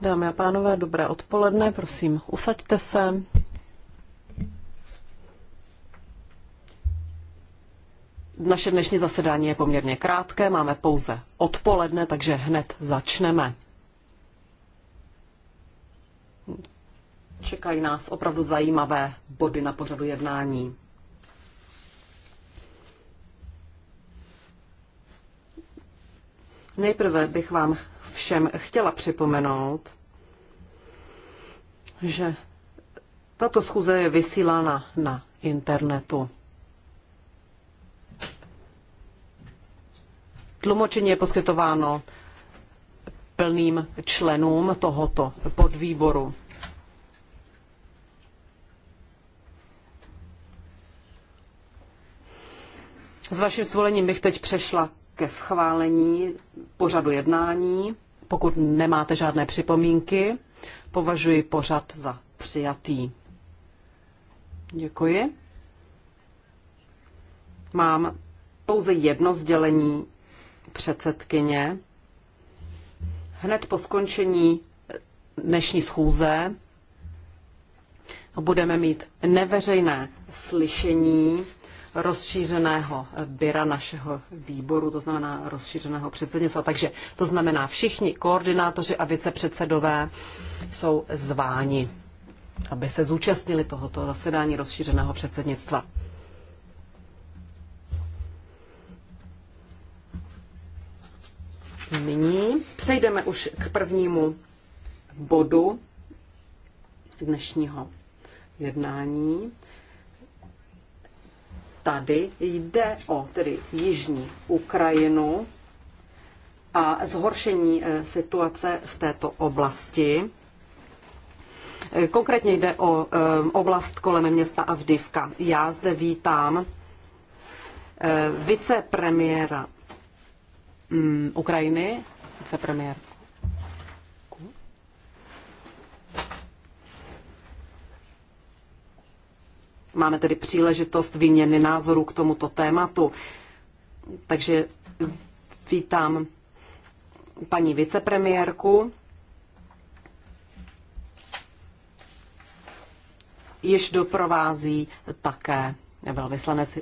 Dámy a pánové, dobré odpoledne, prosím, usaďte se. Naše dnešní zasedání je poměrně krátké, máme pouze odpoledne, takže hned začneme. Čekají nás opravdu zajímavé body na pořadu jednání. Nejprve bych vám všem chtěla připomenout, že tato schůze je vysílána na internetu. Tlumočení je poskytováno plným členům tohoto podvýboru. S vaším svolením bych teď přešla ke schválení pořadu jednání. Pokud nemáte žádné připomínky, považuji pořad za přijatý. Děkuji. Mám pouze jedno sdělení předsedkyně. Hned po skončení dnešní schůze budeme mít neveřejné slyšení rozšířeného byra našeho výboru, to znamená rozšířeného předsednictva. Takže to znamená, všichni koordinátoři a vicepředsedové jsou zváni, aby se zúčastnili tohoto zasedání rozšířeného předsednictva. Nyní přejdeme už k prvnímu bodu dnešního jednání tady jde o tedy jižní Ukrajinu a zhoršení eh, situace v této oblasti. Eh, konkrétně jde o eh, oblast kolem města Avdivka. Já zde vítám vicepremiéra mm, Ukrajiny, vicepremiér Máme tedy příležitost výměny názorů k tomuto tématu. Takže vítám paní vicepremiérku. Již doprovází také velvyslanec,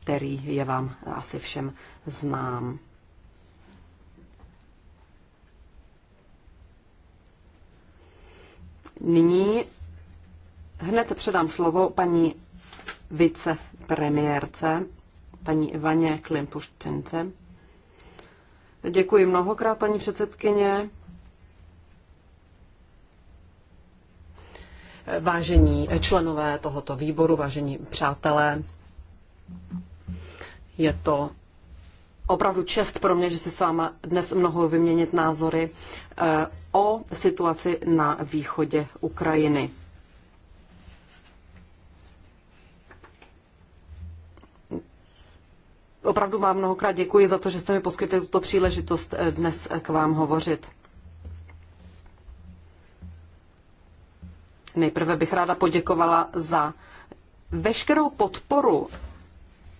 který je vám asi všem znám. Nyní Hned předám slovo paní vicepremiérce, paní Ivaně Klimpušcince. Děkuji mnohokrát, paní předsedkyně. Vážení členové tohoto výboru, vážení přátelé, je to opravdu čest pro mě, že si s váma dnes mnohou vyměnit názory eh, o situaci na východě Ukrajiny. opravdu vám mnohokrát děkuji za to, že jste mi poskytli tuto příležitost eh, dnes eh, k vám hovořit. Nejprve bych ráda poděkovala za veškerou podporu,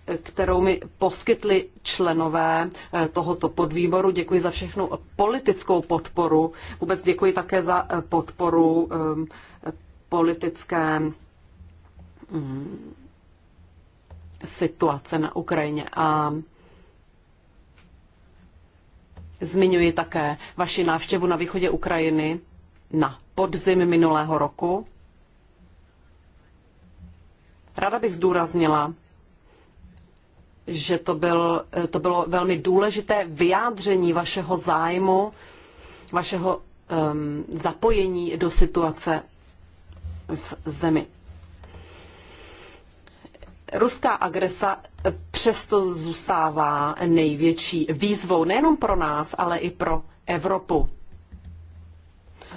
eh, kterou mi poskytli členové tohoto podvýboru. Děkuji za všechnu politickou podporu. Vůbec děkuji také za podporu politické mm, situace na Ukrajině a zmiňuji také vaši návštěvu na východě Ukrajiny na podzim minulého roku. Ráda bych zdůraznila, že to, byl, to bylo velmi důležité vyjádření vašeho zájmu, vašeho um, zapojení do situace v zemi ruská agresa eh, přesto zůstává největší výzvou nejenom pro nás, ale i pro Evropu.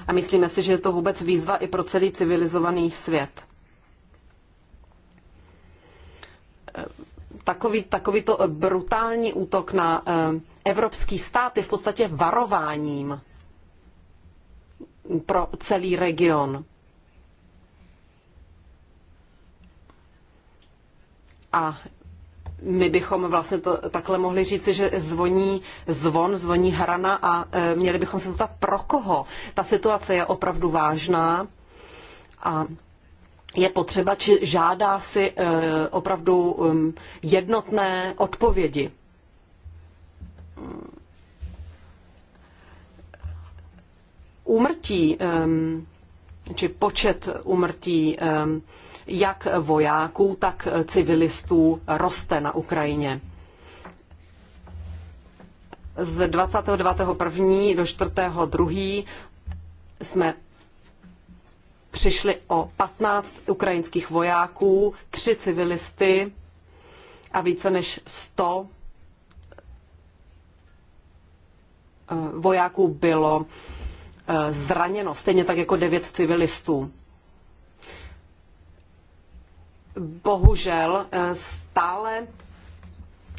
A myslíme si, že je to vůbec výzva i pro celý civilizovaný svět. Eh, takový, takový to eh, brutální útok na evropský stát je v podstatě varováním pro celý region. A my bychom vlastně to takhle mohli říci, že zvoní zvon, zvoní hrana a e, měli bychom se zeptat, pro koho. Ta situace je opravdu vážná a je potřeba, či žádá si e, opravdu e, jednotné odpovědi. Úmrtí, e, či počet úmrtí e, jak vojáků, tak civilistů roste na Ukrajině. Z 29.1. do 4.2. jsme přišli o 15 ukrajinských vojáků, 3 civilisty a více než 100 eh, vojáků bylo eh, zraněno, stejně tak jako 9 civilistů bohužel eh, stále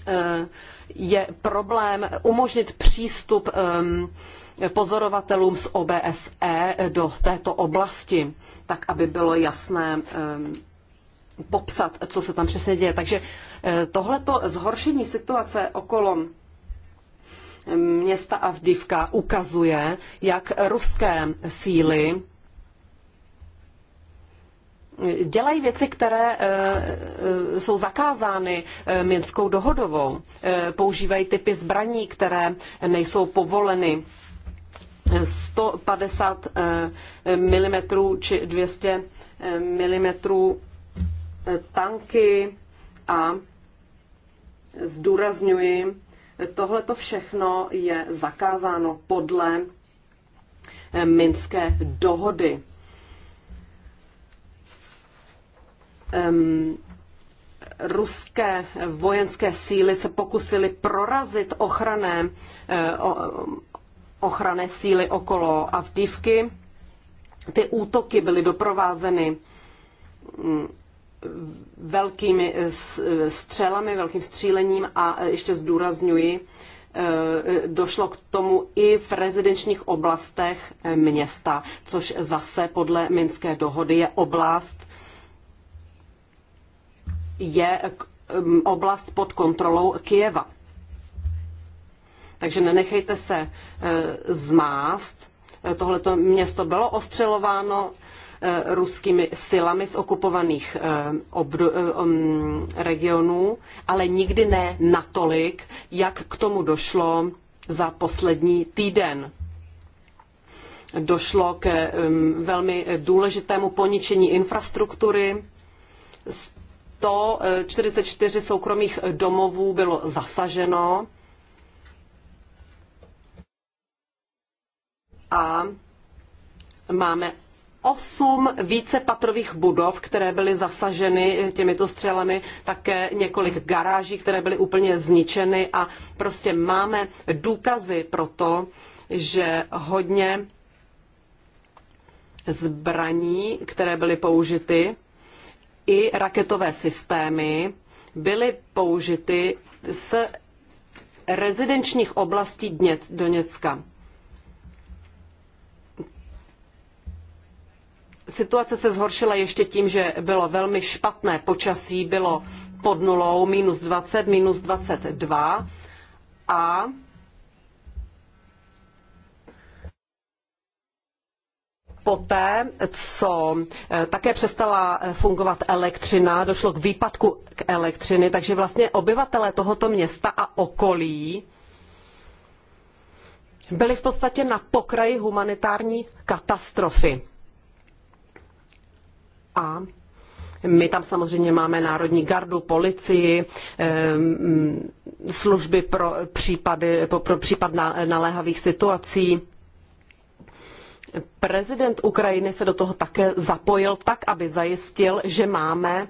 eh, je problém umožnit přístup eh, pozorovatelům z OBSE do této oblasti, tak aby bylo jasné popsat, co se tam přesně děje. Takže tohleto zhoršení situace okolo města Avdivka ukazuje, jak ruské síly dělají věci, které eh, eh, jsou zakázány eh, Minskou dohodovou. Používají typy zbraní, které nejsou povoleny. 150 mm či 200 mm tanky a zdůrazňuji, tohle to všechno je zakázáno podle Minské dohody. um, ruské vojenské síly se pokusily prorazit ochrané, uh, eh, ochrané síly okolo Avdivky. Ty útoky byly doprovázeny mm, velkými eh, eh, střelami, velkým střílením a ještě zdůrazňuji, došlo k tomu i v rezidenčních oblastech města, což zase podle Minské dohody je oblast, je um, oblast pod kontrolou Kijeva. Takže nenechejte se eh, zmást. Eh, tohleto město bylo ostřelováno eh, ruskými silami z okupovaných obdu, um, regionů, ale nikdy ne natolik, jak k tomu došlo za poslední týden. Došlo k um, velmi důležitému poničení infrastruktury, 144 soukromých domovů bylo zasaženo. A máme osm vícepatrových budov, které byly zasaženy těmito střelami, také několik garáží, které byly úplně zničeny a prostě máme důkazy pro to, že hodně zbraní, které byly použity, i raketové systémy byly použity z rezidenčních oblastí Doněcka. Situace se zhoršila ještě tím, že bylo velmi špatné počasí, bylo pod nulou, minus 20, minus 22 a poté, co eh, také přestala eh, fungovat elektřina, došlo k výpadku k elektřiny, takže vlastně obyvatelé tohoto města a okolí byli v podstatě na pokraji humanitární katastrofy. A my tam samozřejmě máme Národní gardu, policii, ehm, služby pro, případy, pro případ naléhavých situací. Prezident Ukrajiny se do toho také zapojil tak, aby zajistil, že máme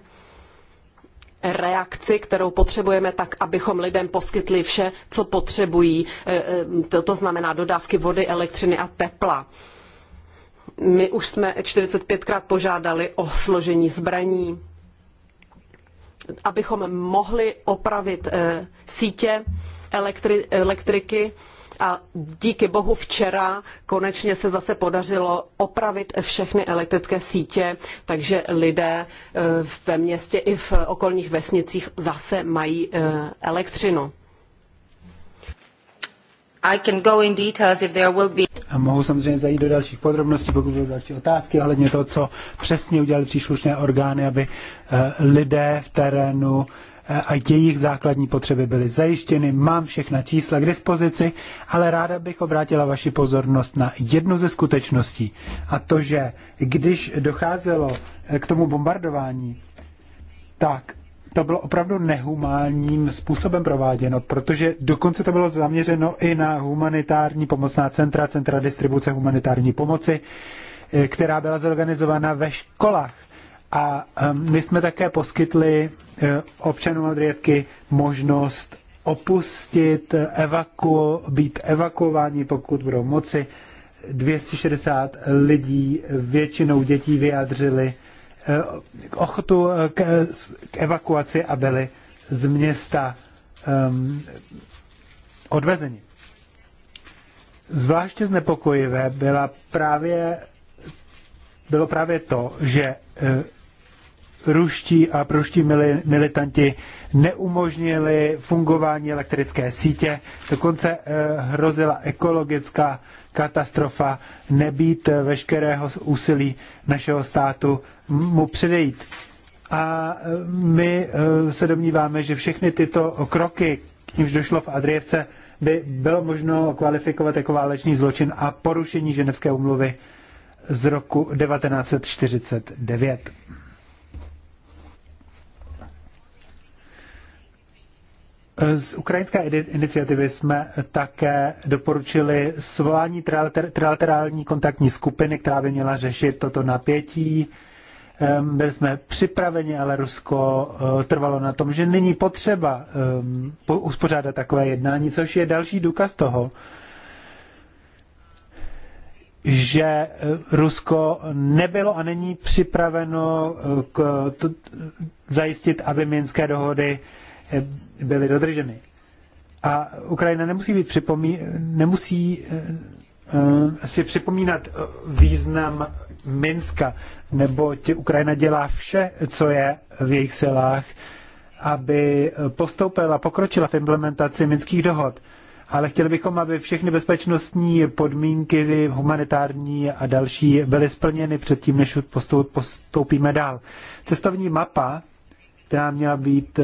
reakci, kterou potřebujeme tak, abychom lidem poskytli vše, co potřebují, eh, eh, to znamená dodávky vody, elektřiny a tepla. My už jsme 45krát požádali o složení zbraní, abychom mohli opravit eh, sítě elektri- elektriky a díky bohu včera konečně se zase podařilo opravit všechny elektrické sítě, takže lidé eh, ve městě i v okolních vesnicích zase mají eh, elektřinu. I can go in details if there will be... A mohu samozřejmě zajít do dalších podrobností, pokud budou další otázky ohledně toho, co přesně udělali příslušné orgány, aby eh, lidé v terénu Eh, a jejich základní potřeby byly zajištěny. Mám všechna čísla k dispozici, ale ráda bych obrátila vaši pozornost na jednu ze skutečností. A to, že když docházelo eh, k tomu bombardování, tak to bylo opravdu nehumálním způsobem prováděno, protože dokonce to bylo zaměřeno i na humanitární pomocná centra, centra distribuce humanitární pomoci, eh, která byla zorganizována ve školách. A ehm, my jsme také poskytli eh, občanům Adriatky možnost opustit, eh, evaku, být evakuováni, pokud budou moci. 260 lidí, většinou dětí, vyjádřili eh, k ochotu k, k evakuaci a byli z města um, odvezeni. Zvláště znepokojivé byla právě, bylo právě to, že ruští a pruští militanti neumožnili fungování elektrické sítě. Dokonce eh, hrozila ekologická katastrofa nebýt veškerého úsilí našeho státu mu předejít. A eh, my eh, se domníváme, že všechny tyto kroky, k nímž došlo v Adrievce, by bylo možno kvalifikovat jako válečný zločin a porušení ženevské umluvy z roku 1949. Z ukrajinské iniciativy jsme také doporučili svolání trilaterální kontaktní skupiny, která by měla řešit toto napětí. Ehm, byli jsme připraveni, ale Rusko eh, trvalo na tom, že není potřeba ehm, uspořádat takové jednání, což je další důkaz toho, že eh, Rusko nebylo a není připraveno eh, k, to, zajistit, aby minské dohody Eh, byly dodrženy. A Ukrajina nemusí, být připomí, nemusí eh, eh, si připomínat význam Minska, nebo Ukrajina dělá vše, co je v jejich silách, aby postoupila, pokročila v implementaci minských dohod. Ale chtěli bychom, aby všechny bezpečnostní podmínky, humanitární a další, byly splněny předtím, než postoupíme dál. Cestovní mapa, která měla být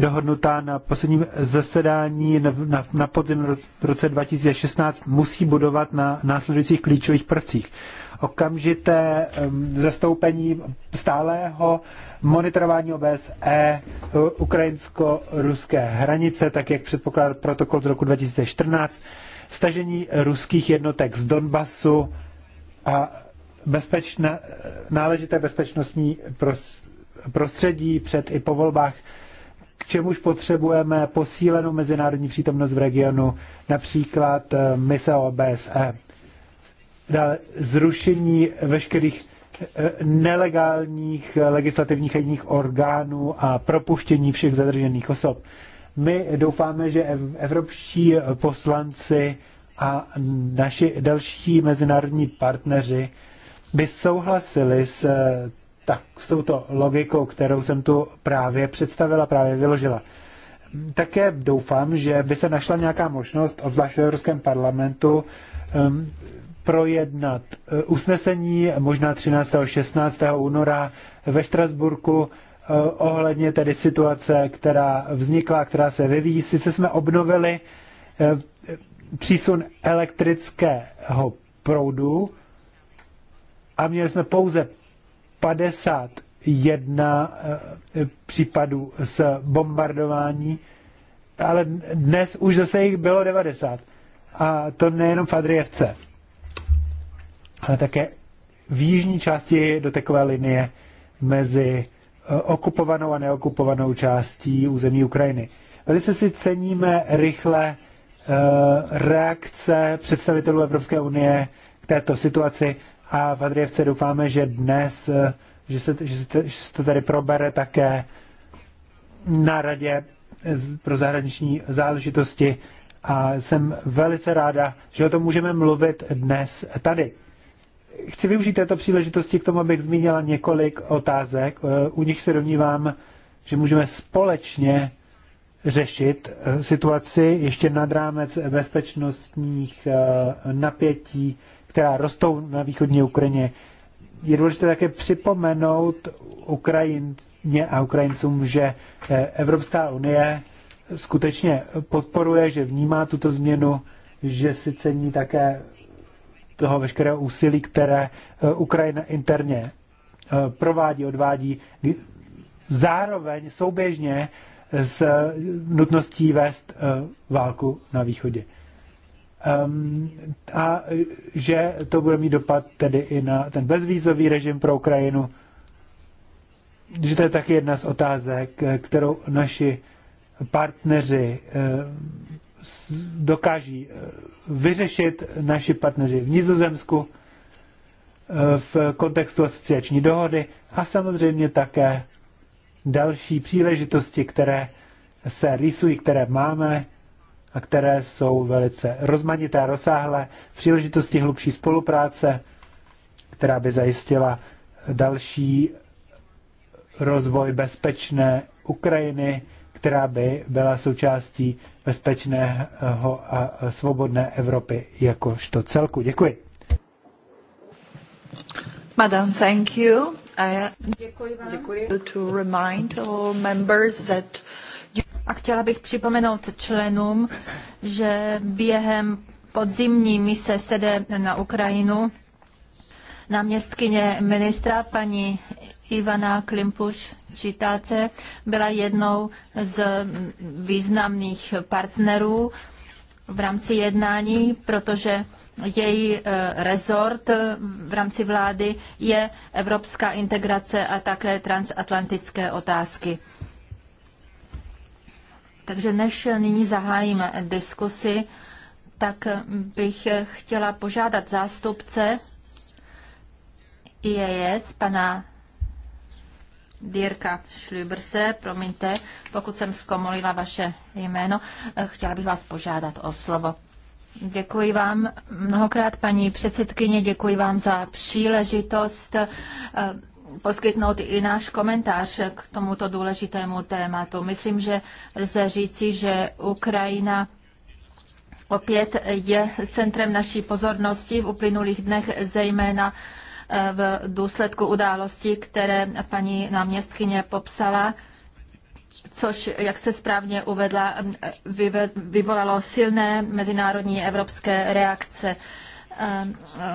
dohodnutá na posledním zasedání na, na, na podzim v roce 2016, musí budovat na následujících klíčových prvcích. Okamžité um, zastoupení stálého monitorování OBSE ukrajinsko-ruské hranice, tak jak předpokládá protokol z roku 2014, stažení ruských jednotek z Donbasu a bezpečna, náležité bezpečnostní prostředí před i po volbách k čemuž potřebujeme posílenou mezinárodní přítomnost v regionu, například eh, mise OBSE. zrušení veškerých eh, nelegálních eh, legislativních a jiných orgánů a propuštění všech zadržených osob. My doufáme, že evropští poslanci a naši další mezinárodní partneři by souhlasili s tak s touto logikou, kterou jsem tu právě představila, právě vyložila. Také doufám, že by se našla nějaká možnost, obzvlášť v Evropském parlamentu, um, projednat uh, usnesení možná 13. 16. února ve Štrasburku uh, ohledně tedy situace, která vznikla, která se vyvíjí. Sice jsme obnovili uh, přísun elektrického proudu a měli jsme pouze 51 eh, případů z bombardování, ale dnes už zase jich bylo 90. A to nejenom v Adrievce, ale také v jižní části dotekové linie mezi eh, okupovanou a neokupovanou částí území Ukrajiny. Velice si ceníme rychle eh, reakce představitelů Evropské unie k této situaci a v Adrievce doufáme, že dnes, eh, že se, že se, že se to tady probere také na radě eh, pro zahraniční záležitosti a jsem velice ráda, že o tom můžeme mluvit dnes tady. Chci využít této příležitosti k tomu, abych zmínila několik otázek. Eh, u nich se domnívám, že můžeme společně řešit situaci ještě nad rámec bezpečnostních napětí která rostou na východní Ukrajině. Je důležité také připomenout Ukrajině a Ukrajincům, že eh, Evropská unie skutečně podporuje, že vnímá tuto změnu, že si cení také toho veškerého úsilí, které eh, Ukrajina interně eh, provádí, odvádí. Zároveň souběžně s nutností vést válku na východě um, a e, že to bude mít dopad tedy i na ten bezvízový režim pro Ukrajinu, že to je taky jedna z otázek, e, kterou naši partneři e, dokáží vyřešit naši partneři v Nizozemsku v kontextu asociační dohody a samozřejmě také další příležitosti, které se rýsují, které máme a které jsou velice rozmanité a rozsáhlé, příležitosti hlubší spolupráce, která by zajistila další rozvoj bezpečné Ukrajiny, která by byla součástí bezpečného a svobodné Evropy jakožto celku. Děkuji. Madam, thank you. I... Děkuji vám. Děkuji. To remind all members that a chtěla bych připomenout členům, že během podzimní mise sede na Ukrajinu náměstkyně ministra paní Ivana Klimpuš Čitáce byla jednou z významných partnerů v rámci jednání, protože její e, rezort v rámci vlády je evropská integrace a také transatlantické otázky. Takže než nyní zahájím diskusi, tak bych chtěla požádat zástupce IES, pana Dirka Šlubrse, promiňte, pokud jsem zkomolila vaše jméno, chtěla bych vás požádat o slovo. Děkuji vám mnohokrát, paní předsedkyně, děkuji vám za příležitost eh, poskytnout i náš komentář k tomuto důležitému tématu. Myslím, že lze říci, že Ukrajina opět je centrem naší pozornosti v uplynulých dnech, zejména eh, v důsledku událostí, které paní náměstkyně popsala, což, jak se správně uvedla, eh, vyvolalo silné mezinárodní evropské reakce. Eh,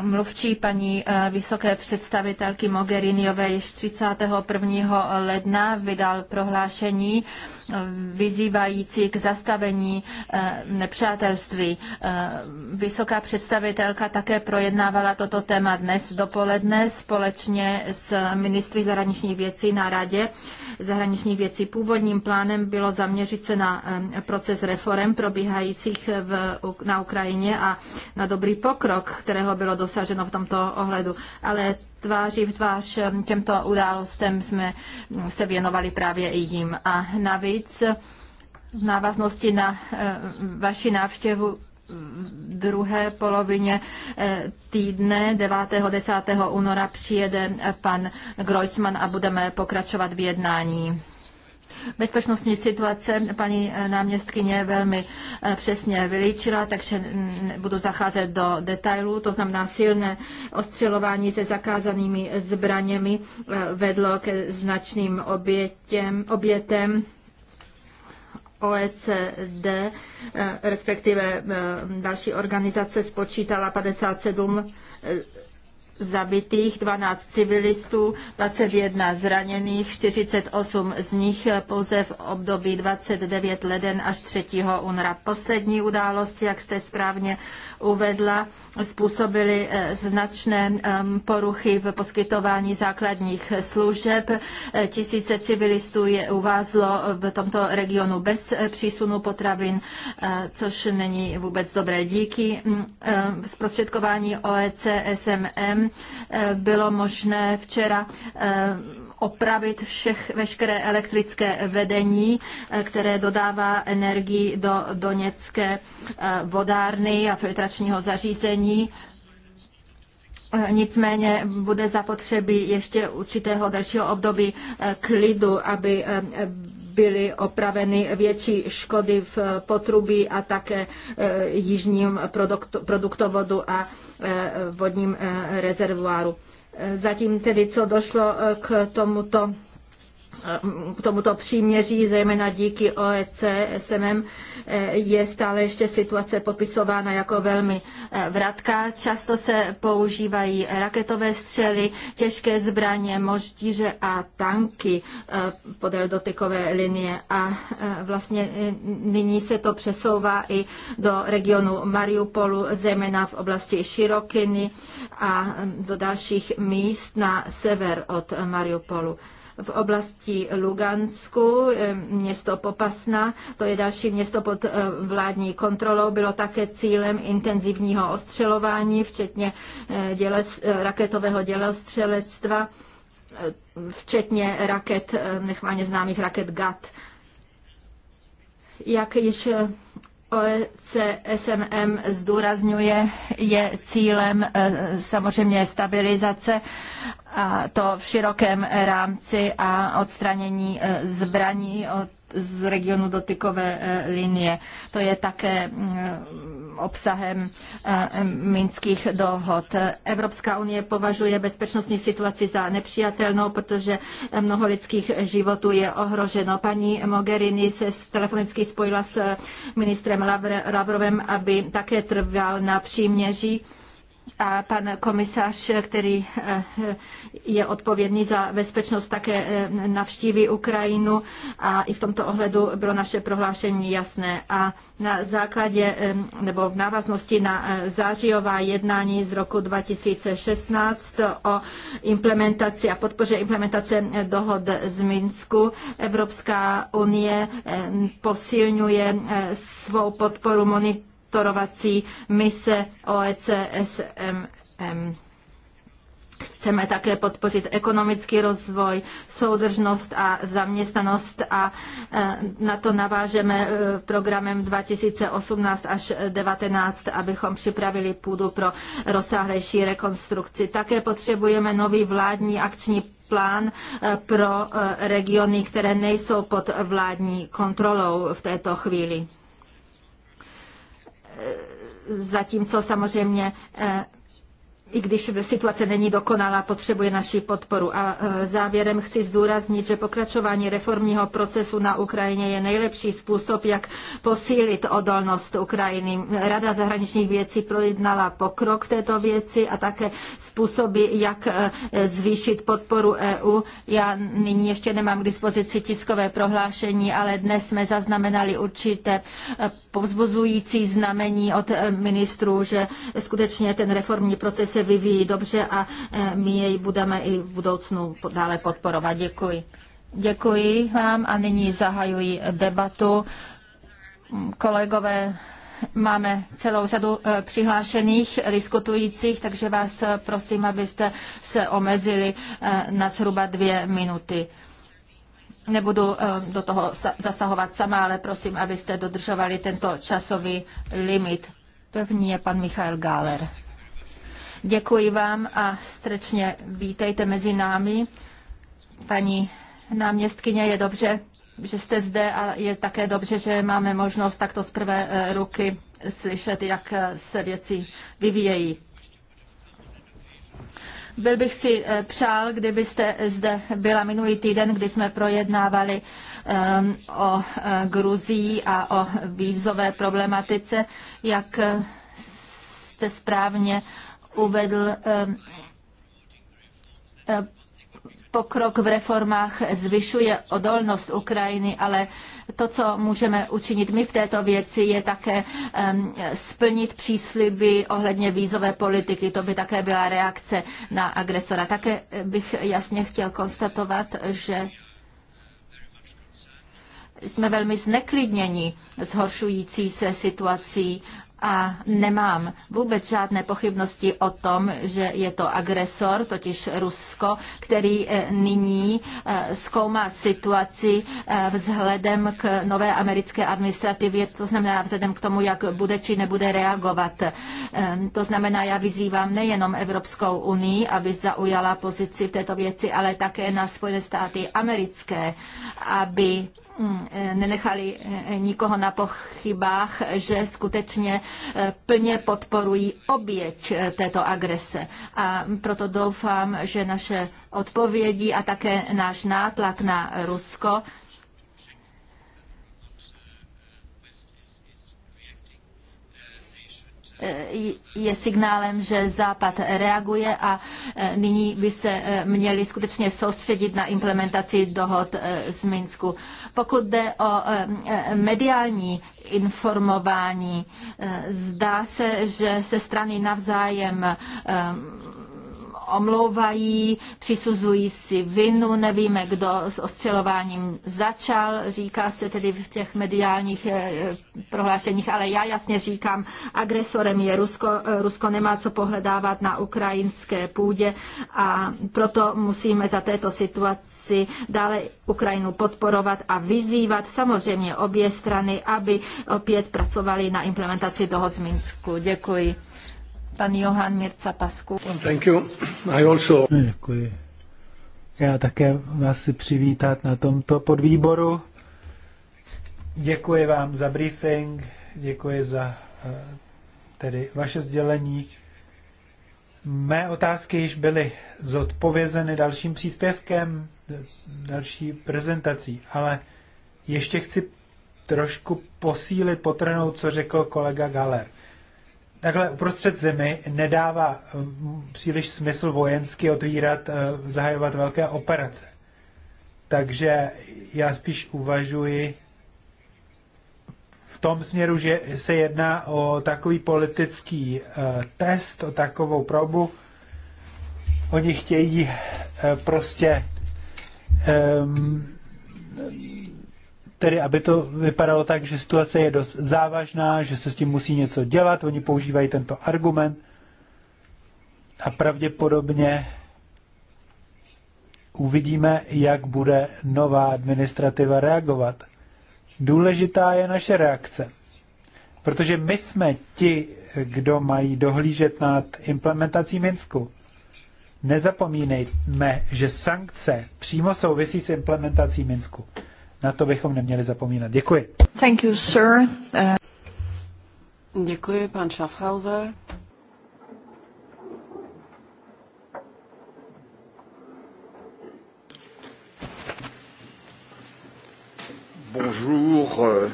mluvčí paní eh, vysoké představitelky Mogheriniové již 31. ledna vydal prohlášení eh, vyzývající k zastavení nepřátelství. Vysoká představitelka také projednávala toto téma dnes dopoledne společně s ministry zahraničních věcí na Radě zahraničních věcí. Původním plánem bylo zaměřit se na proces reform probíhajících v, na Ukrajině a na dobrý pokrok kterého bylo dosaženo v tomto ohledu. Ale tváří v tvář eh, těmto událostem jsme mm, se věnovali právě i jim. A navíc v návaznosti na eh, vaši návštěvu druhé polovině eh, týdne 9. 10. února přijede pan Groisman a budeme pokračovat v jednání bezpečnostní situace paní eh, náměstkyně velmi eh, přesně vylíčila, takže mm, budu zacházet do detailů. To znamená silné ostřelování se zakázanými zbraněmi eh, vedlo ke značným obětěm, obětem OECD, respektive další organizace, spočítala 57 zabitých, 12 civilistů, 21 zraněných, 48 z nich pouze v období 29 leden až 3. února. Poslední události, jak jste správně uvedla, způsobily eh, značné poruchy v poskytování základních služeb. Eh, tisíce civilistů je uvázlo v tomto regionu bez eh, přísunu potravin, což není vůbec dobré. Díky mm, zprostředkování OECSMM Eh, bylo možné včera eh, opravit všech, veškeré elektrické vedení, eh, které dodává energii do Doněcké vodárny a filtračního zařízení. Nicméně bude zapotřebí ještě určitého dalšího období klidu, aby byly opraveny větší škody v potrubí a také e, jižním produktovodu a e, vodním e, rezervoáru. Zatím tedy, co došlo k tomuto k mm, tomuto příměří, zejména díky OEC, SMM, eh, je stále ještě situace popisována jako velmi eh, vratká. Často se používají raketové střely, těžké zbraně, moždíře a tanky eh, podél dotykové linie. A vlastně nyní se to přesouvá i do regionu Mariupolu, zejména v oblasti Širokiny a mm, do dalších míst na sever od Mariupolu v oblasti Lugansku, eh, město Popasna, to je další město pod eh, vládní kontrolou, bylo také cílem intenzivního ostřelování, včetně eh, děles, raketového dělostřelectva, včetně raket, nechválně známých raket GAT. Jak již SMM zdůrazňuje, je cílem eh, samozřejmě stabilizace a to v širokém rámci a odstranění eh, zbraní od z regionu dotykové eh, linie. To je také mm, obsahem eh, minských dohod. Evropská unie považuje bezpečnostní situaci za nepřijatelnou, protože mnoho lidských životů je ohroženo. Paní Mogherini se telefonicky spojila s eh, ministrem Lavrovem, aby také trval na příměří a pan komisař, který eh, je odpovědný za bezpečnost, také eh, navštíví Ukrajinu a i v tomto ohledu bylo naše prohlášení jasné. A na základě eh, nebo v návaznosti na zářijová jednání z roku 2016 o implementaci a podpoře implementace dohod z Minsku Evropská unie posilňuje svou podporu monitorování monitorovací mise OECSMM. Chceme také podpořit ekonomický rozvoj, soudržnost a zaměstnanost a e, na to navážeme e, programem 2018 až 2019, abychom připravili půdu pro rozsáhlejší rekonstrukci. Také potřebujeme nový vládní akční plán e, pro regiony, které nejsou pod vládní kontrolou v této chvíli zatímco samozřejmě eh, i když situace není dokonalá, potřebuje naši podporu. A e, závěrem chci zdůraznit, že pokračování reformního procesu na Ukrajině je nejlepší způsob, jak posílit odolnost Ukrajiny. Rada zahraničních věcí projednala pokrok této věci a také způsoby, jak e, zvýšit podporu EU. Já nyní ještě nemám k dispozici tiskové prohlášení, ale dnes jsme zaznamenali určité e, povzbuzující znamení od ministrů, že skutečně ten reformní proces se vyvíjí dobře a eh, my jej budeme i v budoucnu dále podporovat. Děkuji. Děkuji vám a nyní zahajuji debatu. Kolegové, máme celou řadu eh, přihlášených diskutujících, takže vás eh, prosím, abyste se omezili na zhruba dvě minuty. Nebudu do toho zasahovat sama, ale prosím, abyste dodržovali tento časový limit. První je pan Michal Gáler. Děkuji vám a srdečně vítejte mezi námi. Paní náměstkyně, je dobře, že jste zde a je také dobře, že máme možnost takto z prvé eh, ruky slyšet, jak eh, se věci vyvíjejí. Byl bych si eh, přál, kdybyste zde byla minulý týden, kdy jsme projednávali ehm, o Gruzii a o vízové problematice, jak jste správně uvedl ehm, ehm, pokrok v reformách zvyšuje odolnost Ukrajiny, ale to, co můžeme učinit my v této věci, je také ehm, splnit přísliby ohledně vízové politiky. To by také byla reakce na agresora. Také bych jasně chtěl konstatovat, že jsme velmi zneklidněni zhoršující se situací a nemám vůbec žádné pochybnosti o tom, že je to agresor, totiž Rusko, který eh, nyní eh, zkoumá situaci eh, vzhledem k nové americké administrativě, to znamená vzhledem k tomu, jak bude či nebude reagovat. To znamená, já vyzývám nejenom Evropskou unii, aby zaujala pozici v této věci, ale také na Spojené státy americké, aby Mm, eh, nenechali eh, nikoho na pochybách, že skutečně eh, plně podporují oběť této agrese. A proto doufám, že naše odpovědi a také náš nátlak na Rusko Eh, je signálem, že Západ reaguje a eh, nyní by se eh, měli skutečně soustředit na implementaci dohod z Minsku. Pokud jde o mediální informování, zdá se, že se strany navzájem omlouvají, přisuzují si vinu, nevíme, kdo s ostřelováním začal, říká se tedy v těch mediálních eh, prohlášeních, ale já jasně říkám, agresorem je Rusko, eh, Rusko nemá co pohledávat na ukrajinské půdě a proto musíme za této situaci dále Ukrajinu podporovat a vyzývat samozřejmě obě strany, aby opět pracovali na implementaci dohod z Minsku. Děkuji pan Johan Mirca Pasku. Thank you. I also... Děkuji. Já také vás si přivítat na tomto podvýboru. Děkuji vám za briefing, děkuji za eh, tedy vaše sdělení. Mé otázky již byly zodpovězeny dalším příspěvkem, další prezentací, ale ještě chci trošku posílit, potrhnout, co řekl kolega Galer takhle uprostřed zimy nedává příliš smysl vojensky otvírat, e, zahajovat velké operace. Takže já spíš uvažuji v tom směru, že se jedná o takový politický e, test, o takovou probu. Oni chtějí e, prostě um, tedy aby to vypadalo tak, že situace je dost závažná, že se s tím musí něco dělat, oni používají tento argument a pravděpodobně uvidíme, jak bude nová administrativa reagovat. Důležitá je naše reakce, protože my jsme ti, kdo mají dohlížet nad implementací Minsku. Nezapomínejme, že sankce přímo souvisí s implementací Minsku. Na to bychom neměli zapomínat. Děkuji. Thank you, sir. Uh... Děkuji, pan Schaffhauser. Bonjour. Uh,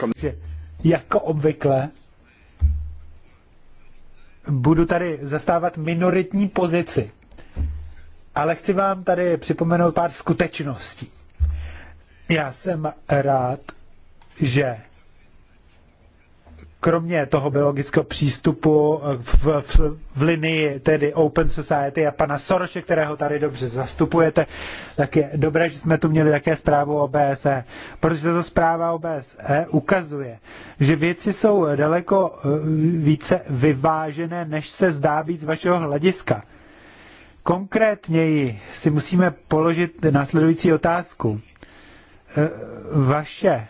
comme... Jako obvykle budu tady zastávat minoritní pozici, ale chci vám tady připomenout pár skutečností. Já jsem rád, že kromě toho biologického přístupu v, v, v linii tedy Open Society a pana Soroše, kterého tady dobře zastupujete, tak je dobré, že jsme tu měli také zprávu o BSE, protože tato zpráva o BSE ukazuje, že věci jsou daleko eh, více vyvážené, než se zdá být z vašeho hlediska. Konkrétněji si musíme položit následující otázku. Eh, vaše.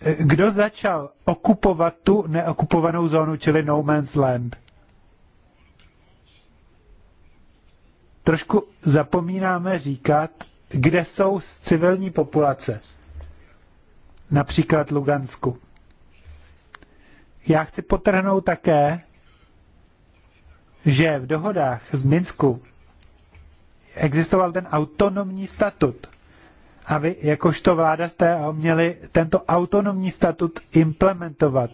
Eh, kdo začal okupovat tu neokupovanou zónu, čili no man's land? Trošku zapomínáme říkat, kde jsou civilní populace. Například Lugansku. Já chci potrhnout také, že v dohodách z Minsku existoval ten autonomní statut. Aby jakožto vláda jste měli tento autonomní statut implementovat.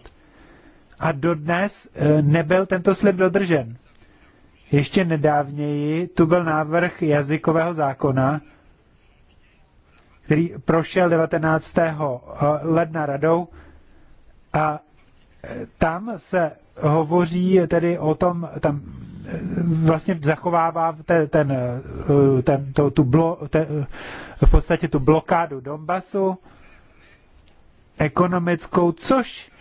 A dodnes e, nebyl tento slib dodržen. Ještě nedávněji tu byl návrh jazykového zákona, který prošel 19. E, ledna radou a e, tam se hovoří tedy o tom, tam vlastně zachovává ten, ten, eh, ten, to, tu blo, ten, v podstatě tu blokádu Donbasu ekonomickou, což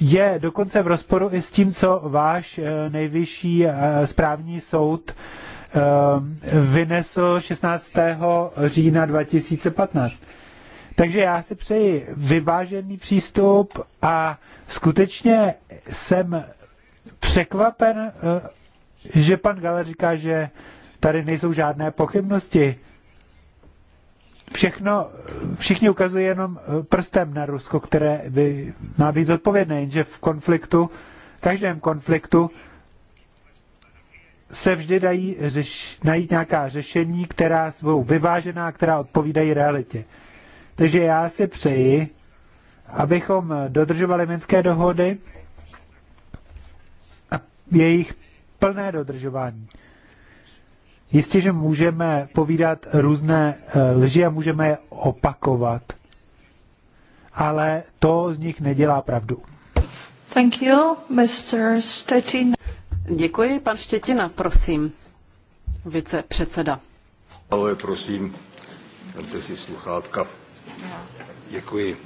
je dokonce v rozporu i s tím, co váš eh, nejvyšší eh, správní soud vynesl 16. října 2015. Takže já si přeji vyvážený přístup a skutečně jsem překvapen že pan Galer říká, že tady nejsou žádné pochybnosti. Všechno, všichni ukazují jenom eh, prstem na Rusko, které by má být zodpovědné, jenže v konfliktu, každém konfliktu se vždy dají řeš, najít nějaká řešení, která jsou vyvážená, která odpovídají realitě. Takže já si přeji, abychom dodržovali minské dohody a jejich plné dodržování. Jistě, že můžeme povídat různé eh, lži a můžeme je opakovat, ale to z nich nedělá pravdu. Thank you, Mr. Stettin. Děkuji, pan Štětina, prosím, vicepředseda. Ale prosím, vemte si sluchátka. Děkuji.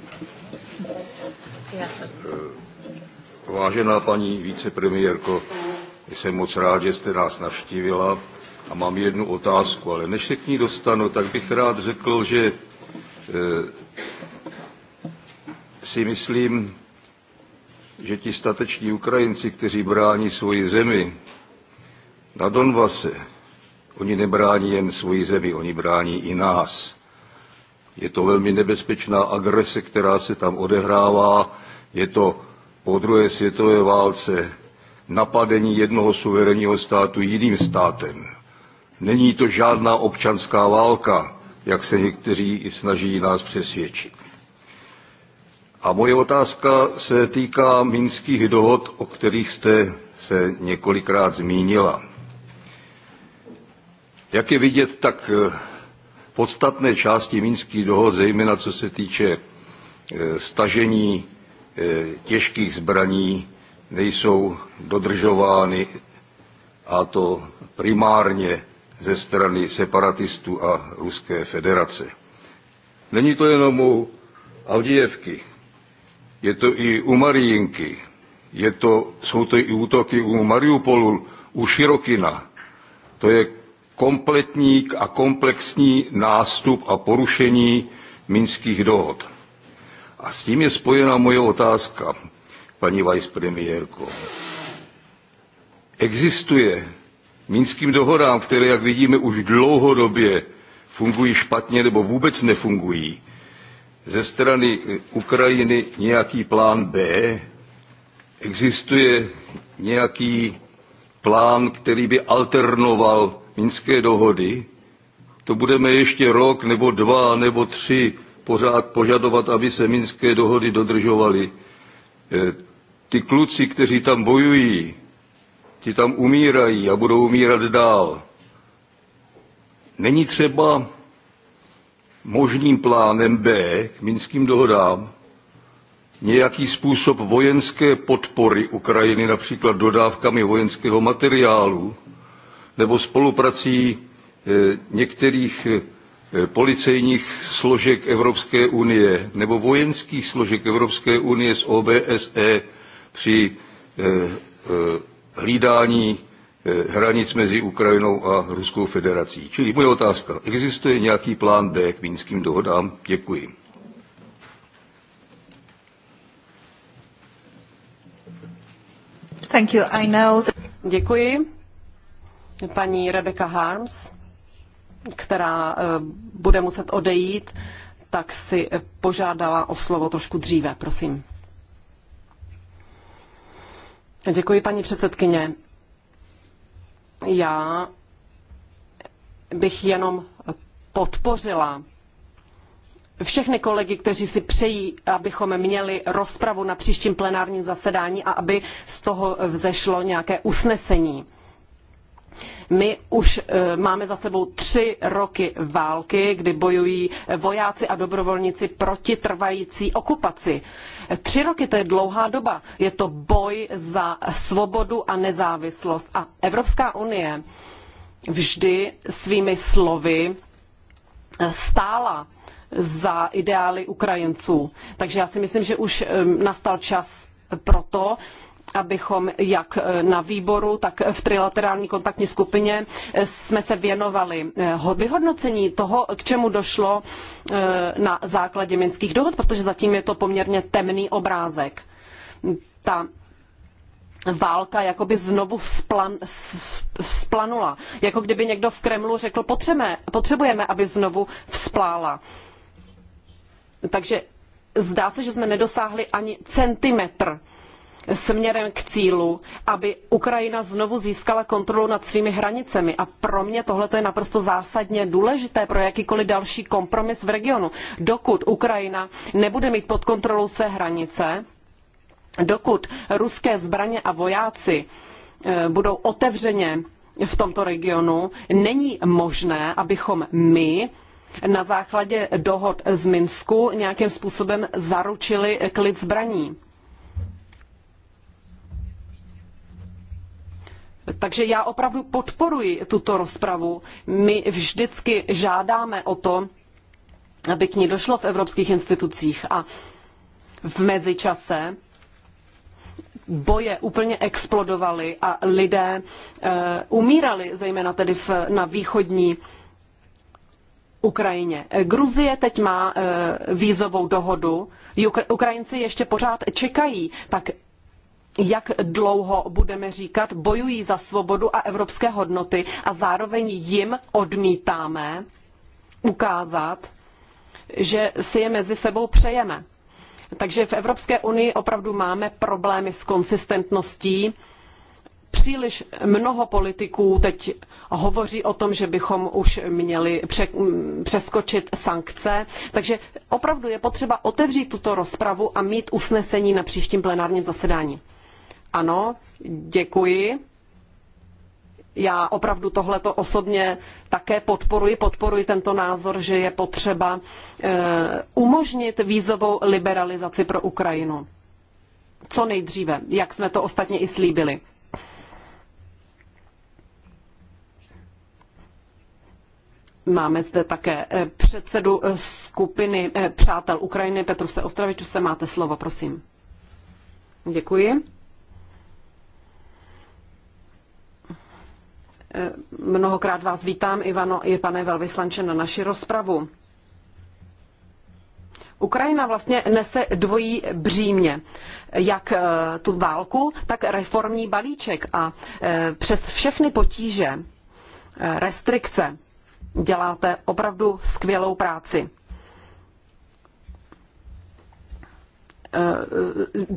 Yes. Eh, vážená paní vicepremiérko, jsem moc rád, že jste nás navštívila a mám jednu otázku, ale než se k ní dostanu, tak bych rád řekl, že eh, si myslím, že ti stateční Ukrajinci, kteří brání svoji zemi na Donbase, oni nebrání jen svoji zemi, oni brání i nás. Je to velmi nebezpečná agrese, která se tam odehrává. Je to po druhé světové válce napadení jednoho suverénního státu jiným státem. Není to žádná občanská válka, jak se někteří snaží nás přesvědčit. A moje otázka se týká minských dohod, o kterých jste se několikrát zmínila. Jak je vidět, tak eh, podstatné části minských dohod, zejména co se týče eh, stažení eh, těžkých zbraní, nejsou dodržovány a to primárně ze strany separatistů a Ruské federace. Není to jenom u Avdijevky, je to i u Marijinky, je to, jsou to i útoky u Mariupolu, u Širokina. To je kompletní a komplexní nástup a porušení minských dohod. A s tím je spojena moje otázka paní vicepremiérko. Existuje mínským dohodám, které, jak vidíme, už dlouhodobě fungují špatně nebo vůbec nefungují, ze strany eh, Ukrajiny nějaký plán B? Existuje nějaký plán, který by alternoval Minské dohody? To budeme ještě rok nebo dva nebo tři pořád požadovat, aby se Minské dohody dodržovaly. Eh, ty kluci, kteří tam bojují, ti tam umírají a budou umírat dál. Není třeba možným plánem B k minským dohodám nějaký způsob vojenské podpory Ukrajiny, například dodávkami vojenského materiálu nebo spoluprací e, některých e, policejních složek Evropské unie nebo vojenských složek Evropské unie s OBSE při eh, eh, hlídání eh, hranic mezi Ukrajinou a Ruskou federací. Čili moje otázka, existuje nějaký plán B k mínským dohodám? Děkuji. Thank you. I know that... Děkuji. Paní Rebecca Harms, která bude muset odejít, tak si požádala o slovo trošku dříve, prosím. Děkuji, paní předsedkyně. Já bych jenom podpořila všechny kolegy, kteří si přejí, abychom měli rozpravu na příštím plenárním zasedání a aby z toho vzešlo nějaké usnesení. My už eh, máme za sebou tři roky války, kdy bojují vojáci a dobrovolníci proti trvající okupaci. Tři roky to je dlouhá doba. Je to boj za svobodu a nezávislost. A Evropská unie vždy svými slovy stála za ideály Ukrajinců. Takže já si myslím, že už eh, nastal čas pro to, abychom jak eh, na výboru, tak v trilaterální kontaktní skupině eh, jsme se věnovali vyhodnocení eh, toho, k čemu došlo na základě minských dohod, protože zatím je to poměrně temný obrázek. Ta válka jakoby znovu splan, splanula. Jako kdyby někdo v Kremlu řekl, potřebujeme, potřebujeme aby znovu vzplála. Takže zdá se, že jsme nedosáhli ani centimetr směrem k cílu, aby Ukrajina znovu získala kontrolu nad svými hranicemi. A pro mě tohle je naprosto zásadně důležité pro jakýkoliv další kompromis v regionu. Dokud Ukrajina nebude mít pod kontrolou své hranice, dokud ruské zbraně a vojáci e, budou otevřeně v tomto regionu, není možné, abychom my na základě dohod z Minsku nějakým způsobem zaručili klid zbraní. Takže já opravdu podporuji tuto rozpravu. My vždycky žádáme o to, aby k ní došlo v evropských institucích a v mezičase boje úplně explodovaly a lidé eh, umírali, zejména tedy v, na východní Ukrajině. Gruzie teď má e, vízovou dohodu, Ukrajinci ještě pořád čekají, tak jak dlouho budeme říkat, bojují za svobodu a evropské hodnoty a zároveň jim odmítáme ukázat, že si je mezi sebou přejeme. Takže v Evropské unii opravdu máme problémy s konsistentností. Příliš mnoho politiků teď hovoří o tom, že bychom už měli přeskočit sankce. Takže opravdu je potřeba otevřít tuto rozpravu a mít usnesení na příštím plenárním zasedání. Ano, děkuji. Já opravdu tohleto osobně také podporuji. Podporuji tento názor, že je potřeba eh, umožnit vízovou liberalizaci pro Ukrajinu. Co nejdříve, jak jsme to ostatně i slíbili. Máme zde také eh, předsedu eh, skupiny Přátel Ukrajiny Petruse Ostraviču. Se máte slovo, prosím. Děkuji. Mnohokrát vás vítám, Ivano i pane velvyslanče, na naši rozpravu. Ukrajina vlastně nese dvojí břímě. Jak e, tu válku, tak reformní balíček a e, přes všechny potíže, e, restrikce, děláte opravdu skvělou práci.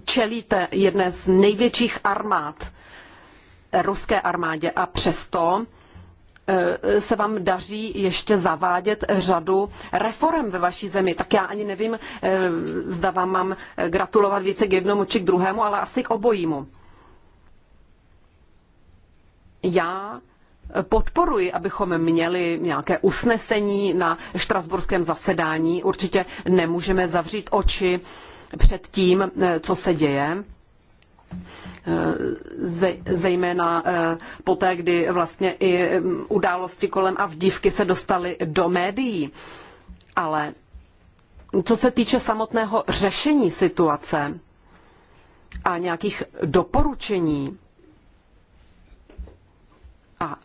Čelíte jedné z největších armád ruské armádě a přesto eh, se vám daří ještě zavádět řadu reform ve vaší zemi. Tak já ani nevím, eh, zda vám mám gratulovat více k jednomu či k druhému, ale asi k obojímu. Já podporuji, abychom měli nějaké usnesení na štrasburském zasedání. Určitě nemůžeme zavřít oči před tím, eh, co se děje zejména eh, poté, kdy vlastně i mm, události kolem a vdívky se dostaly do médií. Ale co se týče samotného řešení situace a nějakých doporučení a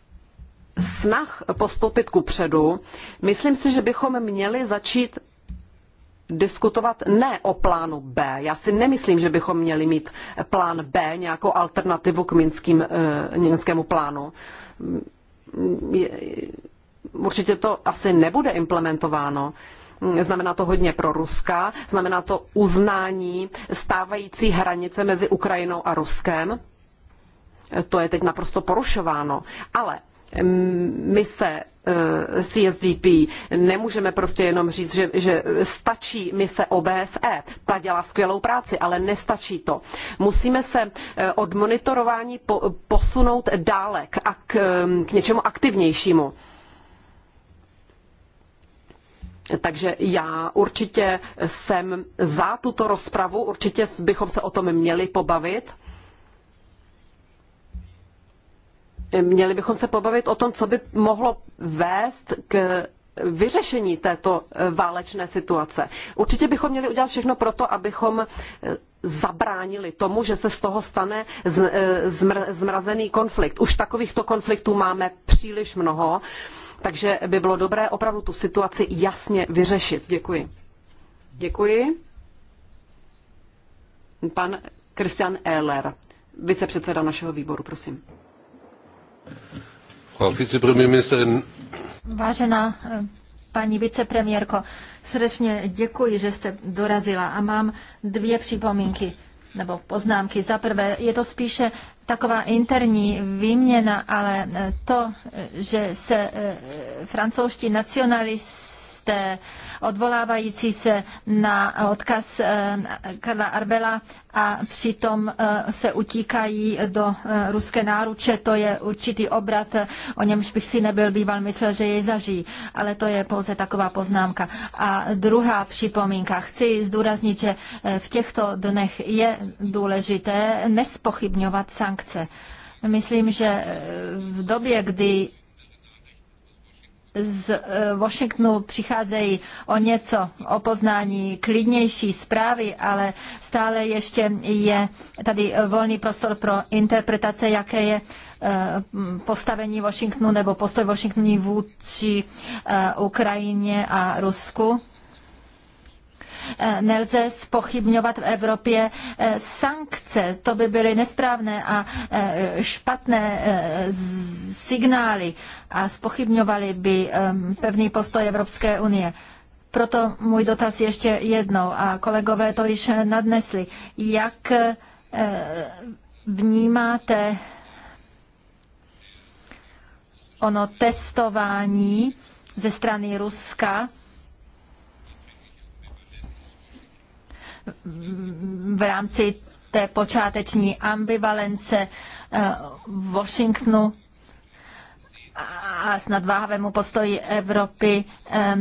snah postoupit ku předu, myslím si, že bychom měli začít diskutovat ne o plánu B. Já si nemyslím, že bychom měli mít plán B, nějakou alternativu k minským, eh, minskému plánu. Mm, určitě to asi nebude implementováno. Mm, znamená to hodně pro Ruska, znamená to uznání stávající hranice mezi Ukrajinou a Ruskem. Eh, to je teď naprosto porušováno. Ale mm, my se Eh, CSDP. Nemůžeme prostě jenom říct, že, že stačí mise OBSE. Ta dělá skvělou práci, ale nestačí to. Musíme se eh, od monitorování posunout dále k, eh, k něčemu aktivnějšímu. Takže já určitě jsem za tuto rozpravu, určitě bychom se o tom měli pobavit. Měli bychom se pobavit o tom, co by mohlo vést k vyřešení této eh, válečné situace. Určitě bychom měli udělat všechno pro to, abychom eh, zabránili tomu, že se z toho stane eh, zmrazený konflikt. Už takovýchto konfliktů máme příliš mnoho, takže by bylo dobré opravdu tu situaci jasně vyřešit. Děkuji. Děkuji. Pan Christian Ehler, vicepředseda našeho výboru, prosím. Frau Vizepremierministerin. Vážená eh, paní vicepremiérko, srdečně děkuji, že jste dorazila a mám dvě připomínky nebo poznámky. Za prvé, je to spíše taková interní výměna, ale eh, to, eh, že se francouzští nacionalisté té odvolávající se na odkaz eh, Karla Arbela a přitom eh, se utíkají do eh, ruské náruče. To je určitý obrat, o němž bych si nebyl býval myslel, že jej zažijí. Ale to je pouze taková poznámka. A druhá připomínka. Chci zdůraznit, že v těchto dnech je důležité nespochybňovat sankce. Myslím, že v době, kdy z eh, Washingtonu přicházejí o něco, o poznání klidnější zprávy, ale stále ještě je tady volný prostor pro interpretace, jaké je eh, postavení Washingtonu nebo postoj Washingtonu vůči eh, Ukrajině a Rusku Eh, nelze spochybňovat v Evropě eh, sankce. To by byly nesprávné a eh, špatné signály a spochybňovaly by ehm, pevný postoj Evropské unie. Proto můj dotaz ještě jednou a kolegové to již nadnesli. Jak vnímáte ono testování ze strany Ruska v rámci té počáteční ambivalence v eh, Washingtonu a snad váhavému postoji Evropy eh,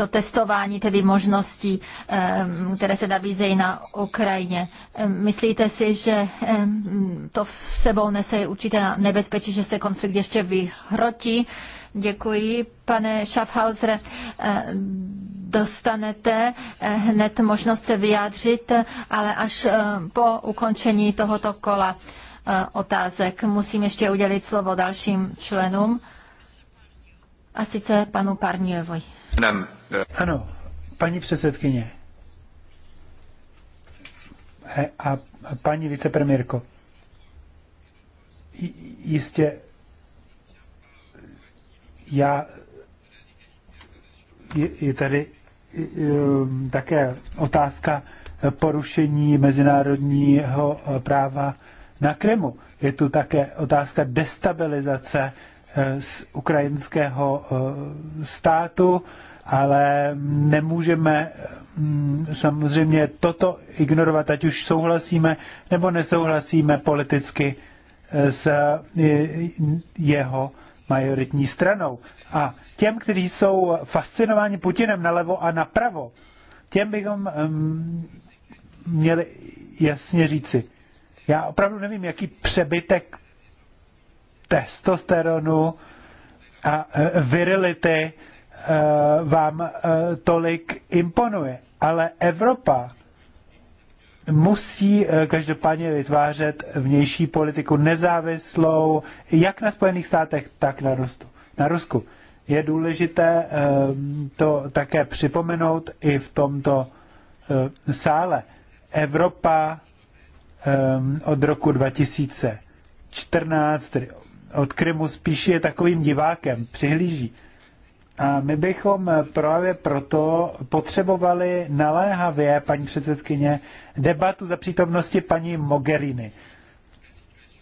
to testování tedy možností, které se nabízejí na Ukrajině. Myslíte si, že to v sebou nese určité nebezpečí, že se konflikt ještě vyhrotí? Děkuji, pane Schaffhauser. Eh, dostanete eh, hned možnost se vyjádřit, ale až eh, po ukončení tohoto kola otázek. Musím ještě udělit slovo dalším členům, a sice panu Parnievoj. Ano, paní předsedkyně. A paní vicepremiérko, jistě já je tady um, také otázka porušení mezinárodního eh, práva na Krymu. Je tu také otázka destabilizace eh, z ukrajinského eh, státu ale nemůžeme mm, samozřejmě toto ignorovat, ať už souhlasíme nebo nesouhlasíme politicky eh, s eh, jeho majoritní stranou. A těm, kteří jsou fascinováni Putinem nalevo a napravo, těm bychom ehm, měli jasně říci. Já opravdu nevím, jaký přebytek testosteronu a eh, virility Eh, vám eh, tolik imponuje. Ale Evropa musí eh, každopádně vytvářet vnější politiku nezávislou, jak na Spojených státech, tak na, Rusku. na Rusku. Je důležité to také připomenout i v tomto sále. Evropa od roku 2014, od Krymu, spíš je takovým divákem, přihlíží. A my bychom právě proto potřebovali naléhavě, paní předsedkyně, debatu za přítomnosti paní Mogherini.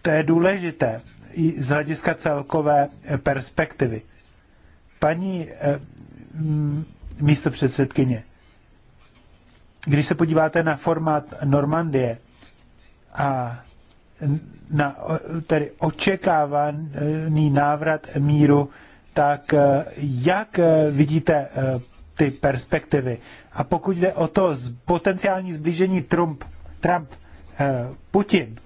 To je důležité i z hlediska celkové eh, perspektivy. Paní eh, mm, místo předsedkyně, když se podíváte na formát Normandie a na tedy očekávaný návrat míru tak eh, jak eh, vidíte eh, ty perspektivy? A pokud jde o to potenciální zblížení Trump, Trump Putin,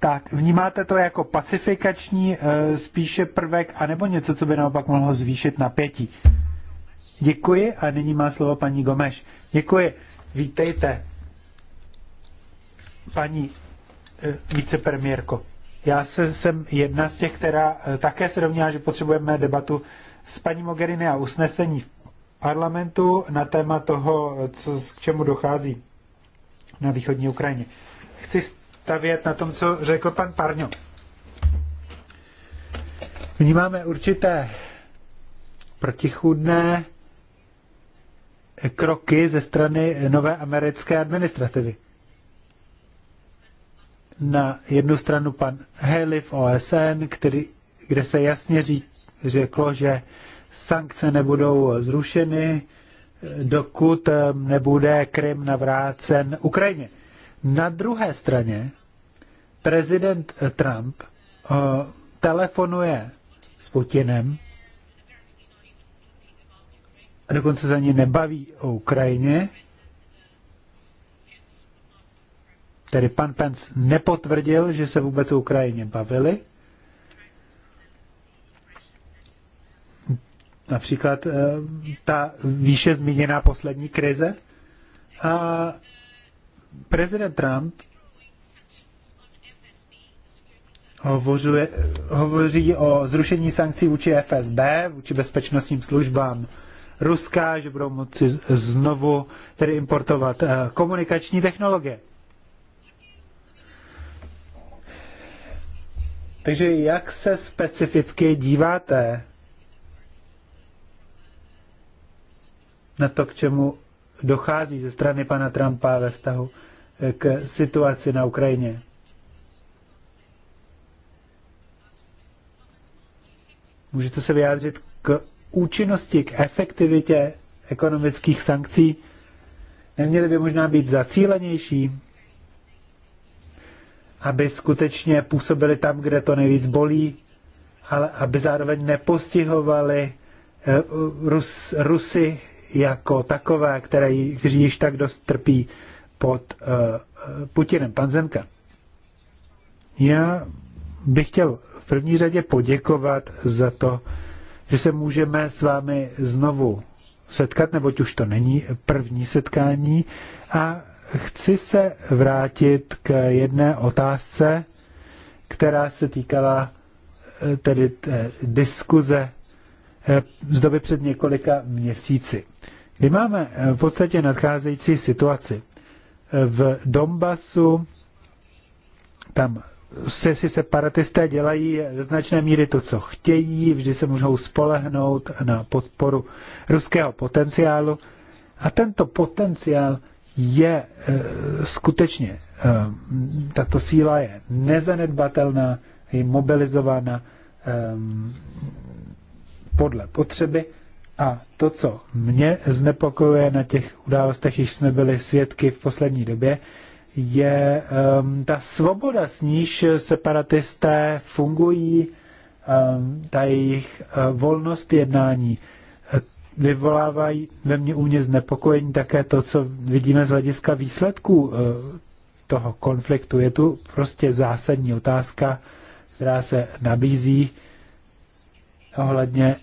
tak vnímáte to jako pacifikační spíše prvek, anebo něco, co by naopak mohlo zvýšit napětí? Děkuji a nyní má slovo paní Gomeš. Děkuji. Vítejte, paní vicepremiérko. Já se, jsem jedna z těch, která eh, také se domnívá, že potřebujeme debatu s paní Mogherini a usnesení v parlamentu na téma toho, co, k čemu dochází na východní Ukrajině. Chci stavět na tom, co řekl pan Parňo. Vnímáme určité protichůdné kroky ze strany nové americké administrativy na jednu stranu pan Haley v OSN, který, kde se jasně řeklo, že sankce nebudou zrušeny, dokud eh, nebude Krym navrácen Ukrajině. Na druhé straně prezident Trump eh, telefonuje s Putinem a dokonce se ani nebaví o Ukrajině Tedy pan Pence nepotvrdil, že se vůbec o Ukrajině bavili. Například eh, ta výše zmíněná poslední krize. A prezident Trump hovoří o zrušení sankcí vůči FSB, vůči bezpečnostním službám Ruska, že budou moci znovu tedy importovat eh, komunikační technologie. Takže jak se specificky díváte na to, k čemu dochází ze strany pana Trumpa ve vztahu eh, k situaci na Ukrajině? Můžete se vyjádřit k účinnosti, k efektivitě ekonomických sankcí? Neměly by možná být zacílenější? aby skutečně působili tam, kde to nejvíc bolí, ale aby zároveň nepostihovali eh, Rus, Rusy jako takové, které, kteří již tak dost trpí pod uh, Putinem. Pan Zemka. Já bych chtěl v první řadě poděkovat za to, že se můžeme s vámi znovu setkat, neboť už to není první setkání. A chci se vrátit k jedné otázce, která se týkala eh, tedy té diskuze eh, z doby před několika měsíci. Kdy máme eh, v podstatě nadcházející situaci. V Donbasu tam se, si separatisté dělají do značné míry to, co chtějí, vždy se můžou spolehnout na podporu ruského potenciálu. A tento potenciál je eh, skutečně, eh, tato síla je nezanedbatelná, je mobilizována eh, podle potřeby a to, co mě znepokojuje na těch událostech, již jsme byli svědky v poslední době, je um, ta svoboda, s níž separatisté fungují, um, ta jejich uh, volnost jednání, vyvolávají ve mně mě znepokojení také to, co vidíme z hlediska výsledků eh, toho konfliktu. Je tu prostě zásadní otázka, která se nabízí ohledně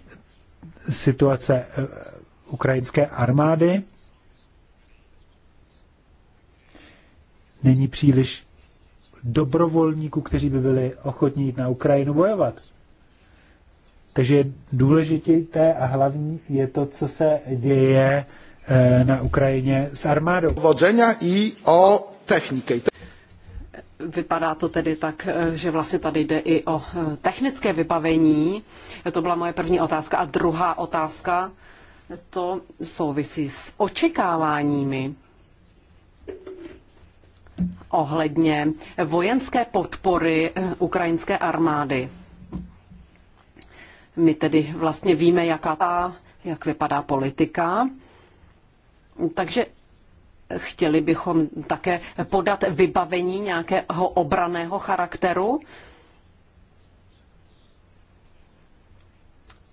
situace eh, ukrajinské armády. Není příliš dobrovolníků, kteří by byli ochotní jít na Ukrajinu bojovat. Takže je důležité a hlavní je to, co se děje eh, na Ukrajině s armádou. Vodzeně i o techniky. Vypadá to tedy tak, eh, že vlastně tady jde i o eh, technické vybavení. To byla moje první otázka. A druhá otázka, to souvisí s očekáváními ohledně vojenské podpory ukrajinské armády. My tedy vlastně víme, jaká ta, jak vypadá politika. Takže chtěli bychom také podat vybavení nějakého obraného charakteru.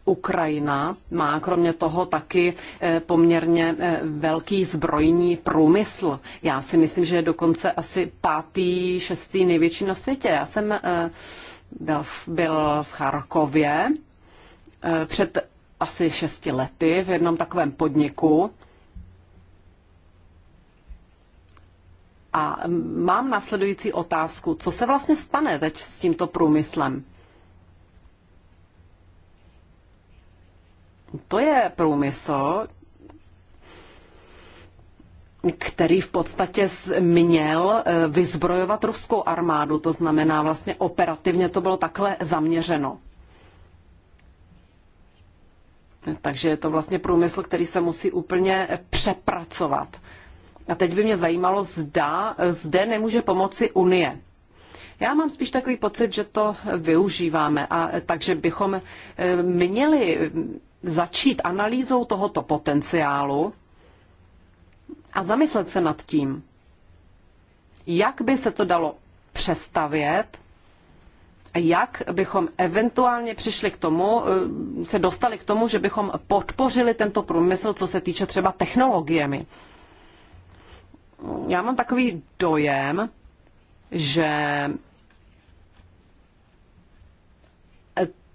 Ukrajina má kromě toho taky eh, poměrně eh, velký zbrojní průmysl. Já si myslím, že je dokonce asi pátý, šestý největší na světě. Já jsem eh, byl, byl v Charkově Eh, před asi šesti lety v jednom takovém podniku. A mám následující otázku. Co se vlastně stane teď s tímto průmyslem? To je průmysl, který v podstatě měl eh, vyzbrojovat ruskou armádu, to znamená vlastně operativně to bylo takhle zaměřeno. Takže je to vlastně průmysl, který se musí úplně přepracovat. A teď by mě zajímalo, zda zde nemůže pomoci Unie. Já mám spíš takový pocit, že to využíváme, a takže bychom eh, měli začít analýzou tohoto potenciálu a zamyslet se nad tím, jak by se to dalo přestavět jak bychom eventuálně přišli k tomu, eh, se dostali k tomu, že bychom podpořili tento průmysl, co se týče třeba technologiemi. Já mám takový dojem, že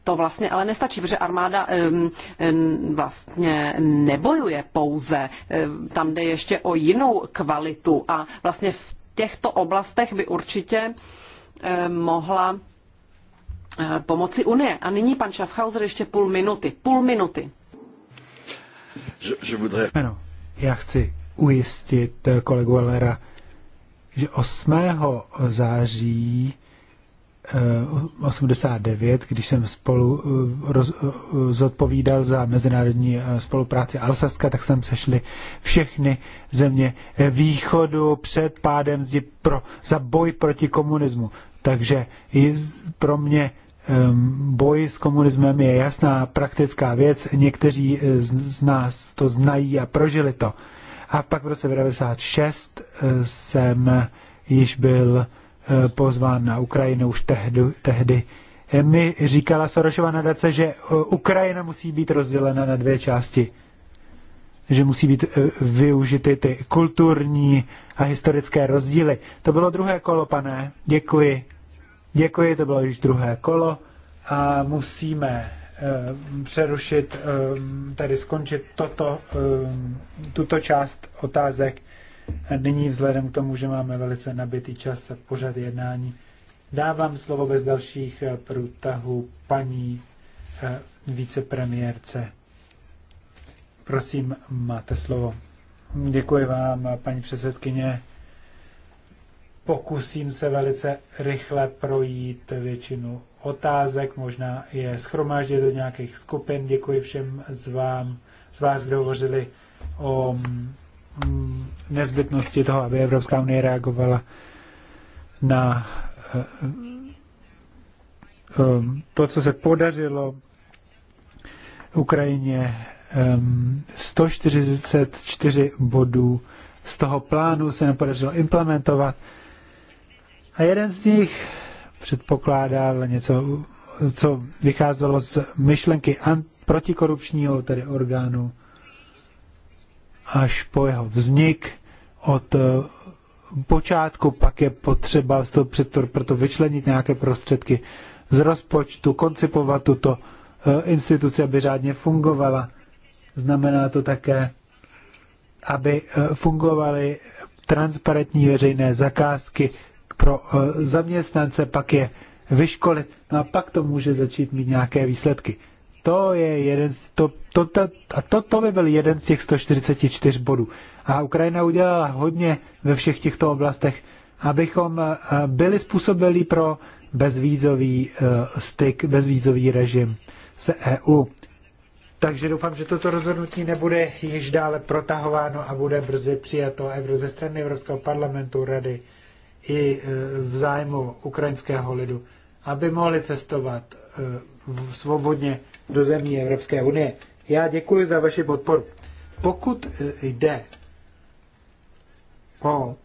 to vlastně ale nestačí, protože armáda vlastně nebojuje pouze. Tam jde ještě o jinou kvalitu a vlastně v těchto oblastech by určitě mohla Eh, pomoci Unie. A nyní pan Schaffhauser ještě půl minuty. Půl minuty. Ano, já chci ujistit kolegu Lera, že 8. září 89, eh, když jsem spolu eh, roz, zodpovídal za mezinárodní spolupráci Alsaska, tak jsem sešli všechny země východu před pádem zdi pro, za boj proti komunismu. Takže pro mě boj s komunismem je jasná praktická věc. Někteří eh, z nás to znají a prožili to. A pak v roce 1996 eh, jsem eh, již byl pozván na Ukrajinu už tehdy. tehdy. Mi říkala Sorošova nadace, že Ukrajina musí být rozdělena na dvě části že musí být eh, využity ty kulturní a historické rozdíly. To bylo druhé kolo, pane. Děkuji. Děkuji, to bylo již druhé kolo a musíme eh, přerušit, eh, tedy skončit toto, tuto část otázek. Nyní vzhledem k tomu, že máme velice nabitý čas a pořad jednání, dávám slovo bez dalších průtahů paní vicepremiérce Prosím, máte slovo. Děkuji vám, paní předsedkyně. Pokusím se velice rychle projít většinu otázek, možná je schromáždit do nějakých skupin. Děkuji všem z, vám, z vás, kdo hovořili o mm, nezbytnosti toho, aby Evropská unie reagovala na eh, eh, to, co se podařilo Ukrajině 144 ehm, bodů z toho plánu se nepodařilo implementovat. A jeden z nich předpokládal něco, co vycházelo z myšlenky protikorupčního tedy orgánu až po jeho vznik od eh, počátku pak je potřeba z toho předtor, proto vyčlenit nějaké prostředky z rozpočtu, koncipovat tuto eh, instituci, aby řádně fungovala. Znamená to také, aby eh, fungovaly transparentní veřejné zakázky pro eh, zaměstnance, pak je vyškolit, no a pak to může začít mít nějaké výsledky. To je jeden z, to, to, to, a to, to by byl jeden z těch 144 bodů. A Ukrajina udělala hodně ve všech těchto oblastech, abychom eh, byli způsobili pro bezvízový styk, bezvízový režim se EU. Takže doufám, že toto rozhodnutí nebude již dále protahováno a bude brzy přijato euro ze strany Evropského parlamentu, rady i e, v zájmu ukrajinského lidu, aby mohli cestovat e, svobodně do zemí Evropské unie. Já děkuji za vaši podporu. Pokud e, jde o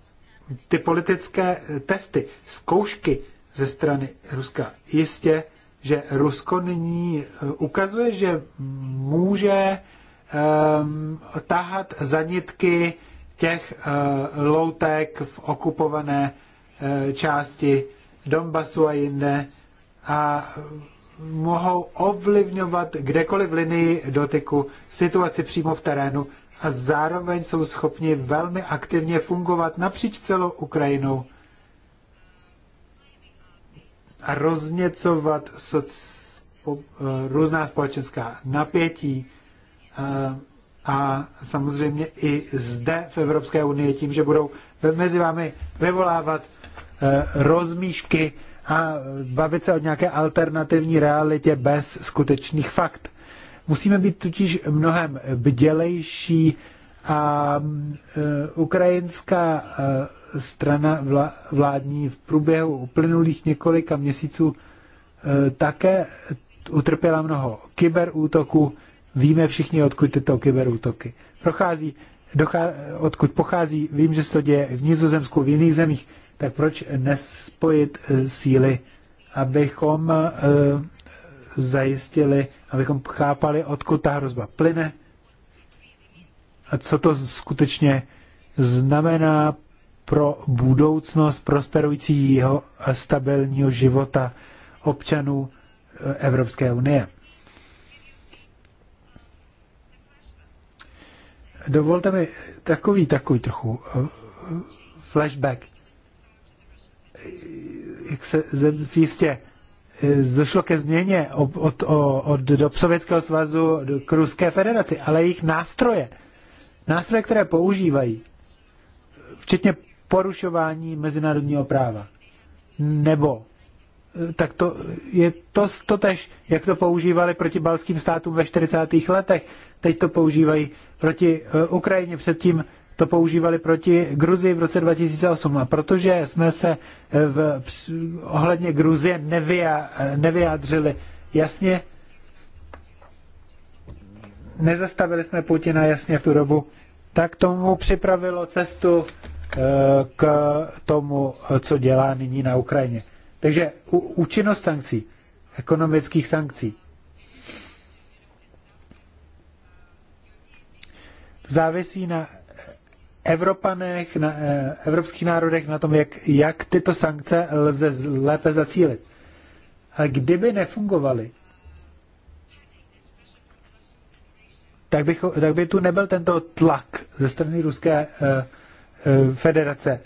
ty politické testy, zkoušky ze strany Ruska, jistě že Rusko nyní eh, ukazuje, že může um, tahat zanitky těch uh, loutek v okupované uh, části Donbasu a jinde a mohou ovlivňovat kdekoliv linii dotyku situaci přímo v terénu a zároveň jsou schopni velmi aktivně fungovat napříč celou Ukrajinou rozněcovat soc, po, eh, různá společenská napětí a, eh, a samozřejmě i zde v Evropské unii tím, že budou mezi vámi vyvolávat eh, rozmíšky a bavit se o nějaké alternativní realitě bez skutečných fakt. Musíme být totiž mnohem bdělejší a mm, ukrajinská strana vládní v průběhu uplynulých několika měsíců e, také utrpěla mnoho kyberútoků. Víme všichni, odkud tyto kyberútoky prochází, dochá, odkud pochází. Vím, že se to děje v Nizozemsku, v jiných zemích. Tak proč nespojit e, síly, abychom e, zajistili, abychom chápali, odkud ta hrozba plyne a co to skutečně znamená pro budoucnost prosperujícího a stabilního života občanů eh, Evropské unie. Dovolte mi takový, takový trochu eh, flashback. Jak se jistě eh, došlo ke změně od, od, od dob Sovětského svazu k Ruské federaci, ale jejich nástroje, nástroje, které používají, včetně porušování mezinárodního práva. Nebo eh, tak to je to, to tež, jak to používali proti balským státům ve 40. letech. Teď to používají proti eh, Ukrajině, předtím to používali proti Gruzii v roce 2008. A protože jsme se eh, v, ohledně Gruzie nevyja, nevyjádřili jasně, nezastavili jsme Putina jasně v tu dobu, tak tomu připravilo cestu k tomu, co dělá nyní na Ukrajině. Takže účinnost sankcí, ekonomických sankcí. Závisí na Evropanech, na eh, evropských národech, na tom, jak, jak tyto sankce lze lépe zacílit. Ale kdyby nefungovaly, tak, bych, tak by tu nebyl tento tlak ze strany Ruské eh, Eh, federace,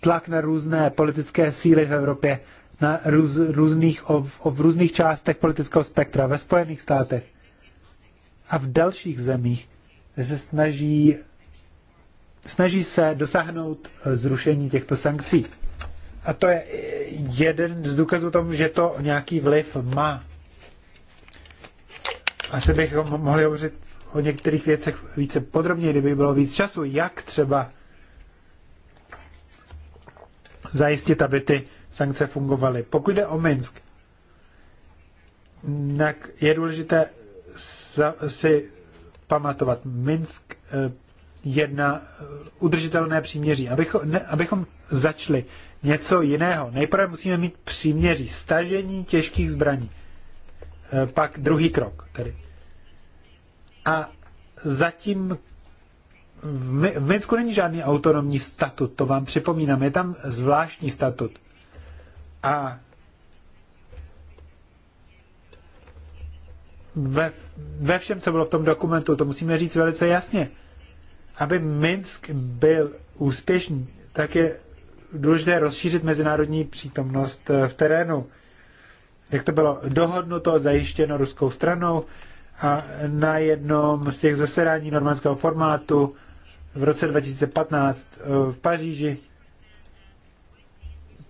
tlak na různé politické síly v Evropě, na růz, různých, o, o, v různých částech politického spektra ve Spojených státech a v dalších zemích, kde se snaží, snaží se dosáhnout eh, zrušení těchto sankcí. A to je eh, jeden z důkazů tomu, že to nějaký vliv má. Asi bychom mohli hovořit o některých věcech více podrobně, kdyby bylo víc času, jak třeba zajistit, aby ty sankce fungovaly. Pokud jde o Minsk, tak je důležité si pamatovat. Minsk eh, jedna eh, udržitelné příměří. Abychom, ne, abychom začali něco jiného, nejprve musíme mít příměří, stažení těžkých zbraní. Eh, pak druhý krok. Tedy. A zatím v Minsku není žádný autonomní statut, to vám připomínám, je tam zvláštní statut. A ve, ve všem, co bylo v tom dokumentu, to musíme říct velice jasně. Aby Minsk byl úspěšný, tak je důležité rozšířit mezinárodní přítomnost eh, v terénu. Jak to bylo dohodnuto, zajištěno ruskou stranou a na jednom z těch zasedání normandského formátu v roce 2015 eh, v Paříži,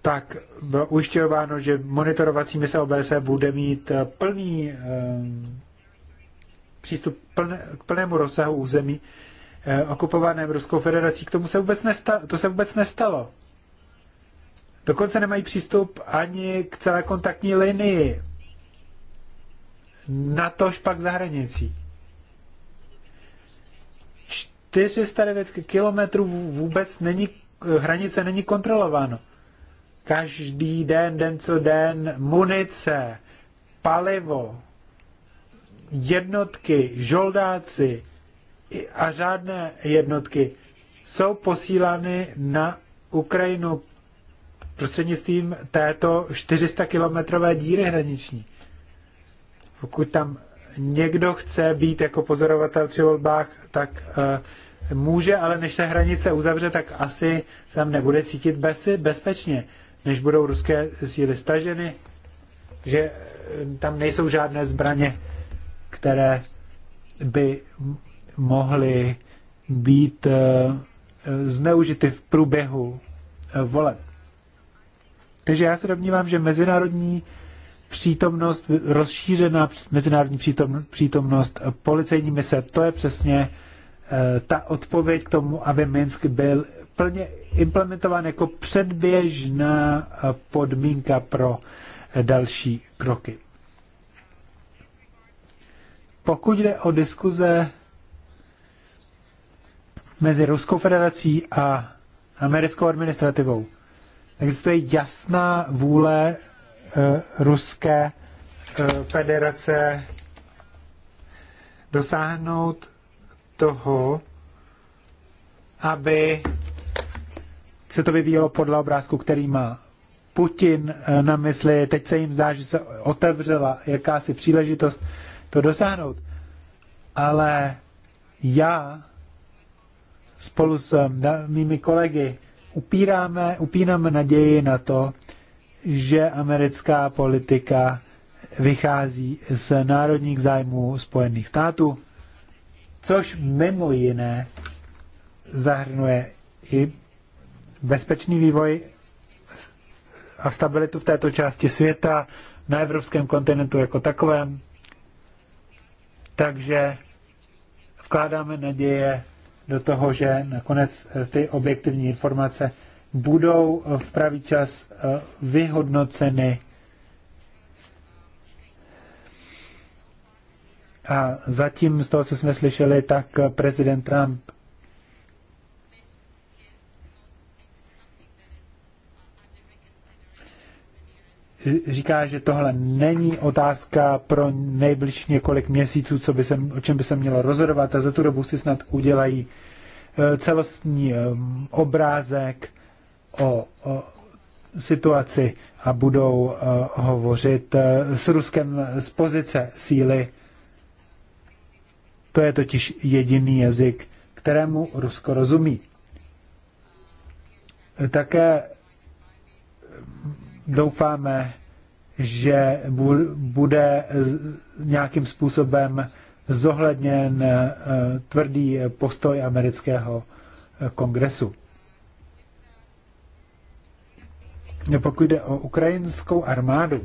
tak bylo ujišťováno, že monitorovací mise OBSE bude mít eh, plný eh, přístup k plnému rozsahu území okupovaném Ruskou federací. K tomu se vůbec nestalo, to se vůbec nestalo. Dokonce nemají přístup ani k celé kontaktní linii. tož pak za hranicí. 409 kilometrů vůbec není, hranice není kontrolováno. Každý den, den co den, munice, palivo, jednotky, žoldáci a žádné jednotky jsou posílány na Ukrajinu prostřednictvím této 400-kilometrové díry hraniční. Pokud tam někdo chce být jako pozorovatel při volbách, tak uh, může, ale než se hranice uzavře, tak asi se nebude cítit bez, bezpečně, než budou ruské síly staženy, že eh, tam nejsou žádné zbraně, které by mohly být eh, zneužity v průběhu eh, voleb. Takže já se domnívám, že mezinárodní přítomnost, rozšířená mezinárodní přítomnost přítomnost policejní mise, to je přesně Eh, ta odpověď k tomu, aby Minsk byl plně implementován jako předběžná eh, podmínka pro eh, další kroky. Pokud jde o diskuze mezi Ruskou federací a americkou administrativou, existuje jasná vůle e, Ruské e, federace dosáhnout toho, aby se to vyvíjelo podle obrázku, který má Putin eh, na mysli. Teď se jim zdá, že se otevřela jakási příležitost to dosáhnout. Ale já spolu s eh, mými kolegy upíráme, upínáme naději na to, že americká politika vychází z národních zájmů Spojených států což mimo jiné zahrnuje i bezpečný vývoj a stabilitu v této části světa, na evropském kontinentu jako takovém. Takže vkládáme naděje do toho, že nakonec eh, ty objektivní informace budou v pravý čas eh, vyhodnoceny A zatím z toho, co jsme slyšeli, tak prezident Trump říká, že tohle není otázka pro nejbližší několik měsíců, co by se, o čem by se mělo rozhodovat a za tu dobu si snad udělají eh, celostní eh, obrázek o, o situaci a budou eh, hovořit s Ruskem z pozice síly to je totiž jediný jazyk, kterému Rusko rozumí. Také doufáme, že bude nějakým způsobem zohledněn eh, tvrdý postoj amerického eh, kongresu. Pokud jde o ukrajinskou armádu,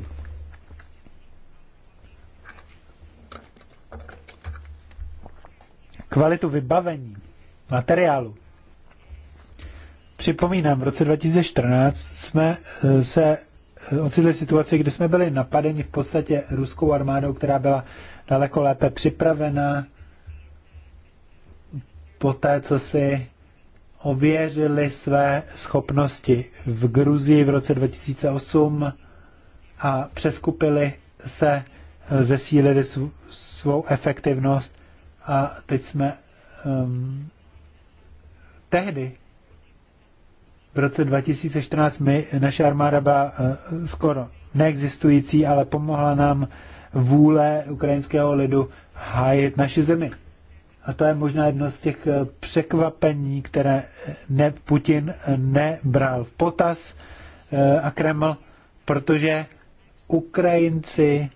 kvalitu vybavení, materiálu. Připomínám, v roce 2014 jsme eh, se eh, ocitli v situaci, kdy jsme byli napadeni v podstatě ruskou armádou, která byla daleko lépe připravená po té, co si ověřili své schopnosti v Gruzii v roce 2008 a přeskupili se, eh, zesílili svou efektivnost a teď jsme um, tehdy v roce 2014 my, naše armáda byla uh, skoro neexistující, ale pomohla nám vůle ukrajinského lidu hájit naši zemi. A to je možná jedno z těch eh, překvapení, které eh, ne, Putin nebral v potaz a Kreml, protože Ukrajinci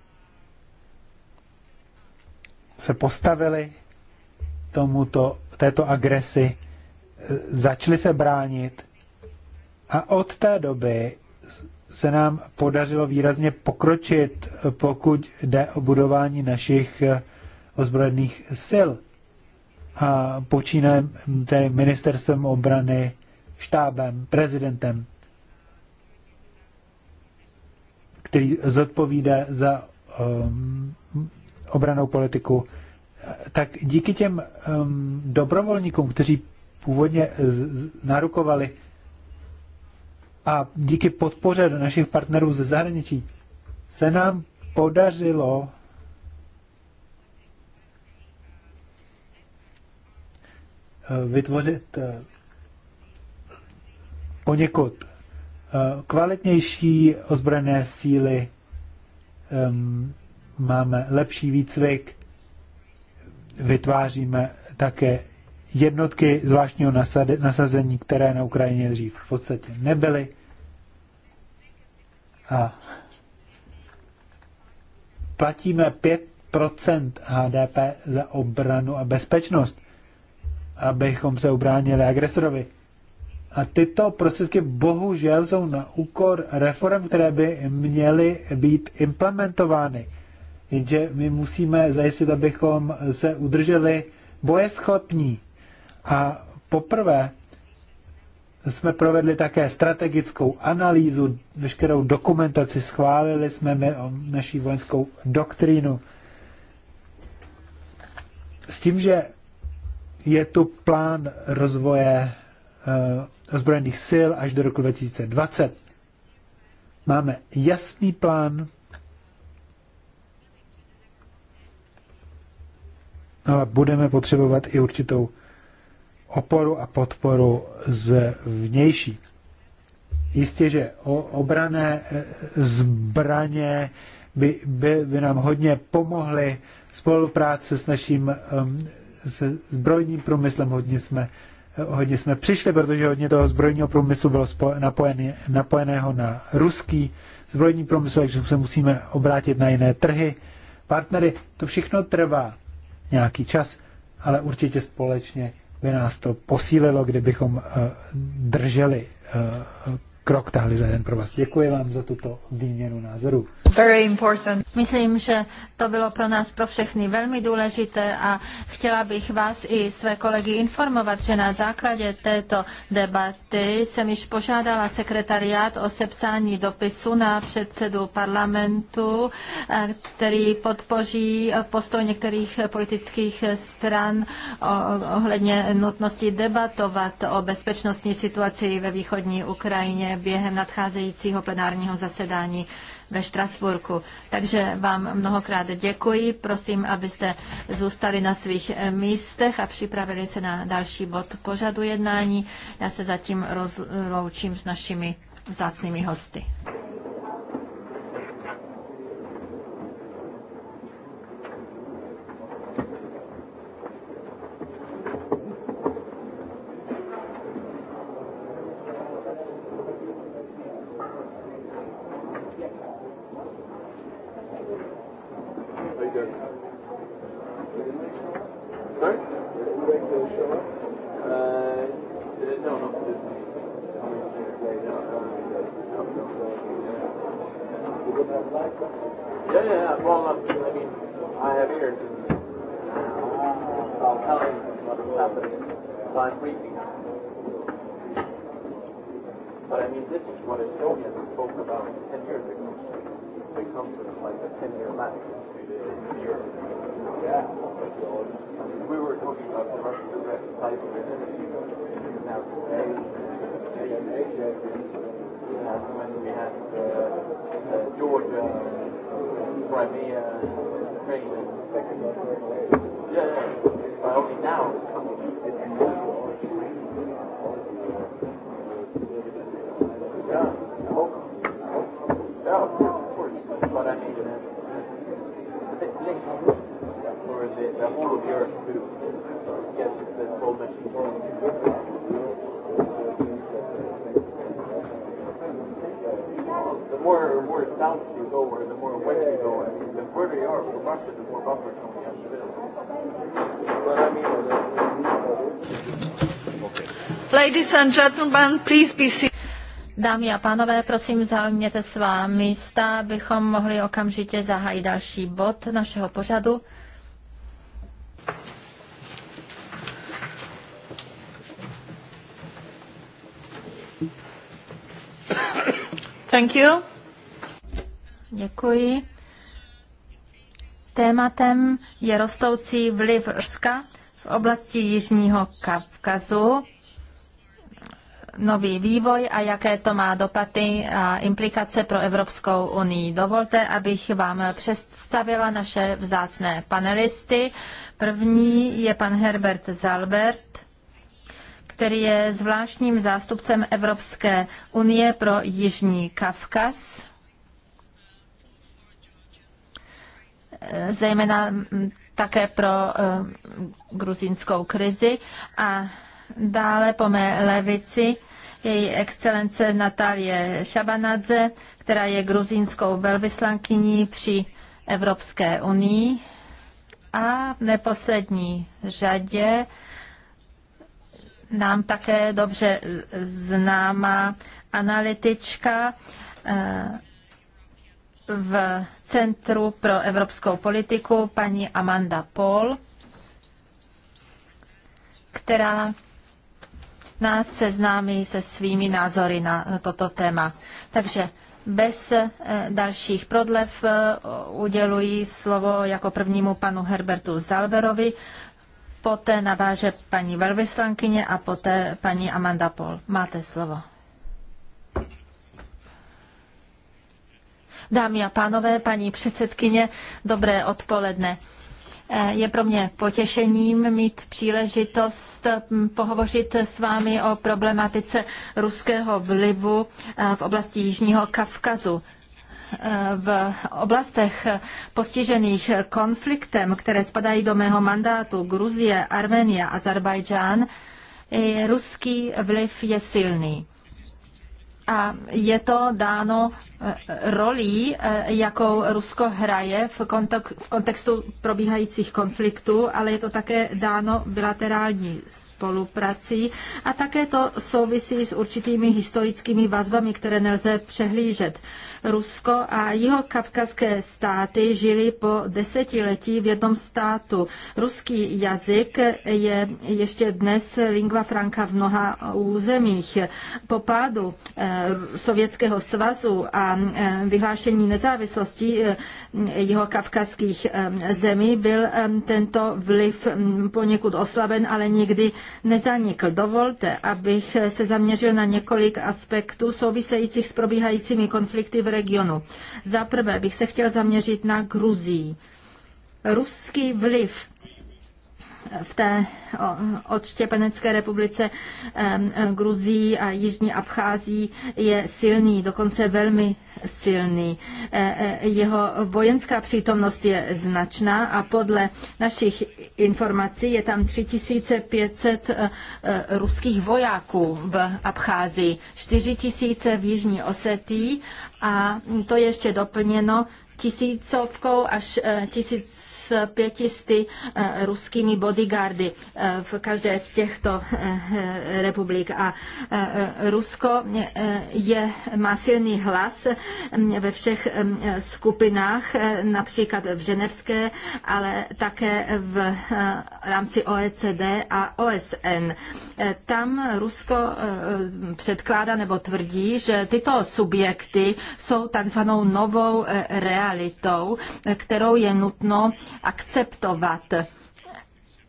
se postavili tomuto, této agresi, eh, začali se bránit a od té doby se nám podařilo výrazně pokročit, eh, pokud jde o budování našich eh, ozbrojených sil. A počínáme tedy ministerstvem obrany, štábem, prezidentem, který zodpovídá za um, obranou politiku tak díky těm um, dobrovolníkům, kteří původně narukovali a díky podpoře našich partnerů ze zahraničí, se nám podařilo vytvořit eh, poněkud eh, kvalitnější ozbrojené síly, máme lepší výcvik, vytváříme také jednotky zvláštního nasazení, které na Ukrajině dřív v podstatě nebyly. A platíme 5% HDP za obranu a bezpečnost, abychom se ubránili agresorovi. A tyto prostředky bohužel jsou na úkor reform, které by měly být implementovány. Jenže my musíme zajistit, abychom se udrželi bojeschopní. A poprvé jsme provedli také strategickou analýzu, veškerou dokumentaci, schválili jsme naší vojenskou doktrínu. S tím, že je tu plán rozvoje uh, ozbrojených sil až do roku 2020. Máme jasný plán, No ale budeme potřebovat i určitou oporu a podporu z vnější. Jistě, že obrané e, zbraně by, by, by nám hodně pomohly spolupráce s naším se zbrojním průmyslem. Hodně jsme, hodně jsme přišli, protože hodně toho zbrojního průmyslu bylo napojené, napojeného na ruský zbrojní průmysl, takže se musíme obrátit na jiné trhy, partnery. To všechno trvá nějaký čas, ale určitě společně by nás to posílilo, kdybychom eh, drželi eh, krok tahli za jeden pro vás. Děkuji vám za tuto výměnu názoru. Very important. Myslím, že to bylo pro nás pro všechny velmi důležité a chtěla bych vás i své kolegy informovat, že na základě této debaty jsem již požádala sekretariát o sepsání dopisu na předsedu parlamentu, eh, který podpoří postoj některých politických stran ohledně nutnosti debatovat o bezpečnostní situaci ve východní Ukrajině během nadcházejícího plenárního zasedání ve Štrasburku. Takže vám mnohokrát děkuji. Prosím, abyste zůstali na svých místech a připravili se na další bod pořadu jednání. Já se zatím rozloučím s našimi vzácnými hosty. Thank you. Dámy a pánové, prosím, zaujměte svá místa, abychom mohli okamžitě zahájit další bod našeho pořadu. Thank you. Děkuji. Tématem je rostoucí vliv Ruska v oblasti Jižního Kavkazu nový vývoj a jaké to má dopady a implikace pro Evropskou unii. Dovolte, abych vám představila naše vzácné panelisty. První je pan Herbert Zalbert, který je zvláštním zástupcem Evropské unie pro Jižní Kavkaz. zejména také pro eh, gruzínskou krizi a Dále po mé levici její excelence Natalie Šabanadze, která je gruzínskou velvyslankyní při Evropské unii. A v neposlední řadě nám také dobře známá analytička eh, v Centru pro evropskou politiku paní Amanda Paul, která nás seznámí se svými názory na toto téma. Takže bez eh, dalších prodlev eh, uděluji slovo jako prvnímu panu Herbertu Zalberovi, poté naváže paní velvyslankyně a poté paní Amanda Pol. Máte slovo. Dámy a pánové, paní předsedkyně, dobré odpoledne. Eh, je pro mě potěšením mít příležitost mm, pohovořit s vámi o problematice ruského vlivu eh, v oblasti Jižního Kavkazu eh, v oblastech postižených konfliktem, které spadají do mého mandátu, Gruzie, Arménie, Azerbajdžán, ruský vliv je silný. A je to dáno rolí, eh, jakou Rusko hraje v, v kontextu probíhajících konfliktů, ale je to také dáno bilaterální spoluprací a také to souvisí s určitými historickými vazbami, které nelze přehlížet. Rusko a jeho kavkazské státy žili po desetiletí v jednom státu. Ruský jazyk je ještě dnes lingua franca v mnoha územích. Po pádu eh, Sovětského svazu a Eh, vyhlášení nezávislosti eh, jeho kavkazských eh, zemí byl tento vliv poněkud oslaben, ale nikdy nezanikl. Dovolte, abych se zaměřil na několik aspektů souvisejících s probíhajícími konflikty v regionu. Za prvé bych se chtěl zaměřit na Gruzii. Ruský vliv v té odštěpenecké republice Gruzí a Jižní Abchází je silný, dokonce velmi silný. E, e, jeho vojenská přítomnost je značná a podle našich informací je tam 3500 e, ruských vojáků v Abcházii, 4000 v Jižní Osetí a to ještě doplněno tisícovkou až eh, pětisty eh, ruskými bodyguardy eh, v každé z těchto republik. A Rusko je, má silný hlas mm, ve všech mm, skupinách, například v ženevské, ale také v rámci OECD a OSN. Tam Rusko předkládá nebo tvrdí, že tyto subjekty jsou takzvanou novou realitou realitou, kterou je nutno akceptovat.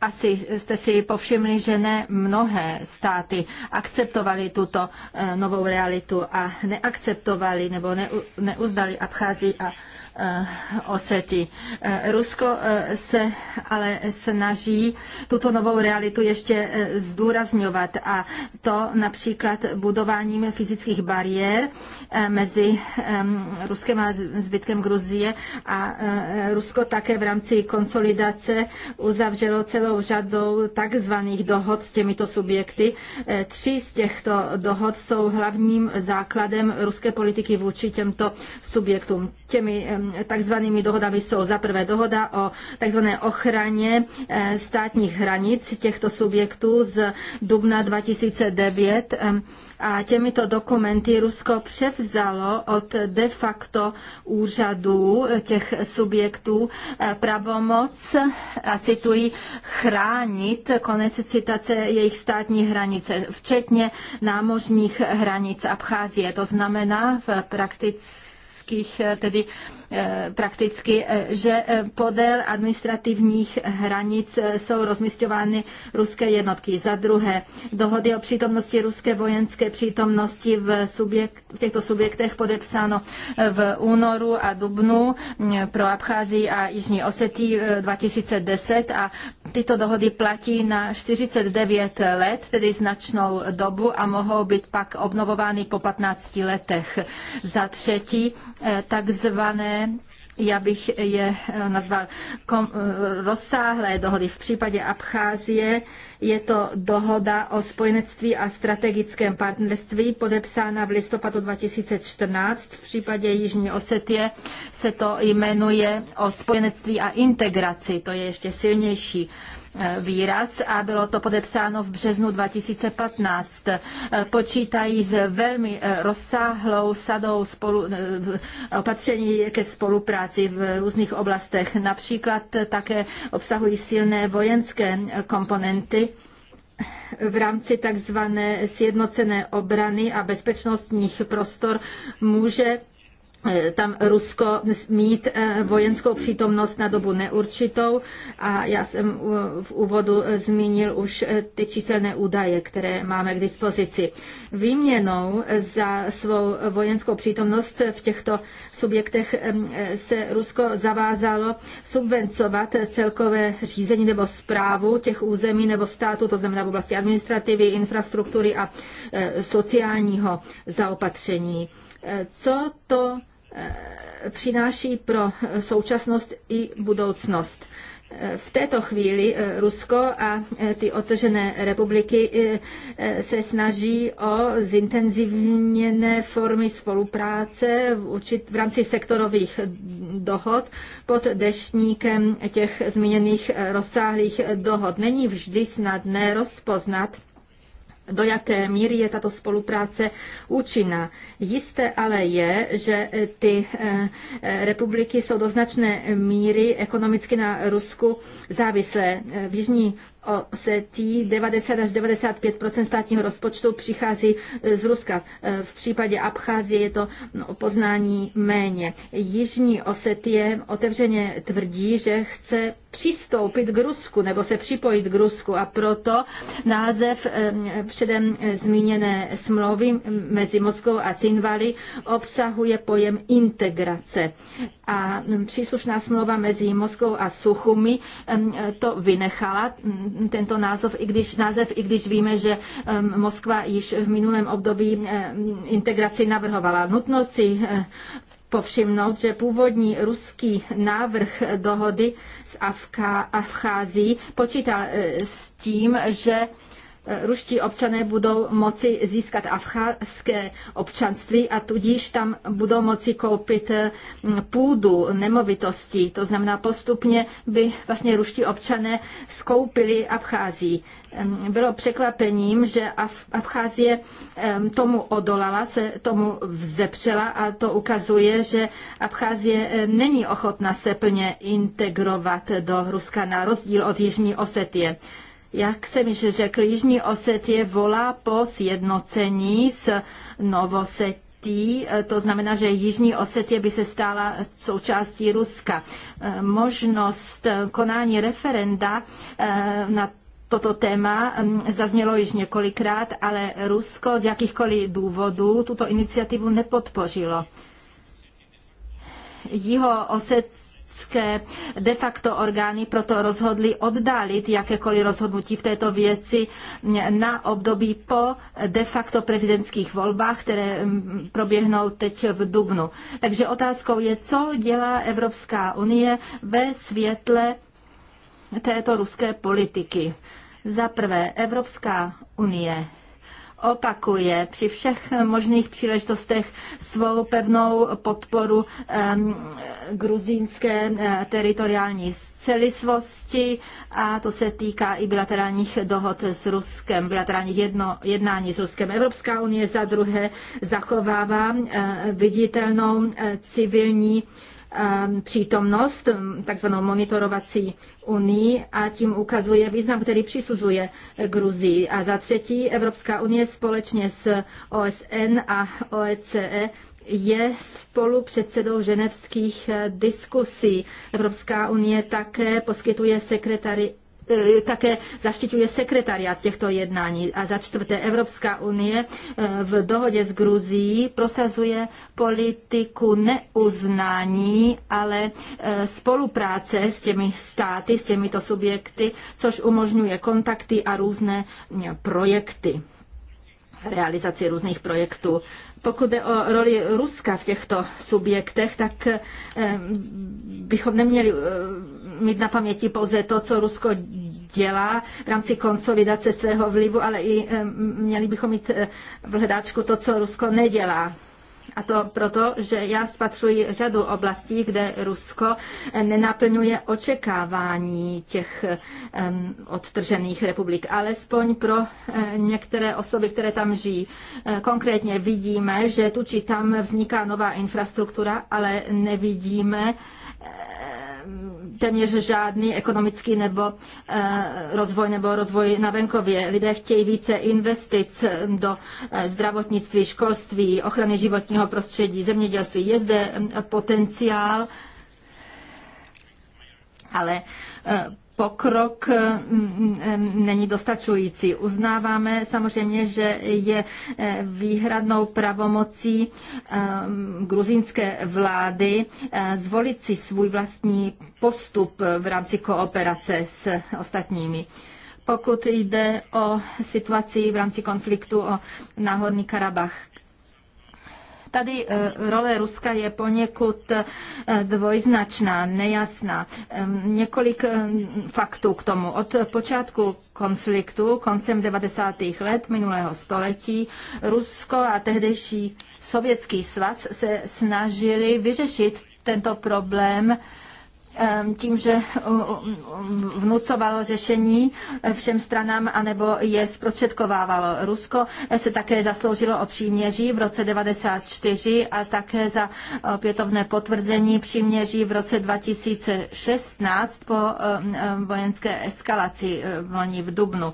Asi jste si povšimli, že ne mnohé státy akceptovali tuto eh, novou realitu a neakceptovali nebo neuznali Abcházii a Eh, oseti. Eh, Rusko eh, se ale snaží tuto novou realitu ještě zdůrazňovat a to například budováním fyzických bariér mezi Ruskem a zbytkem Gruzie a Rusko také v rámci konsolidace uzavřelo celou řadou takzvaných dohod s těmito subjekty. Tři z těchto dohod jsou hlavním základem ruské politiky vůči těmto subjektům. Těmi takzvanými dohodami jsou za prvé dohoda o takzvané ochraně eh, státních hranic těchto subjektů z dubna 2009 eh, a těmito dokumenty Rusko převzalo od de facto úřadů těch subjektů eh, pravomoc, a cituji, chránit, konec citace, jejich státní hranice, včetně námořních hranic Abcházie. To znamená v praktických tedy Eh, prakticky, eh, že eh, podél administrativních hranic jsou rozmístěvány ruské jednotky. Za druhé, dohody o přítomnosti ruské vojenské přítomnosti v, subjekt, v těchto subjektech podepsáno v únoru a dubnu mm, pro Abcházii a Jižní Osetí 2010 a tyto dohody platí na 49 let, tedy značnou dobu a mohou být pak obnovovány po 15 letech. Za třetí, takzvané já bych je eh, nazval kom, eh, rozsáhlé dohody. V případě Abcházie je to dohoda o spojenectví a strategickém partnerství podepsána v listopadu 2014. V případě Jižní Osetie se to jmenuje o spojenectví a integraci. To je ještě silnější výraz a bylo to podepsáno v březnu 2015. Počítají s velmi eh, rozsáhlou sadou spolu, eh, opatření ke spolupráci v různých oblastech. Například také obsahují silné vojenské eh, komponenty v rámci takzvané sjednocené obrany a bezpečnostních prostor může Eh, tam Rusko mít eh, vojenskou přítomnost na dobu neurčitou a já jsem eh, v úvodu zmínil už ty číselné údaje, které máme k dispozici. Výměnou za svou vojenskou přítomnost v těchto subjektech se Rusko zavázalo subvencovat celkové řízení nebo zprávu těch území nebo státu, to znamená v oblasti administrativy, infrastruktury a sociálního zaopatření. Co to Eh, přináší pro současnost i budoucnost. Eh, v této chvíli eh, Rusko a ty otržené republiky se snaží o zintenzivněné formy spolupráce v, určit, v rámci sektorových dohod pod deštníkem těch zmíněných rozsáhlých dohod. Není vždy snadné rozpoznat do jaké míry je tato spolupráce účinná. Jisté ale je, že eh, ty eh, eh, republiky jsou do značné míry ekonomicky na Rusku závislé. V Jižní Osetí 90 až 95 státního rozpočtu přichází z Ruska. V případě Abcházie je to no, poznání méně. Jižní Osetie otevřeně tvrdí, že chce přistoupit k Rusku nebo se připojit k Rusku a proto název eh, předem eh, zmíněné smlouvy mezi Moskou a Cinvali obsahuje pojem integrace a mm, příslušná smlouva mezi Moskou a Suchumi mm, to vynechala, mm, tento název, i když, název, i když víme, že Moskva již v minulém období integraci navrhovala. Nutno si eh, povšimnout, že původní ruský návrh dohody z Afká, Afchází počítal eh, s tím, že Eh, ruští občané budou moci získat abcházské občanství a tudíž tam budou moci koupit eh, půdu, nemovitosti. To znamená, postupně by vlastně ruští občané skoupili Abcházii. Bylo překvapením, že Abcházie tomu odolala, se tomu vzepřela a to ukazuje, že Abcházie eh, není ochotna se plně integrovat do Ruska na rozdíl od Jižní Osetie. Jak jsem již řekl, Jižní Osetie volá po sjednocení s Novosetí e, to znamená, že Jižní Osetie by se stala součástí Ruska. E, možnost e, konání referenda na toto téma zaznělo již několikrát, ale Rusko z jakýchkoliv důvodů tuto iniciativu nepodpořilo. Jiho Osetie řecké de facto orgány proto rozhodly oddálit jakékoliv rozhodnutí v této věci na období po de facto prezidentských volbách, které mm, proběhnou teď v Dubnu. Takže otázkou je, co dělá Evropská unie ve světle této ruské politiky. Za prvé, Evropská unie opakuje při všech možných příležitostech svou pevnou podporu gruzínské eh, teritoriální celistvosti a to se týká i bilaterálních dohod s Ruskem, bilaterálních jedno, jednání s Ruskem. Evropská unie za druhé zachovává eh, viditelnou eh, civilní Um, přítomnost, um, takzvanou monitorovací unii a tím ukazuje význam, který přisuzuje Gruzii. A za třetí, Evropská unie společně s OSN a OECE e je spolu předsedou ženevských diskusí. Evropská unie také poskytuje sekretari, Eh, také zaštiťuje sekretariat těchto jednání. A za čtvrté, Evropská unie eh, v dohodě s Gruzií prosazuje politiku neuznání, ale eh, spolupráce s těmi státy, s těmito subjekty, což umožňuje kontakty a různé hm, projekty realizaci různých projektů. Pokud jde o roli Ruska v těchto subjektech, tak bychom neměli mít na paměti pouze to, co Rusko dělá v rámci konsolidace svého vlivu, ale i eh, měli bychom mít eh, v hledáčku to, co Rusko nedělá. A to proto, že já spatřuji řadu oblastí, kde Rusko eh, nenaplňuje očekávání těch um, odtržených republik, alespoň pro uh, některé osoby, které tam žijí. Uh, konkrétně vidíme, že tu či tam vzniká nová infrastruktura, ale nevidíme uh, téměř žádný ekonomický nebo eh, rozvoj nebo rozvoj na venkově. Lidé chtějí více investic do eh, zdravotnictví, školství, ochrany životního prostředí, zemědělství. Je zde potenciál, ale eh, pokrok mm, mm, není dostačující. Uznáváme samozřejmě, že je eh, výhradnou pravomocí eh, gruzínské vlády eh, zvolit si svůj vlastní postup v rámci kooperace s ostatními. Pokud jde o situaci v rámci konfliktu o Náhorní Karabach, Tady eh, role Ruska je poněkud eh, dvojznačná, nejasná. Několik eh, faktů k tomu. Od počátku konfliktu koncem 90. let minulého století Rusko a tehdejší Sovětský svaz se snažili vyřešit tento problém Ehm, tím, že vnucovalo řešení eh, všem stranám anebo je zprostředkovávalo. Rusko eh, se také zasloužilo o příměří v roce 1994 a také za opětovné potvrzení příměří v roce 2016 po ehm, ehm, vojenské eskalaci eh, v loni v Dubnu.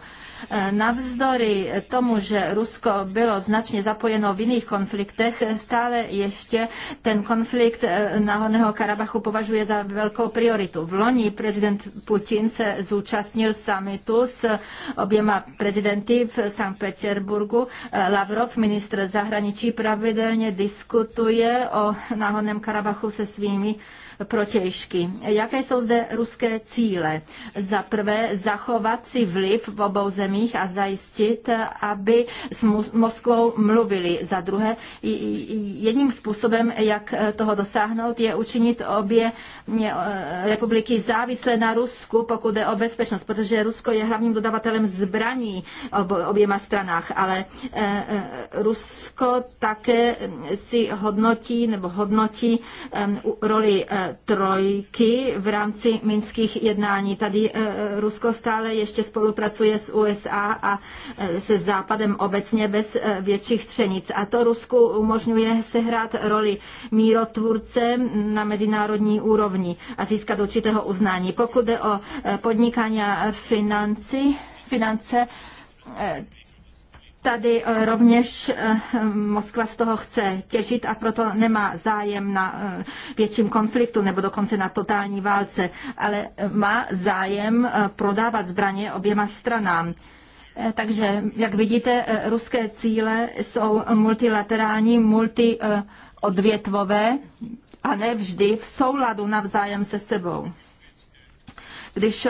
Eh, navzdory tomu, že Rusko bylo značně zapojeno v jiných konfliktech, stále ještě ten konflikt eh, Nahorného Karabachu považuje za velkou prioritu. V loni prezident Putin se zúčastnil summitu s oběma prezidenty v Sankt Petersburgu. Eh, Lavrov, ministr zahraničí, pravidelně diskutuje o Nahorném Karabachu se svými protějšky. Jaké jsou zde ruské cíle? Za prvé zachovat si vliv v obou zemích a zajistit, aby s Moskvou mluvili. Za druhé, jedním způsobem, jak toho dosáhnout, je učinit obě e, republiky závislé na Rusku, pokud je o bezpečnost, protože Rusko je hlavním dodavatelem zbraní oběma stranách, ale e, e, Rusko také si hodnotí nebo hodnotí roli trojky v rámci minských jednání. Tady eh, Rusko stále ještě spolupracuje s USA a eh, se Západem obecně bez eh, větších třenic. A to Rusku umožňuje sehrát roli mírotvůrce na mezinárodní úrovni a získat určitého uznání. Pokud jde o podnikání a financi, finance, Tady eh, rovněž eh, Moskva z toho chce těžit a proto nemá zájem na eh, větším konfliktu nebo dokonce na totální válce, ale má zájem prodávat zbraně oběma stranám. Takže, jak vidíte, ruské cíle jsou multilaterální, multiodvětvové a ne vždy v souladu navzájem se sebou. Když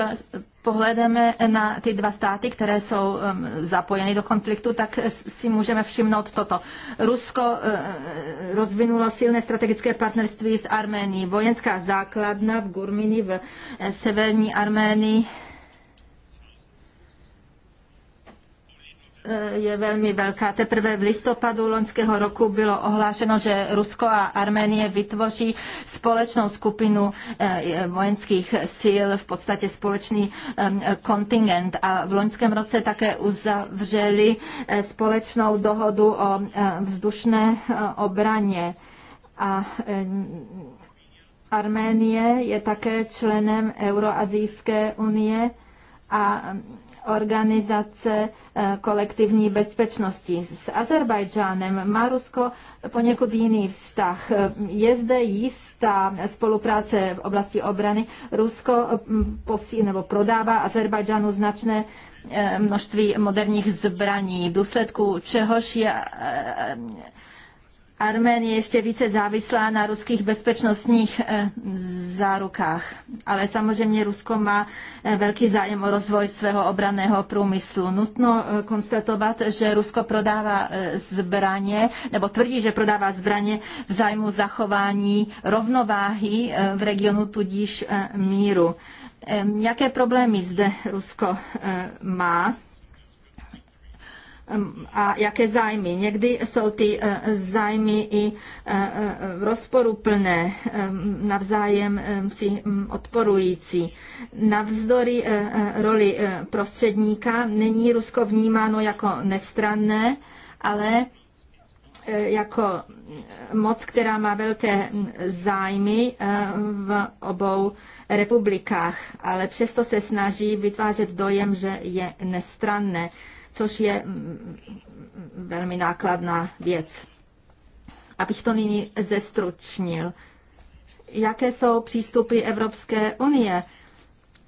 pohledeme eh, na ty dva státy, které jsou zapojeny do konfliktu, tak si můžeme všimnout toto. Rusko eh, eh, rozvinulo silné strategické partnerství s Arménií. Vojenská základna v Gurmini v severní Arménii E, je velmi velká. Teprve v listopadu loňského roku bylo ohlášeno, že Rusko a Arménie vytvoří společnou skupinu e, vojenských sil, v podstatě společný kontingent a v loňském roce také uzavřeli e, společnou dohodu o vzdušné obraně. A Arménie je také členem Euroazijské unie a organizace eh, kolektivní bezpečnosti. S Azerbajdžánem má Rusko poněkud jiný vztah. Je zde jistá spolupráce v oblasti obrany. Rusko eh, posí, nebo prodává Azerbajdžánu značné eh, množství moderních zbraní, v důsledku čehož je Arménie ještě více závislá na ruských bezpečnostních eh, zárukách. Ale samozřejmě Rusko má eh, velký zájem o rozvoj svého obraného průmyslu. Nutno eh, konstatovat, že Rusko prodává zbraně, nebo tvrdí, že prodává zbraně v zájmu zachování rovnováhy v regionu, tudíž míru. Jaké problémy zde Rusko má? a jaké zájmy. Někdy jsou ty eh, zájmy i eh, eh, rozporuplné, navzájem si mm, odporující. Navzdory roli prostředníka není Rusko vnímáno jako nestranné, ale jako moc, která má velké mm, zájmy v obou republikách, ale přesto se snaží vytvářet dojem, že je nestranné což je mm, mm, velmi nákladná věc. Abych to nyní zestručnil. Jaké jsou přístupy Evropské unie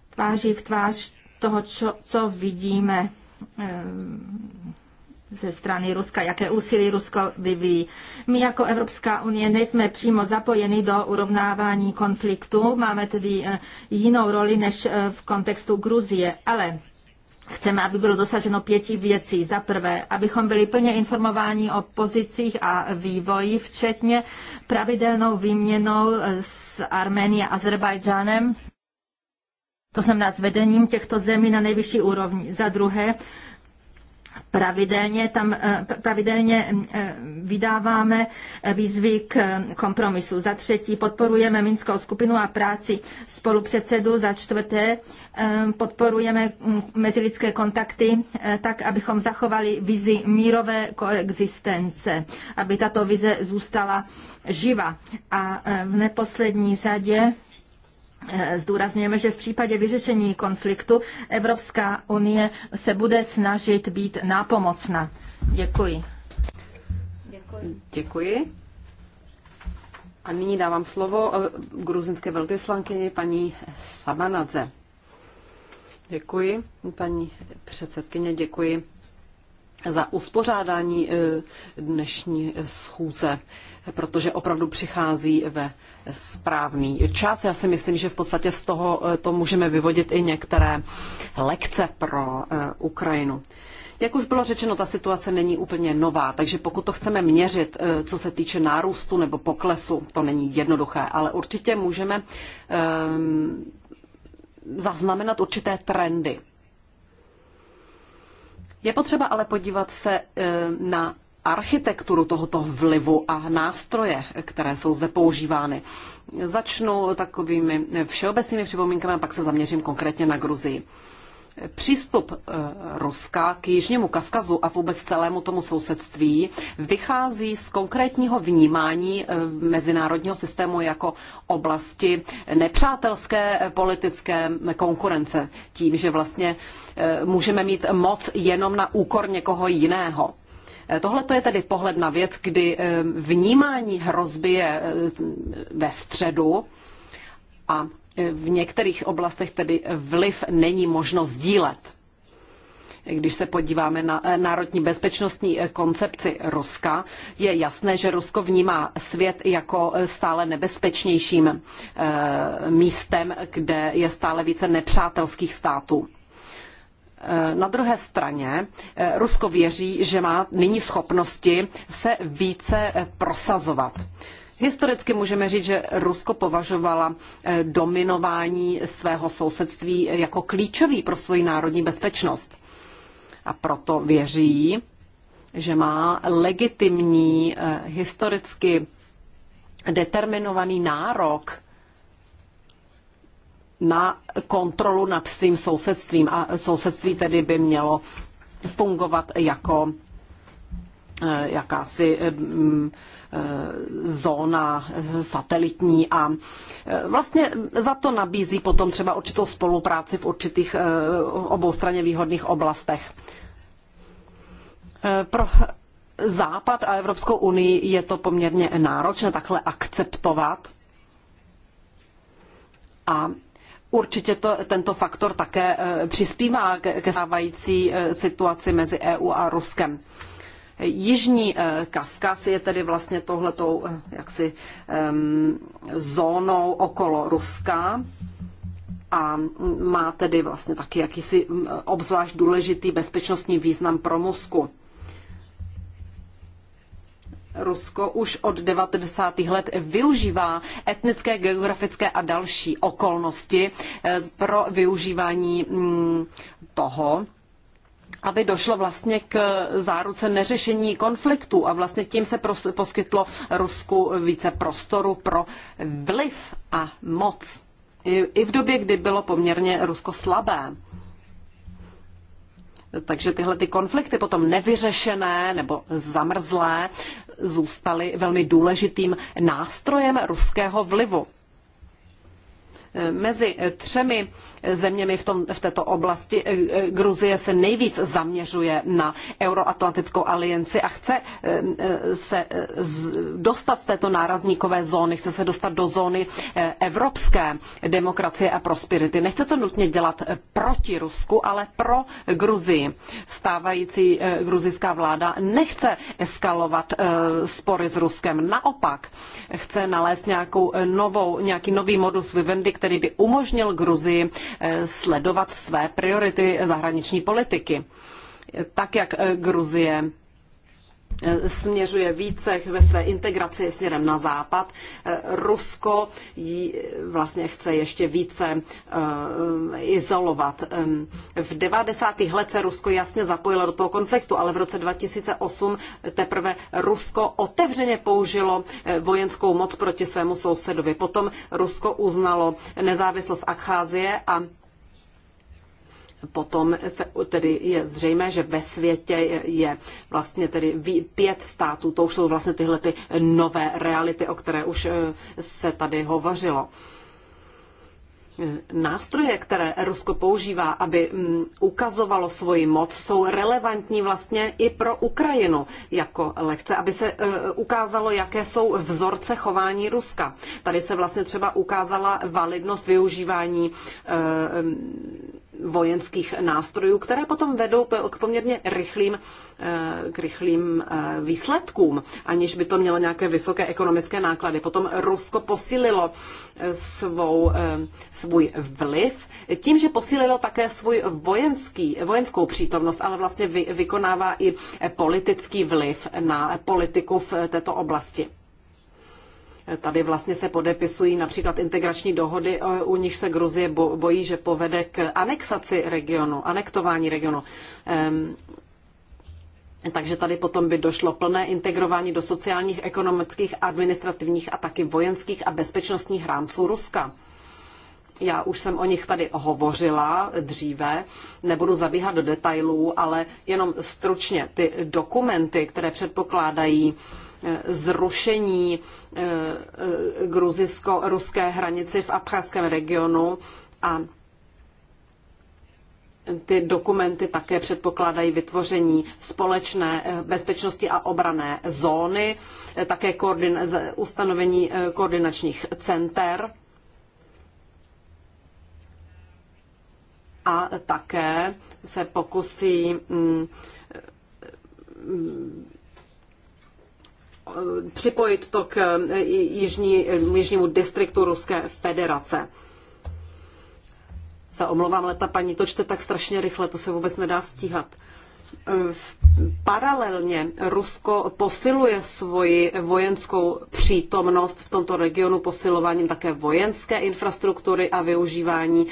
tváří v tvář toho, čo, co vidíme ehm, ze strany Ruska, jaké úsilí Rusko vyvíjí. My jako Evropská unie nejsme přímo zapojeni do urovnávání konfliktu, máme tedy eh, jinou roli než eh, v kontextu Gruzie, ale Chceme, aby bylo dosaženo pěti věcí. Za prvé, abychom byli plně informováni o pozicích a vývoji, včetně pravidelnou výměnou s Arménií a Azerbajdžánem, to znamená s vedením těchto zemí na nejvyšší úrovni. Za druhé, pravidelně. Tam eh, pravidelně eh, vydáváme eh, výzvy k kompromisu. Za třetí podporujeme Minskou skupinu a práci spolupředsedu. Za čtvrté podporujeme mm, mezilidské kontakty tak, abychom zachovali vizi mírové koexistence, aby tato vize zůstala živa. A v neposlední řadě Eh, zdůrazňujeme, že v případě vyřešení konfliktu Evropská unie se bude snažit být nápomocna. Děkuji. Děkuji. Děkuji. A nyní dávám slovo eh, gruzinské velvyslankyni paní Sabanadze. Děkuji, paní předsedkyně, děkuji za uspořádání eh, dnešní schůze protože opravdu přichází ve správný čas. Já si myslím, že v podstatě z toho eh, to můžeme vyvodit i některé lekce pro eh, Ukrajinu. Jak už bylo řečeno, ta situace není úplně nová, takže pokud to chceme měřit, eh, co se týče nárůstu nebo poklesu, to není jednoduché, ale určitě můžeme um, zaznamenat určité trendy. Je potřeba ale podívat se na architekturu tohoto vlivu a nástroje, které jsou zde používány. Začnu takovými všeobecnými připomínkami a pak se zaměřím konkrétně na Gruzii. Přístup eh, Ruska k Jižnímu Kavkazu a vůbec celému tomu sousedství vychází z konkrétního vnímání eh, mezinárodního systému jako oblasti nepřátelské eh, politické konkurence, tím, že vlastně můžeme mít moc jenom na úkor někoho jiného. Eh, tohle to je tedy pohled na věc, kdy eh, vnímání hrozby je eh, ve středu a v některých oblastech tedy vliv není možno sdílet. Když se podíváme na národní bezpečnostní koncepci Ruska, je jasné, že Rusko vnímá svět jako stále nebezpečnějším místem, kde je stále více nepřátelských států. Eh, na druhé straně eh, Rusko věří, že má nyní schopnosti se více eh, prosazovat. Historicky můžeme říct, že Rusko považovala dominování svého sousedství jako klíčový pro svoji národní bezpečnost. A proto věří, že má legitimní, historicky determinovaný nárok na kontrolu nad svým sousedstvím a sousedství tedy by mělo fungovat jako eh, jakási mm, eh, zóna satelitní a eh, vlastně za to nabízí potom třeba určitou spolupráci v určitých oboustranně výhodných oblastech. Pro Západ a Evropskou unii je to poměrně náročné takhle akceptovat. A Určitě to, tento faktor také eh, přispívá ke stávající eh, situaci mezi EU a Ruskem. Jižní eh, Kavkaz je tedy vlastně tohletou jaksi ehm, zónou okolo Ruska a má tedy vlastně taky jakýsi obzvlášť důležitý bezpečnostní význam pro Moskvu. Rusko už od 90. let využívá etnické, geografické a další okolnosti eh, pro využívání mm, toho, aby došlo vlastně k záruce neřešení konfliktů a vlastně tím se poskytlo Rusku více prostoru pro vliv a moc. I v době, kdy bylo poměrně Rusko slabé. Takže tyhle ty konflikty potom nevyřešené nebo zamrzlé zůstaly velmi důležitým nástrojem ruského vlivu. Mezi třemi zeměmi v, tom, v této oblasti. Eh, eh, Gruzie se nejvíc zaměřuje na Euroatlantickou alianci a chce eh, se dostat z této nárazníkové zóny, chce se dostat do zóny evropské demokracie a prosperity. Nechce to nutně dělat proti Rusku, ale pro Gruzii. Stávající gruzijská vláda nechce eskalovat spory s Ruskem. Naopak chce nalézt nějakou novou, nějaký nový modus vivendi, který by umožnil Gruzii Eh, sledovat své priority zahraniční politiky. Tak jak eh, Gruzie Eh, směřuje více ve své integraci směrem na západ. Eh, Rusko ji eh, vlastně chce ještě více izolovat. V 90. letech se Rusko jasně zapojilo do toho konfliktu, ale v roce 2008 teprve Rusko otevřeně použilo vojenskou moc proti svému sousedovi. Potom Rusko uznalo nezávislost Abcházie a Potom se, tedy je zřejmé, že ve světě je, je vlastně tedy pět států, to už jsou vlastně tyhle ty nové reality, o které už eh, se tady hovořilo. Eh, nástroje, které Rusko používá, aby mm, ukazovalo svoji moc, jsou relevantní vlastně i pro Ukrajinu jako lehce, aby se eh, ukázalo, jaké jsou vzorce chování Ruska. Tady se vlastně třeba ukázala validnost využívání vojenských nástrojů, které potom vedou k poměrně rychlým, eh, k rychlým eh, výsledkům, aniž by to mělo nějaké vysoké ekonomické náklady. Potom Rusko posílilo eh, svou, svůj vliv tím, že posílilo také svůj vojenský, vojenskou přítomnost, ale vlastně vy, vykonává i politický vliv na politiku v této oblasti. Tady vlastně se podepisují například integrační dohody, u nich se Gruzie bojí, že povede k anexaci regionu, anektování regionu. Takže tady potom by došlo plné integrování do sociálních, ekonomických, administrativních a taky vojenských a bezpečnostních rámců Ruska. Já už jsem o nich tady hovořila dříve, nebudu zabíhat do detailů, ale jenom stručně ty dokumenty, které předpokládají zrušení eh, eh, gruzisko-ruské hranice v abcházském regionu a ty dokumenty také předpokládají vytvoření společné eh, bezpečnosti a obrané zóny, také koordin- ustanovení koordinačních center a také se pokusí mm, Eh, připojit to k eh, jižní, eh, jižnímu distriktu Ruské federace. Se omlouvám, ale ta paní to čte tak strašně rychle, to se vůbec nedá stíhat. Paralelně Rusko posiluje svoji vojenskou přítomnost v tomto regionu posilováním také vojenské infrastruktury a využívání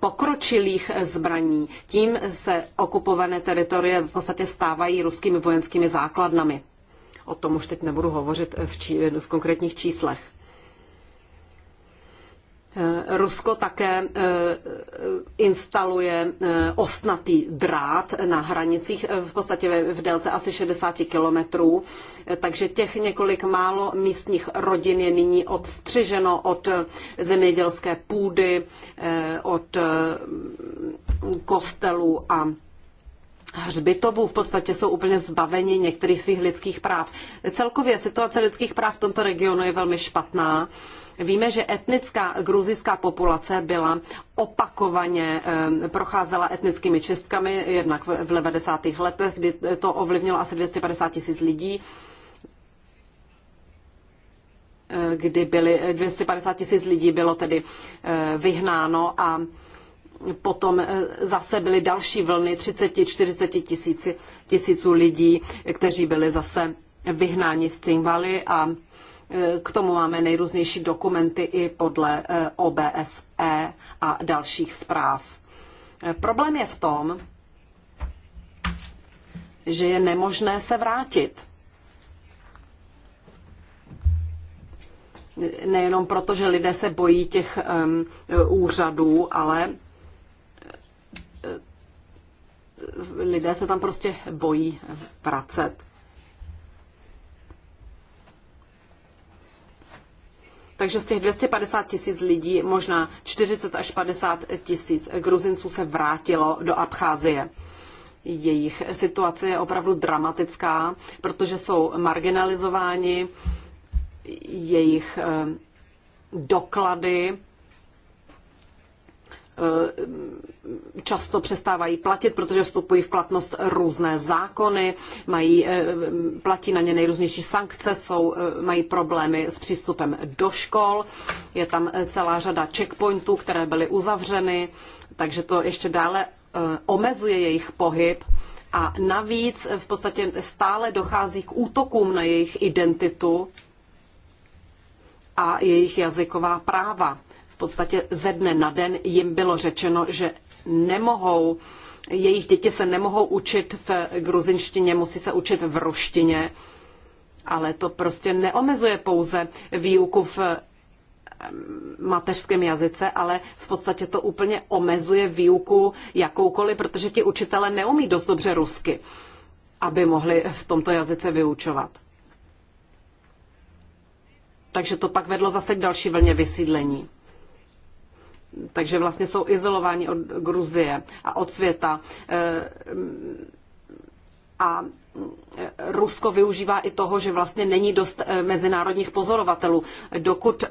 pokročilých zbraní. Tím se okupované teritorie v podstatě stávají ruskými vojenskými základnami. O tom už teď nebudu hovořit v, či, v konkrétních číslech. Eh, Rusko také eh, instaluje eh, ostnatý drát na hranicích v podstatě v délce asi 60 kilometrů, takže těch několik málo místních rodin je nyní odstřiženo od zemědělské půdy, od kostelů a hřbitovů v podstatě jsou úplně zbaveni některých svých lidských práv. Celkově situace lidských práv v tomto regionu je velmi špatná. Víme, že etnická gruzijská populace byla opakovaně eh, procházela etnickými čistkami, jednak v 90. letech, kdy to ovlivnilo asi 250 tisíc lidí eh, kdy byly 250 tisíc lidí bylo tedy eh, vyhnáno a potom eh, zase byly další vlny 30-40 tisíc, tisíců lidí, kteří byli zase vyhnáni z Cingvaly a eh, k tomu máme nejrůznější dokumenty i podle eh, OBSE a dalších zpráv. Problém je v tom, že je nemožné se vrátit. Nejenom proto, že lidé se bojí těch um, úřadů, ale lidé se tam prostě bojí vracet. Takže z těch 250 tisíc lidí možná 40 až 50 tisíc Gruzinců se vrátilo do Abcházie. Jejich situace je opravdu dramatická, protože jsou marginalizováni, jejich eh, doklady Eh, často přestávají platit, protože vstupují v platnost různé zákony, mají, eh, platí na ně nejrůznější sankce, jsou, eh, mají problémy s přístupem do škol, je tam celá řada checkpointů, které byly uzavřeny, takže to ještě dále omezuje jejich pohyb. A navíc v podstatě stále dochází k útokům na jejich identitu a jejich jazyková práva podstatě ze dne na den jim bylo řečeno, že nemohou, jejich děti se nemohou učit v gruzinštině, musí se učit v ruštině. Ale to prostě neomezuje pouze výuku v mateřském jazyce, ale v podstatě to úplně omezuje výuku jakoukoliv, protože ti učitele neumí dost dobře rusky, aby mohli v tomto jazyce vyučovat. Takže to pak vedlo zase k další vlně vysídlení takže vlastně jsou izolováni od Gruzie a od světa. Eh, a eh, Rusko využívá i toho, že vlastně není dost eh, mezinárodních pozorovatelů. Dokud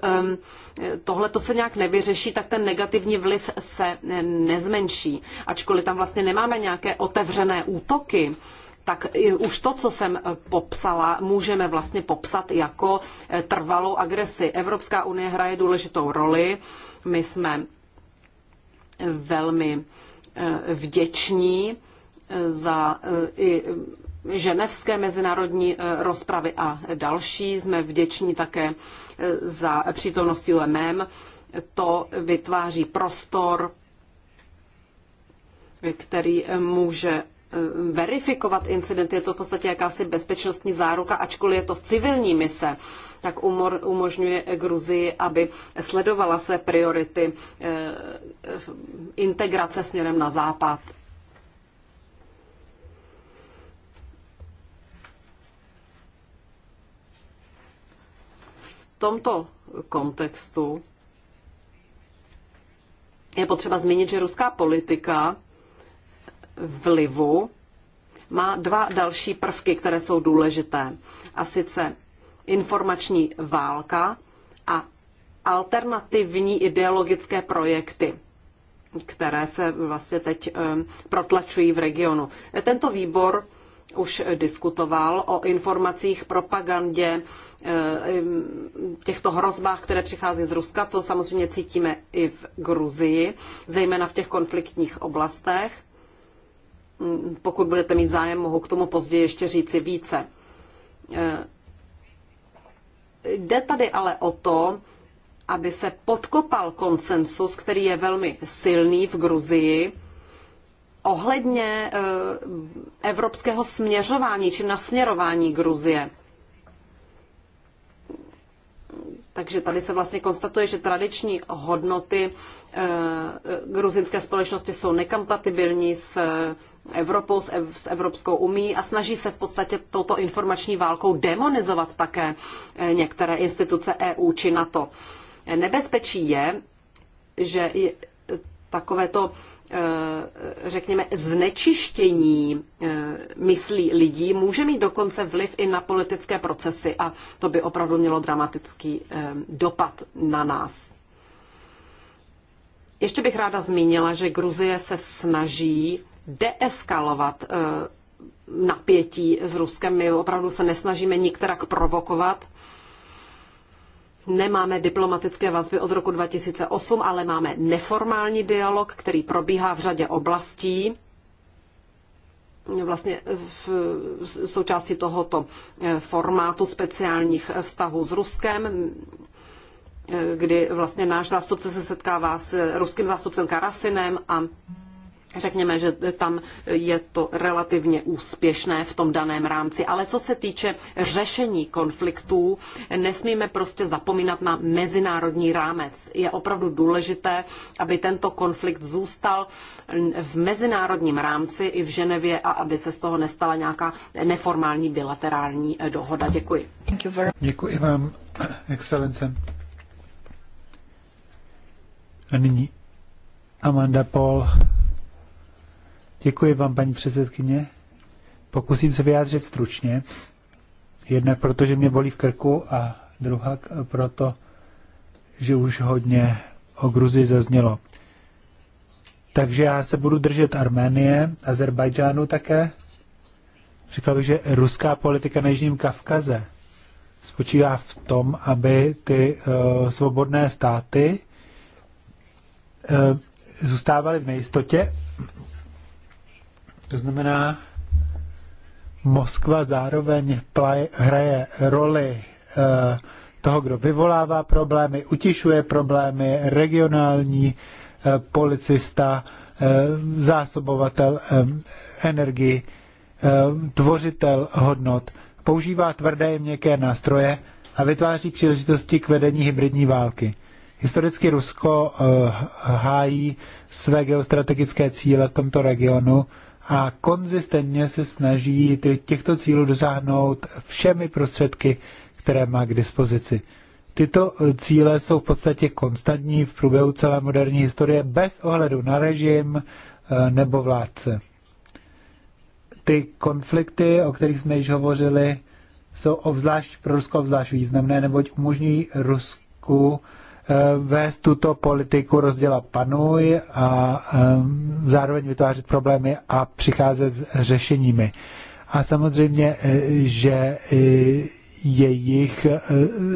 tohle to se nějak nevyřeší, tak ten negativní vliv se nezmenší. Ačkoliv tam vlastně nemáme nějaké otevřené útoky, tak už to, co jsem popsala, můžeme vlastně popsat jako trvalou agresi. Evropská unie hraje důležitou roli my jsme velmi eh, vděční eh, za eh, i ženevské mezinárodní rozpravy a další. Jsme vděční také za přítomnost UMM. To vytváří prostor, který může verifikovat incident. Je to v podstatě jakási bezpečnostní záruka, ačkoliv je to civilní mise tak umožňuje Gruzii, aby sledovala své priority eh, integrace směrem na západ. V tomto kontextu je potřeba zmínit, že ruská politika vlivu má dva další prvky, které jsou důležité. A sice informační válka a alternativní ideologické projekty které se vlastně teď eh, protlačují v regionu. Tento výbor už diskutoval o informacích, propagandě, eh, těchto hrozbách, které přichází z Ruska. To samozřejmě cítíme i v Gruzii, zejména v těch konfliktních oblastech. Hm, pokud budete mít zájem, mohu k tomu později ještě říci více. Eh, Jde tady ale o to, aby se podkopal konsensus, který je velmi silný v Gruzii, ohledně eh, evropského směřování či nasměrování Gruzie. Takže tady se vlastně konstatuje, že tradiční hodnoty eh, gruzinské společnosti jsou nekompatibilní s eh, Evropou, s Evropskou umí a snaží se v podstatě touto informační válkou demonizovat také eh, některé instituce EU či NATO. Nebezpečí je, že takovéto Eh, řekněme, znečištění eh, myslí lidí může mít dokonce vliv i na politické procesy a to by opravdu mělo dramatický eh, dopad na nás. Ještě bych ráda zmínila, že Gruzie se snaží deeskalovat napětí s Ruskem. My opravdu se nesnažíme nikterak provokovat. Nemáme diplomatické vazby od roku 2008, ale máme neformální dialog, který probíhá v řadě oblastí. Vlastně v součásti tohoto eh, formátu speciálních eh, vztahů s Ruskem, eh, kdy vlastně náš zástupce se setkává s ruským zástupcem Karasinem a Řekněme, že tam je to relativně úspěšné v tom daném rámci. Ale co se týče řešení konfliktů, nesmíme prostě zapomínat na mezinárodní rámec. Je opravdu důležité, aby tento konflikt zůstal v mezinárodním rámci i v Ženevě a aby se z toho nestala nějaká neformální bilaterální dohoda. Děkuji. Děkuji vám, excelence. A nyní Amanda Paul Děkuji vám, paní předsedkyně. Pokusím se vyjádřit stručně. Jednak proto, že mě bolí v krku a druhá proto, že už hodně o Gruzii zaznělo. Takže já se budu držet Arménie, Azerbajdžánu také. Říkal bych, že ruská politika na Jižním Kavkaze spočívá v tom, aby ty uh, svobodné státy uh, zůstávaly v nejistotě to znamená, Moskva zároveň play, hraje roli e, toho, kdo vyvolává problémy, utišuje problémy, regionální e, policista, e, zásobovatel energii, tvořitel hodnot, používá tvrdé i měkké nástroje a vytváří příležitosti k vedení hybridní války. Historicky Rusko hájí své geostrategické cíle v tomto regionu, a konzistentně se snaží těchto cílů dosáhnout všemi prostředky, které má k dispozici. Tyto eh, cíle jsou v podstatě konstantní v průběhu celé moderní historie bez ohledu na režim eh, nebo vládce. Ty konflikty, o kterých jsme již hovořili, jsou obzvlášť pro Rusko obzvlášť významné, neboť umožňují Rusku Eh, vést tuto politiku rozdělat panuj a eh, zároveň vytvářet problémy a přicházet s řešeními. A samozřejmě, eh, že jejich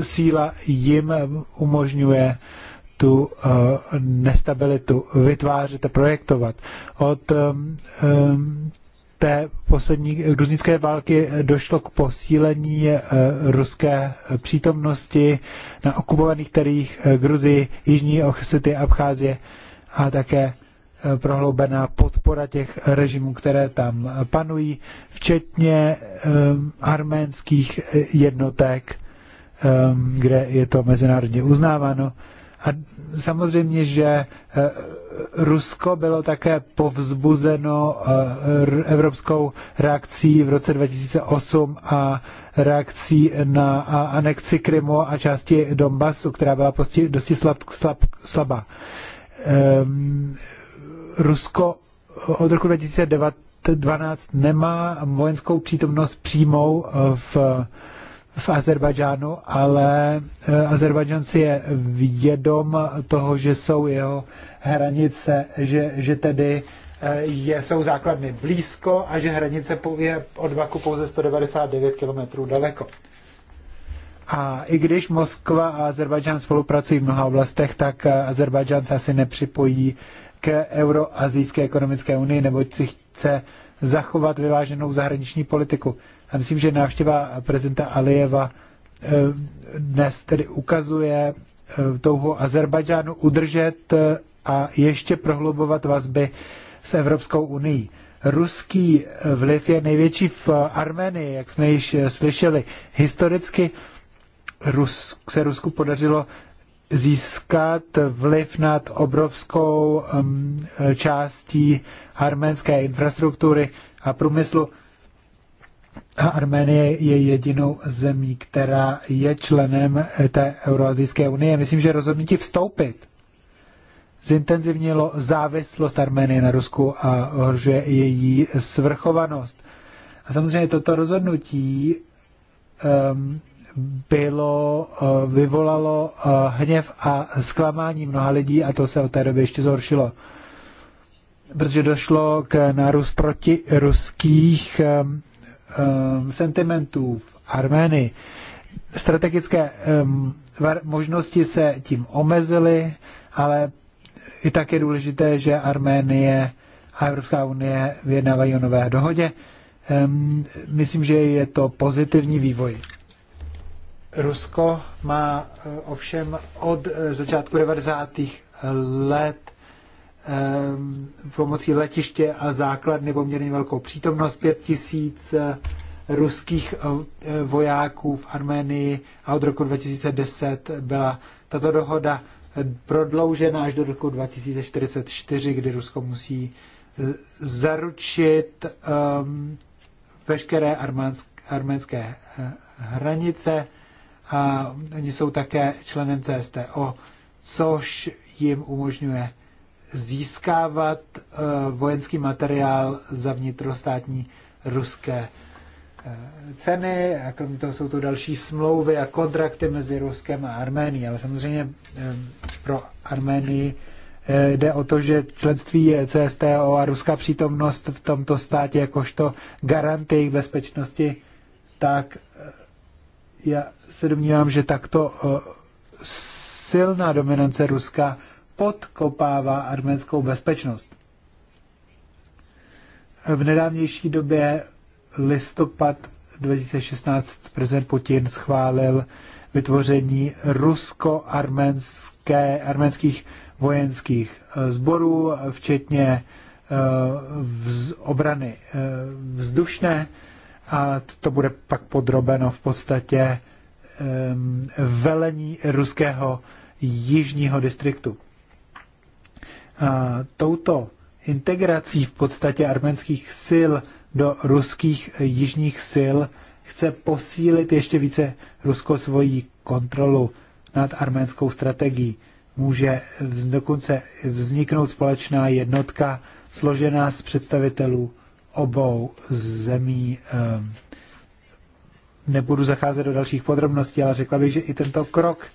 síla jim umožňuje tu nestabilitu vytvářet a projektovat. Od té poslední gruzínské války došlo k posílení eh, ruské přítomnosti na okupovaných terích eh, Gruzi, Jižní Ochsety, Abcházie a také eh, prohloubená podpora těch režimů, které tam panují, včetně arménských jednotek, kde je to mezinárodně uznáváno. A samozřejmě, že Rusko bylo také povzbuzeno eh, evropskou reakcí v roce 2008 a reakcí na anexi Krymu a části Donbasu, která byla prostě dosti slab, slab, slabá. Ehm, Rusko od roku 2012 nemá vojenskou přítomnost přímou eh, v v Azerbajdžánu, ale eh, Azerbajdžan si je vědom toho, že jsou jeho hranice, že, že tedy eh, je, jsou základny blízko a že hranice je od vaku pouze 199 km daleko. A i když Moskva a Azerbajdžán spolupracují v mnoha oblastech, tak eh, Azerbajdžán se asi nepřipojí k Euroazijské ekonomické unii, neboť si chce zachovat vyváženou zahraniční politiku. A myslím, že návštěva prezidenta Alijeva eh, dnes tedy ukazuje touhu Azerbajdžánu udržet a ještě prohlubovat vazby s Evropskou unii. Ruský vliv je největší v Armenii, jak jsme již eh, slyšeli. Historicky Rusk, se Rusku podařilo získat vliv nad obrovskou um, částí arménské infrastruktury a průmyslu. A Arménie je jedinou zemí, která je členem té Euroazijské unie. Myslím, že rozhodnutí vstoupit zintenzivnilo závislost Arménie na Rusku a ohrožuje její svrchovanost. A samozřejmě toto rozhodnutí um, bylo, uh, vyvolalo uh, hněv a zklamání mnoha lidí a to se od té doby ještě zhoršilo. Protože došlo k nárůst proti ruských um, um, sentimentů v Arménii. Strategické um, možnosti se tím omezily, ale i tak je důležité, že Arménie a Evropská unie vyjednávají o nové dohodě. Myslím, že je to pozitivní vývoj. Rusko má eh, ovšem od eh, začátku 90. let pomocí letiště a základny poměrně velkou přítomnost pět tisíc eh, ruských vojáků v Arménii a od roku 2010 byla tato dohoda prodloužena až do roku 2044, kdy Rusko musí eh, zaručit um, veškeré arménské eh, hranice a oni jsou také členem CSTO, což jim umožňuje získávat uh, vojenský materiál za vnitrostátní ruské ceny a kromě toho jsou to další smlouvy a kontrakty mezi Ruskem a Arménií. Ale samozřejmě pro Arménii eh, jde o to, že členství CSTO a ruská přítomnost v tomto státě jakožto garanty jejich bezpečnosti, tak eh, já se domnívám, že takto eh, silná dominance Ruska podkopává arménskou bezpečnost. V nedávnější době listopad 2016 prezident Putin schválil vytvoření rusko-arménské, arménských vojenských eh, sborů, včetně eh, vz, obrany eh, vzdušné a to bude pak podrobeno v podstatě velení ruského jižního distriktu. A touto integrací v podstatě arménských sil do ruských eh, jižních sil, chce posílit ještě více Rusko svoji kontrolu nad arménskou strategií. Může vz, dokonce vzniknout společná jednotka složená z představitelů obou zemí. Ehm, nebudu zacházet do dalších podrobností, ale řekla bych, že i tento krok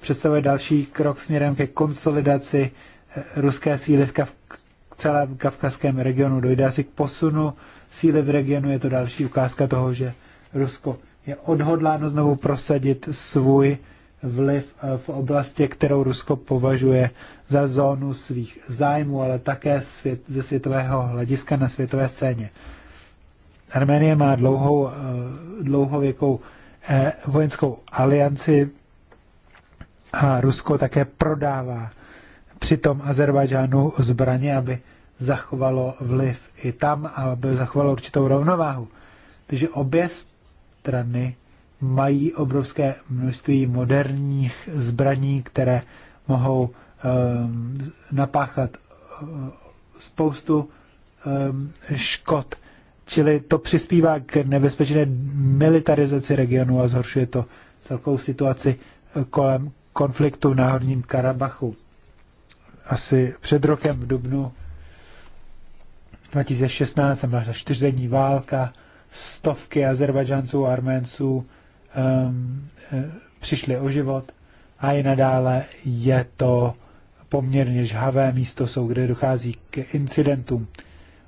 představuje další krok směrem ke konsolidaci eh, ruské síly v celém kavkazském regionu. Dojde asi k posunu síly v regionu. Je to další ukázka toho, že Rusko je odhodláno znovu prosadit svůj vliv eh, v oblasti, kterou Rusko považuje za zónu svých zájmů, ale také svět, ze světového hlediska na světové scéně. Arménie má dlouhou, eh, dlouhověkou eh, vojenskou alianci a Rusko také prodává přitom Azerbajdžánu zbraně, aby zachovalo vliv i tam, a aby zachovalo určitou rovnováhu. Takže obě strany mají obrovské množství moderních zbraní, které mohou um, napáchat um, spoustu um, škod. Čili to přispívá k nebezpečné militarizaci regionu a zhoršuje to celkovou situaci eh, kolem konfliktu na Horním Karabachu asi před rokem v Dubnu 2016 tam byla ta čtyřdenní válka, stovky Azerbajdžanců a Arménců um, ehm, e, přišly o život a i nadále je to poměrně žhavé místo, jsou, kde dochází k incidentům.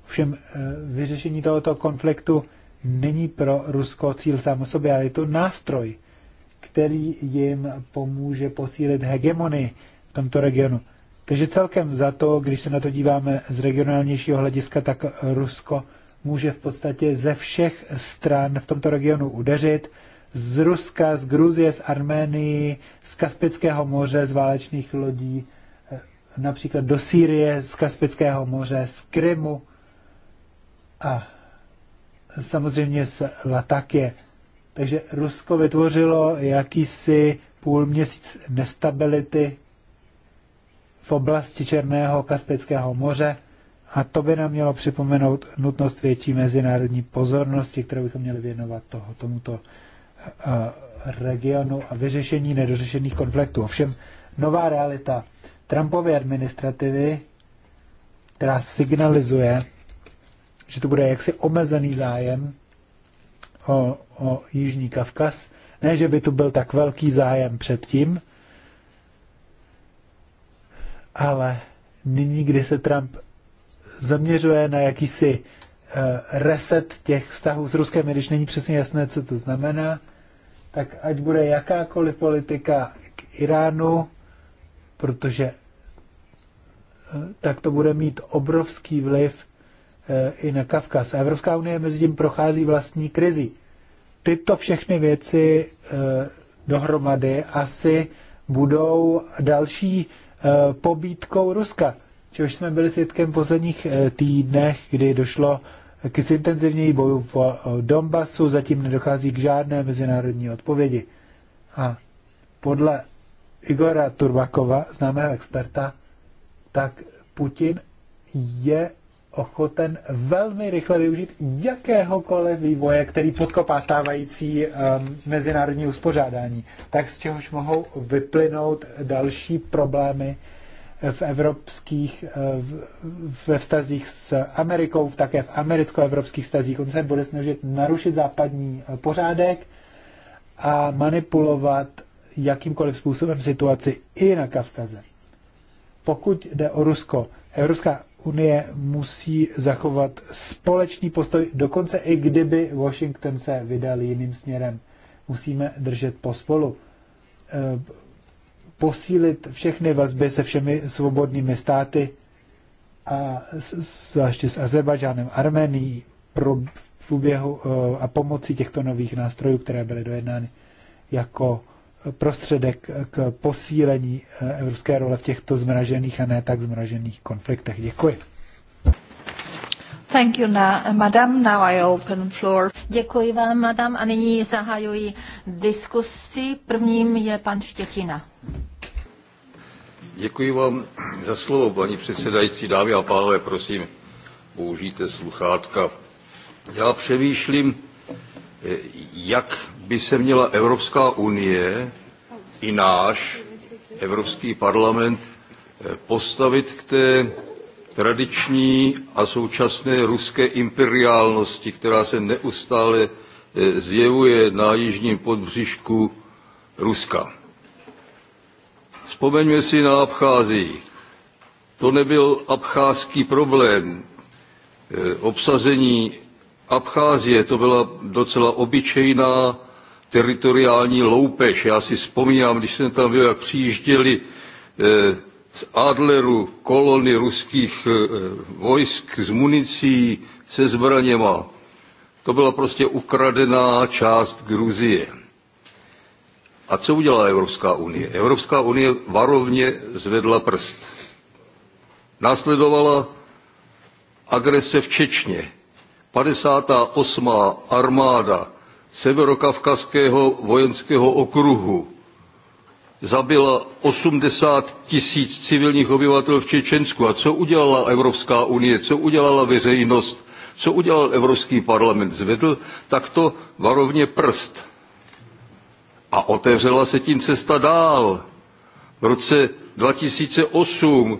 Všem e, vyřešení tohoto konfliktu není pro Rusko cíl sám o sobě, ale je to nástroj, který jim pomůže posílit hegemonii v tomto regionu. Takže celkem za to, když se na to díváme z regionálnějšího hlediska, tak Rusko může v podstatě ze všech stran v tomto regionu udeřit. Z Ruska, z Gruzie, z Arménii, z Kaspického moře, z válečných lodí, eh, například do Sýrie, z Kaspického moře, z Krymu a samozřejmě z Latakie. Takže Rusko vytvořilo jakýsi půl měsíc nestability v oblasti Černého Kaspického moře a to by nám mělo připomenout nutnost větší mezinárodní pozornosti, kterou bychom měli věnovat toho, tomuto eh, regionu a vyřešení nedořešených konfliktů. Ovšem, nová realita Trumpovy administrativy, která signalizuje, že to bude jaksi omezený zájem o, o Jižní Kavkaz, ne, že by tu byl tak velký zájem předtím, ale nyní, kdy se Trump zaměřuje na jakýsi eh, reset těch vztahů s Ruskem, když není přesně jasné, co to znamená, tak ať bude jakákoliv politika k Iránu, protože eh, tak to bude mít obrovský vliv eh, i na Kavkaz. Evropská unie mezi tím prochází vlastní krizi. Tyto všechny věci dohromady asi budou další Eh, pobítkou Ruska, čehož jsme byli svědkem posledních eh, týdnech, kdy došlo k intenzivněji boju eh, v Donbasu, zatím nedochází k žádné mezinárodní odpovědi. A podle Igora Turbakova, známého experta, tak Putin je ochoten velmi rychle využít jakéhokoliv vývoje, který podkopá stávající um, mezinárodní uspořádání, tak z čehož mohou vyplynout další problémy v evropských, eh, v, ve vztazích s Amerikou, v také v americko-evropských vztazích. On se bude snažit narušit západní eh, pořádek a manipulovat jakýmkoliv způsobem situaci i na Kavkaze. Pokud jde o Rusko, Evropská unie musí zachovat společný postoj, dokonce i kdyby Washington se vydal jiným směrem. Musíme držet pospolu. Eh, posílit všechny vazby se všemi svobodnými státy a zvláště s Azerbajdžánem, Armenií, pro průběhu eh, a pomocí těchto nových nástrojů, které byly dojednány jako prostředek k posílení eh, evropské role v těchto zmražených a ne tak zmražených konfliktech. Děkuji. Thank you, na, madam. Now I open floor. Děkuji vám, madam. A nyní zahajuji diskusi. Prvním je pan Štětina. Děkuji vám za slovo, paní předsedající. Dámy a pánové, prosím, použijte sluchátka. Já přemýšlím, Eh, jak by se měla Evropská unie i náš Evropský parlament eh, postavit k té tradiční a současné ruské imperiálnosti, která se neustále eh, zjevuje na jižním podbřišku Ruska. Vzpomeňme si na Abcházii. To nebyl abcházský problém. Obsazení Abcházie to byla docela obyčejná teritoriální loupež. Já si vzpomínám, když jsem tam byl, jak přijížděli eh, z Adleru kolony ruských eh, vojsk s municí, se zbraněma. To byla prostě ukradená část Gruzie. A co udělala Evropská unie? Evropská unie varovně zvedla prst. Následovala agrese v Čečně. 58. armáda Severokavkazského vojenského okruhu zabila 80 tisíc civilních obyvatel v Čečensku. A co udělala Evropská unie, co udělala veřejnost, co udělal Evropský parlament? Zvedl takto varovně prst. A otevřela se tím cesta dál. V roce 2008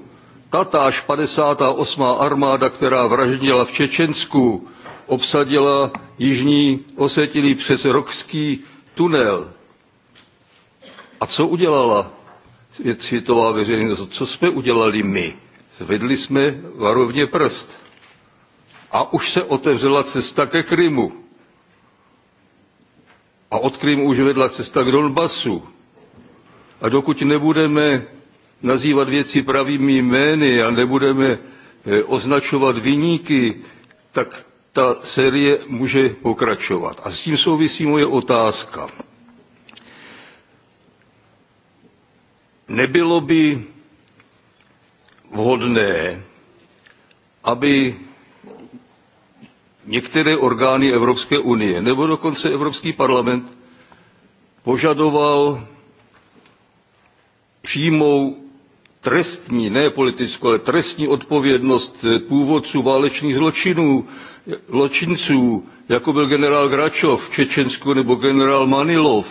tatáž 58. armáda, která vraždila v Čečensku, obsadila Jižní Osetilí přes Rokský tunel. A co udělala světová veřejnost? Co jsme udělali my? Zvedli jsme varovně prst. A už se otevřela cesta ke Krymu. A od Krymu už vedla cesta k Donbasu. A dokud nebudeme nazývat věci pravými jmény a nebudeme eh, označovat viníky, tak ta série může pokračovat. A s tím souvisí moje otázka. Nebylo by vhodné, aby některé orgány Evropské unie nebo dokonce Evropský parlament požadoval přímou trestní, ne politickou, ale trestní odpovědnost eh, původců válečných zločinů, eh, zločinců, jako byl generál Gračov v Čečensku nebo generál Manilov,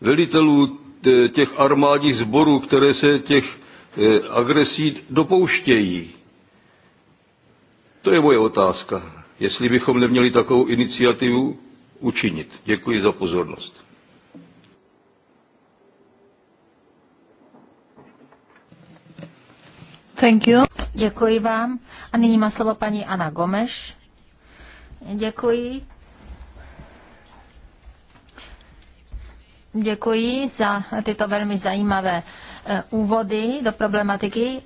velitelů eh, těch armádních sborů, které se těch agresí dopouštějí. To je moje otázka. Jestli bychom neměli takovou iniciativu učinit. Děkuji za pozornost. Thank you. Děkuji vám. A nyní má slovo paní Ana Gomeš. Děkuji. Děkuji za tyto velmi zajímavé eh, úvody do problematiky.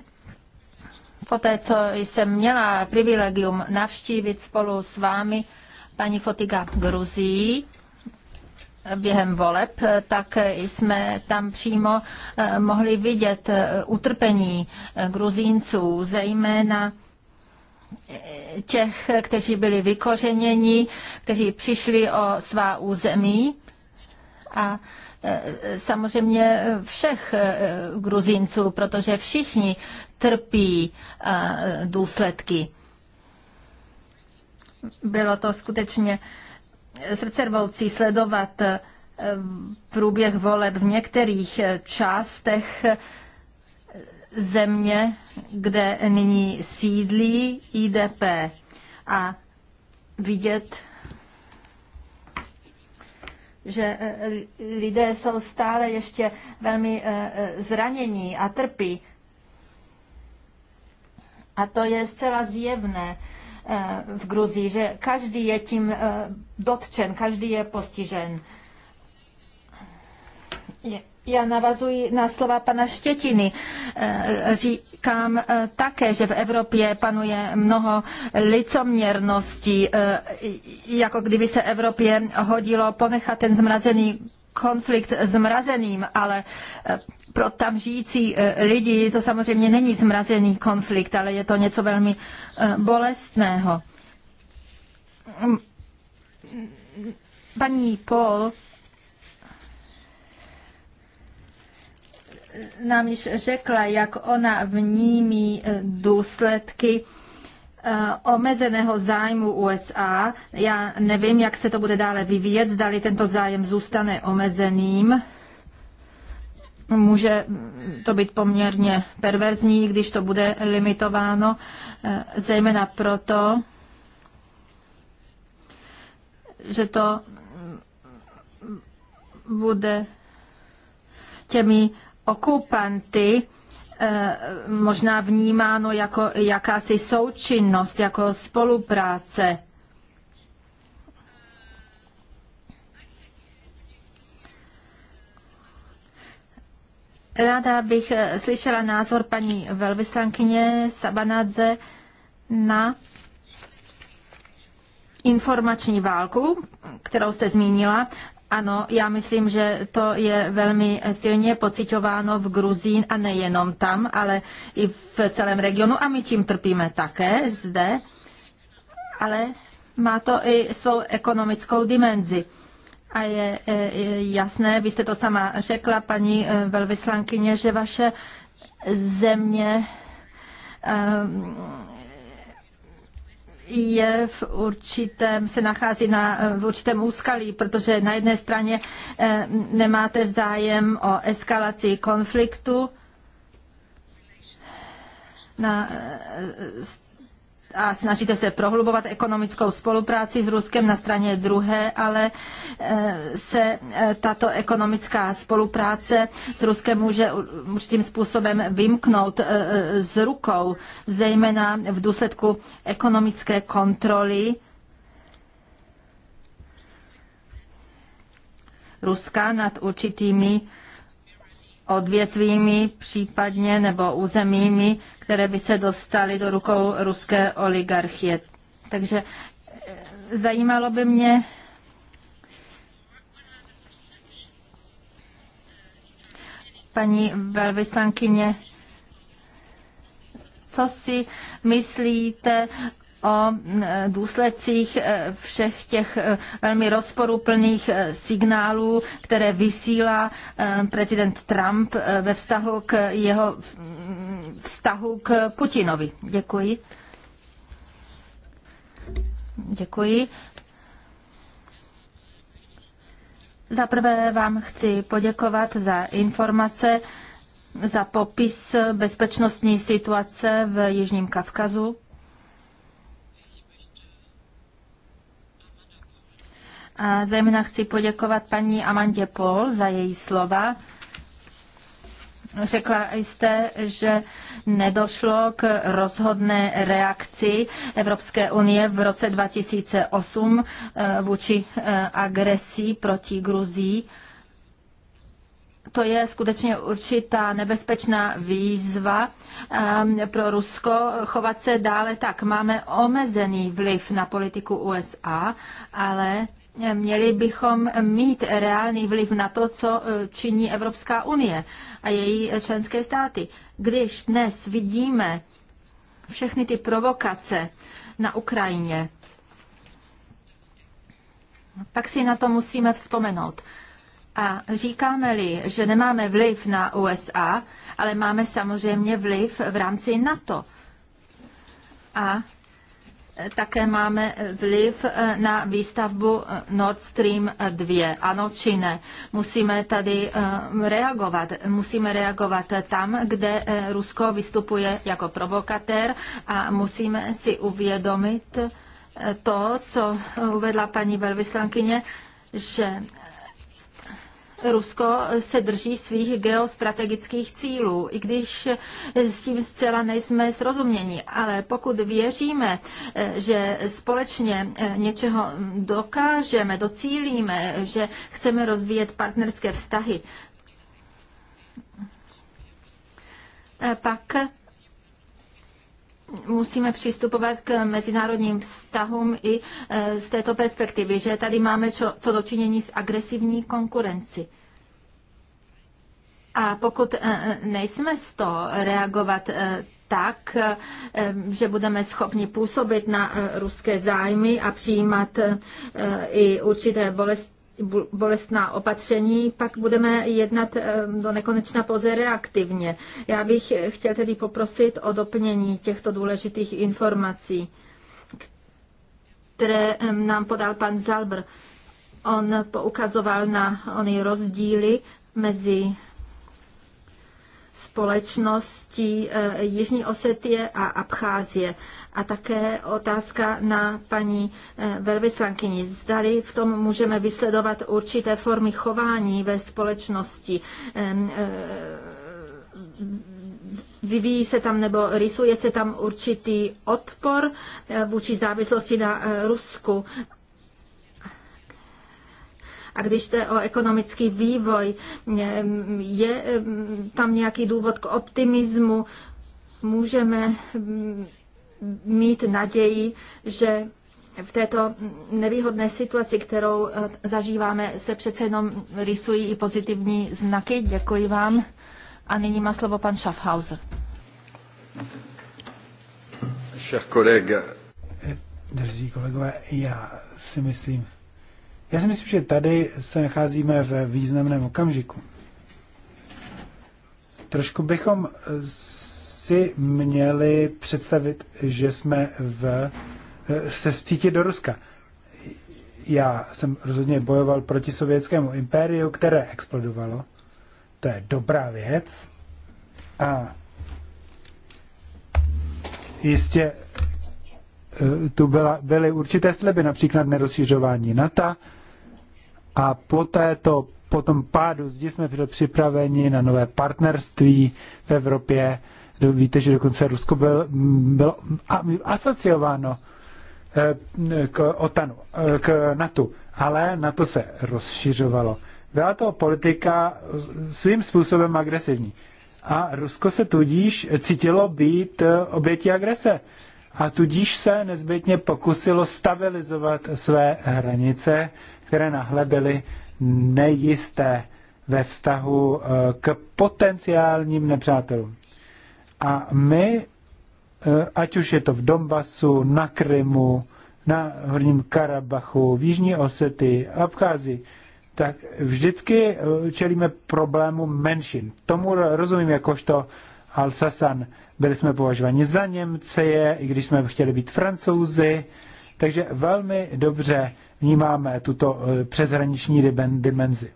Poté, co jsem měla privilegium navštívit spolu s vámi paní Fotiga Gruzii, během voleb, tak jsme tam přímo eh, mohli vidět eh, utrpení eh, Gruzínců, zejména těch, kteří byli vykořeněni, kteří přišli o svá území a samozřejmě všech Gruzínců, protože všichni trpí důsledky. Bylo to skutečně srdcervoucí sledovat eh, průběh voleb v některých eh, částech eh, země, kde nyní sídlí IDP a vidět, že lidé jsou stále ještě velmi zranění a trpí. A to je zcela zjevné Eh, v Gruzii, že každý je tím eh, dotčen, každý je postižen. Já navazuji na slova pana Štětiny. Eh, říkám také, že v Evropě panuje mnoho licoměrností, jako kdyby se Evropě hodilo ponechat ten zmrazený konflikt zmrazeným, ale pro tam žijící e, lidi to samozřejmě není zmrazený konflikt, ale je to něco velmi e, bolestného. Mm, paní Paul nám již řekla, jak ona vnímí e, důsledky omezeného zájmu USA. Já nevím, jak se to bude dále vyvíjet, zdali tento zájem zůstane omezeným může to být poměrně perverzní, když to bude limitováno, eh, zejména proto, že to bude těmi okupanty eh, možná vnímáno jako jakási součinnost, jako spolupráce Ráda bych eh, slyšela názor paní velvyslankyně Sabanadze na informační válku, kterou jste zmínila. Ano, já myslím, že to je velmi silně pocitováno v Gruzín a nejenom tam, ale i v celém regionu a my tím trpíme také zde, ale má to i svou ekonomickou dimenzi a e, je jasné, vy jste to sama řekla, paní e, velvyslankyně, že vaše země e, je v určitém, se nachází na, v určitém úskalí, protože na jedné straně nemáte zájem o eskalaci konfliktu, na a snažíte se prohlubovat ekonomickou spolupráci s Ruskem na straně druhé, ale e, se e, tato ekonomická spolupráce s Ruskem může určitým způsobem vymknout e, z rukou, zejména v důsledku ekonomické kontroly Ruska nad určitými odvětvími případně nebo územími, které by se dostaly do rukou ruské oligarchie. Takže eh, zajímalo by mě, paní velvyslankyně, co si myslíte o e, důsledcích e, všech těch e, velmi rozporuplných signálů, které vysílá prezident Trump ve vztahu k jeho vztahu k Putinovi. Děkuji. Děkuji. Za prvé vám chci poděkovat za informace, za popis bezpečnostní situace v Jižním Kavkazu. A zejména chci poděkovat paní Amandě Pol za její slova. Řekla jste, že nedošlo k rozhodné reakci Evropské unie v roce 2008 eh, vůči eh, agresi proti Gruzii. To je skutečně určitá nebezpečná výzva eh, pro Rusko chovat se dále tak. Máme omezený vliv na politiku USA, ale Měli bychom mít reálný vliv na to, co e, činí Evropská unie a její členské státy. Když dnes vidíme všechny ty provokace na Ukrajině, tak si na to musíme vzpomenout. A říkáme-li, že nemáme vliv na USA, ale máme samozřejmě vliv v rámci NATO. A také máme vliv eh, na výstavbu eh, Nord Stream 2. Eh, ano či ne? Musíme tady reagovat. Musíme reagovat tam, kde Rusko vystupuje jako provokatér a musíme si uvědomit to, co uvedla paní velvyslankyně, že Rusko se drží svých geostrategických cílů, i když s tím zcela nejsme srozuměni. Ale pokud věříme, že společně eh, něčeho dokážeme, docílíme, že chceme rozvíjet partnerské vztahy, eh, pak musíme přistupovat k mezinárodním vztahům i e, z této perspektivy, že tady máme čo, co dočinění s agresivní konkurenci. A pokud e, e, nejsme z toho reagovat tak, že budeme schopni působit na ruské zájmy a přijímat i určité bolesti, bolestná opatření, pak budeme jednat eh, do nekonečna pouze reaktivně. Já bych eh, chtěl tedy poprosit o doplnění těchto důležitých informací, které nám podal pan Zalbr. On poukazoval na ony rozdíly mezi společností eh, Jižní Osetie a Abcházie. A také otázka na paní eh, velvyslankyni. Zdali v tom můžeme vysledovat určité formy chování ve společnosti eh, vyvíjí se tam nebo rysuje se tam určitý odpor vůči závislosti na Rusku a když jde o ekonomický vývoj, je tam nějaký důvod k optimismu? Můžeme mm, mít naději, že v této nevýhodné situaci, kterou eh, zažíváme, se přece jenom rysují i pozitivní znaky. Děkuji vám. A nyní má slovo pan Schaffhauser. Všech kolega. Eh, drzí kolegové, já si myslím, já si myslím, že tady se nacházíme ve významném okamžiku. Trošku bychom si měli představit, že jsme v, se cítě do Ruska. Já jsem rozhodně bojoval proti sovětskému impériu, které explodovalo. To je dobrá věc. A jistě eh, tu byla, byly určité sliby, například nerozšiřování NATO, a po této po tom pádu zdi jsme byli připraveni na nové partnerství v Evropě. Víte, že dokonce Rusko byl, bylo asociováno eh, k OTANu, eh, k NATO, ale NATO se rozšiřovalo. Byla to politika svým způsobem agresivní. A Rusko se tudíž cítilo být eh, obětí agrese. A tudíž se nezbytně pokusilo stabilizovat své hranice které byly nejisté ve vztahu eh, k potenciálním nepřátelům. A my, eh, ať už je to v Donbasu, na Krymu, na Horním Karabachu, v Jižní Osety, Abcházi, tak vždycky eh, čelíme problému menšin. Tomu rozumím jakožto Alsasan. Byli jsme považováni za Němce, i když jsme chtěli být Francouzi, takže velmi dobře vnímáme tuto eh, přeshraniční dimenzi.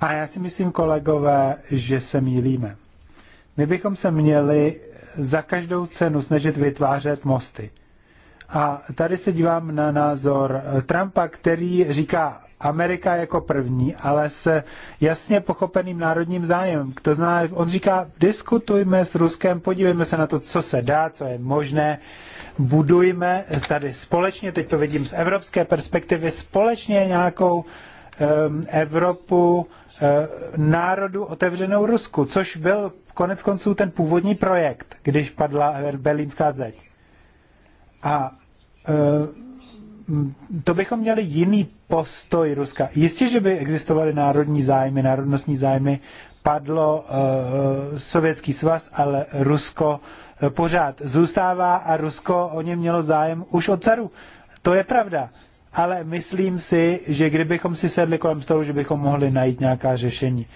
A já si myslím, kolegové, že se mílíme. My bychom se měli za každou cenu snažit vytvářet mosty. A tady se dívám na názor Trumpa, který říká, Amerika jako první, ale s jasně pochopeným národním zájemem. To znamená, on říká, diskutujme s Ruskem, podívejme se na to, co se dá, co je možné, budujme tady společně, teď to vidím z evropské perspektivy, společně nějakou um, Evropu um, národu otevřenou Rusku, což byl konec konců ten původní projekt, když padla berlínská zeď. A um, to bychom měli jiný postoj Ruska. Jistě, že by existovaly národní zájmy, národnostní zájmy, padlo uh, Sovětský svaz, ale Rusko eh, pořád zůstává a Rusko o ně mělo zájem už od caru. To je pravda. Ale myslím si, že kdybychom si sedli kolem stolu, že bychom mohli najít nějaká řešení.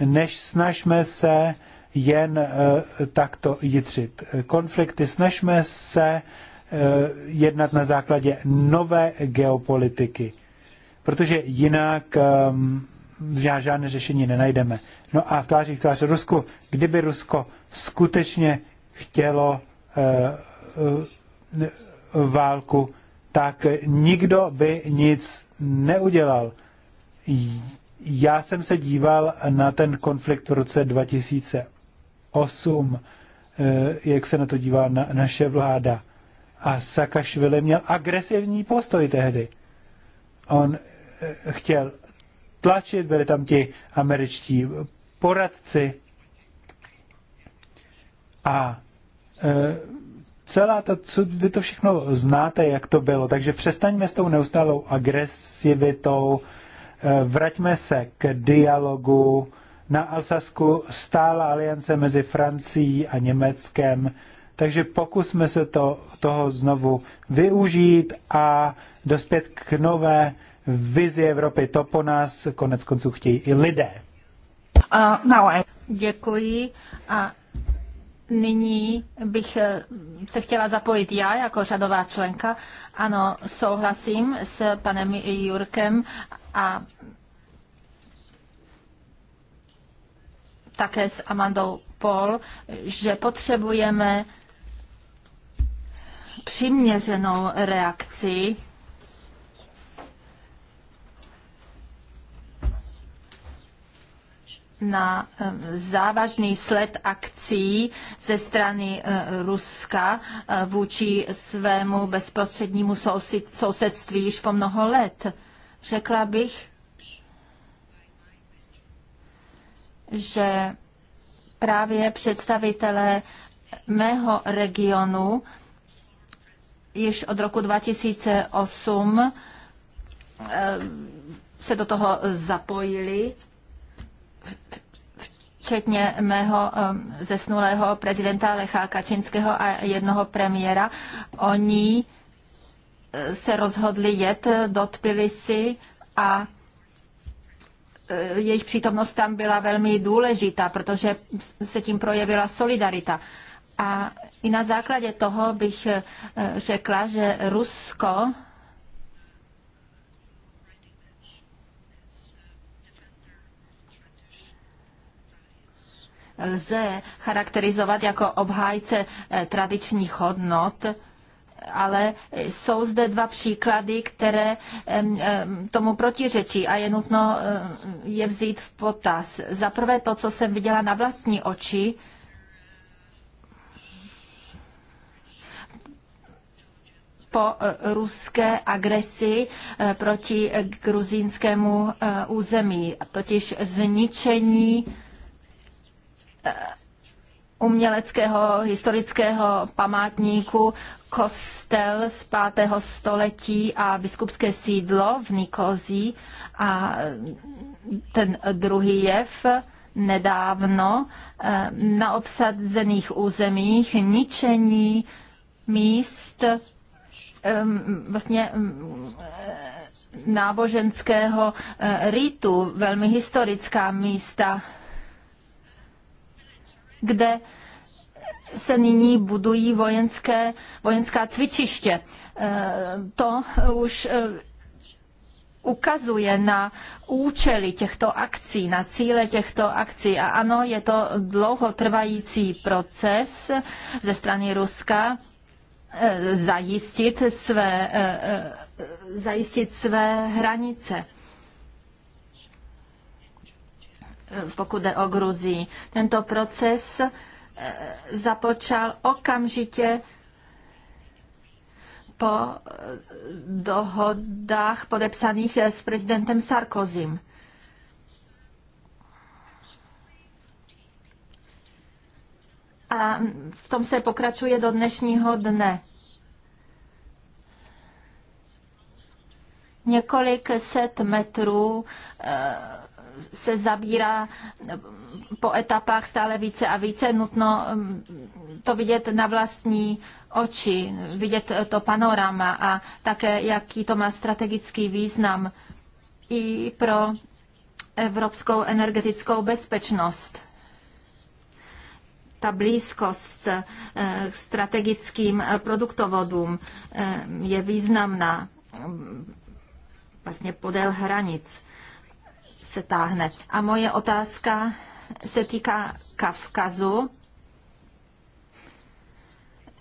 Než snažme se jen uh, takto jitřit konflikty, snažme se uh, Eh, jednat na základě nové geopolitiky, protože jinak eh, žádné řešení nenajdeme. No a v tváří v tváři Rusku, kdyby Rusko skutečně chtělo eh, válku, tak nikdo by nic neudělal. Já jsem se díval na ten konflikt v roce 2008, jak se na to dívá na, naše vláda. A Sakašvili měl agresivní postoj tehdy. On eh, chtěl tlačit, byli tam ti američtí poradci a eh, celá ta, co vy to všechno znáte, jak to bylo, takže přestaňme s tou neustálou agresivitou, eh, vraťme se k dialogu. Na Alsasku stála aliance mezi Francií a Německem, takže pokusme se to, toho znovu využít a dospět k nové vizi Evropy. To po nás konec konců chtějí i lidé. Uh, no. Děkuji a nyní bych eh, se chtěla zapojit já jako řadová členka. Ano, souhlasím s panem Jurkem a také s Amandou Pol, že potřebujeme přiměřenou reakci na eh, závažný sled akcí ze strany eh, Ruska eh, vůči svému bezprostřednímu sousedství již po mnoho let. Řekla bych, že právě představitelé mého regionu již od roku 2008 eh, se do toho zapojili, včetně mého eh, zesnulého prezidenta Lecha Kačinského a jednoho premiéra. Oni eh, se rozhodli jet do Tbilisi a jejich přítomnost tam byla velmi důležitá, protože se tím projevila solidarita. A i na základě toho bych eh, řekla, že Rusko lze charakterizovat jako obhájce eh, tradičních hodnot, ale jsou zde dva příklady, které tomu protiřečí a je nutno eh, je vzít v potaz. Za prvé to, co jsem viděla na vlastní oči, po eh, ruské agresi eh, proti eh, gruzínskému území, totiž zničení uměleckého historického památníku kostel z 5. století a biskupské sídlo v Nikozí. A ten druhý jev nedávno na obsazených územích ničení míst vlastně e, náboženského e, ritu, velmi historická místa, kde se nyní budují vojenské, vojenská cvičiště. E, to už ukazuje na účely těchto akcí, na cíle těchto akcí. A ano, je to dlouhotrvající proces ze strany Ruska, Eh, zajistit své, eh, eh, zajistit své hranice. Pokud jde o Gruzii. Tento proces započal okamžitě po dohodách podepsaných s prezidentem Sarkozym. a v tom se pokračuje do dnešního dne. Několik set metrů eh, se zabírá eh, po etapách stále více a více. Nutno mm, to vidět na vlastní oči, vidět to panorama a také, jaký to má strategický význam i pro evropskou energetickou bezpečnost ta blízkost eh, k strategickým eh, produktovodům eh, je významná vlastně podél hranic se táhne. A moje otázka se týká Kavkazu.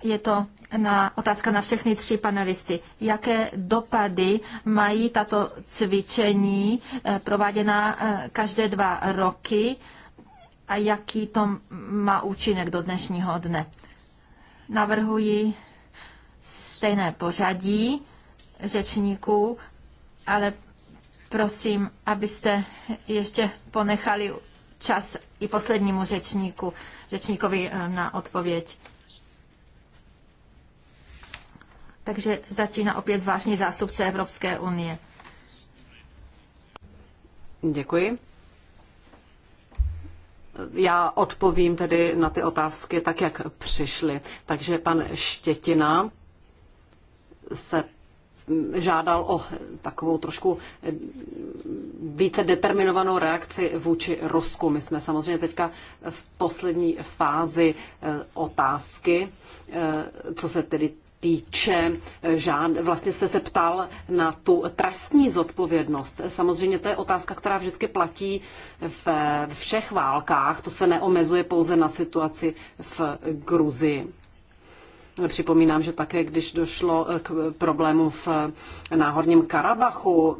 Je to na, otázka na všechny tři panelisty. Jaké dopady mají tato cvičení prováděná každé dva roky a jaký to má účinek do dnešního dne. Navrhuji stejné pořadí řečníků, ale prosím, abyste ještě ponechali čas i poslednímu řečníku, řečníkovi eh, na odpověď. Takže začíná opět zvláštní zástupce Evropské unie. Děkuji. Já odpovím tedy na ty otázky tak, jak přišly. Takže pan Štětina se žádal o takovou trošku eh, více determinovanou reakci vůči Rusku. My jsme samozřejmě teďka v poslední fázi eh, otázky, eh, co se tedy týče, eh, žád, vlastně jste se ptal na tu trestní zodpovědnost. Samozřejmě to je otázka, která vždycky platí v všech válkách. To se neomezuje pouze na situaci v Gruzii. Připomínám, že také když došlo eh, k problému v náhorním Karabachu,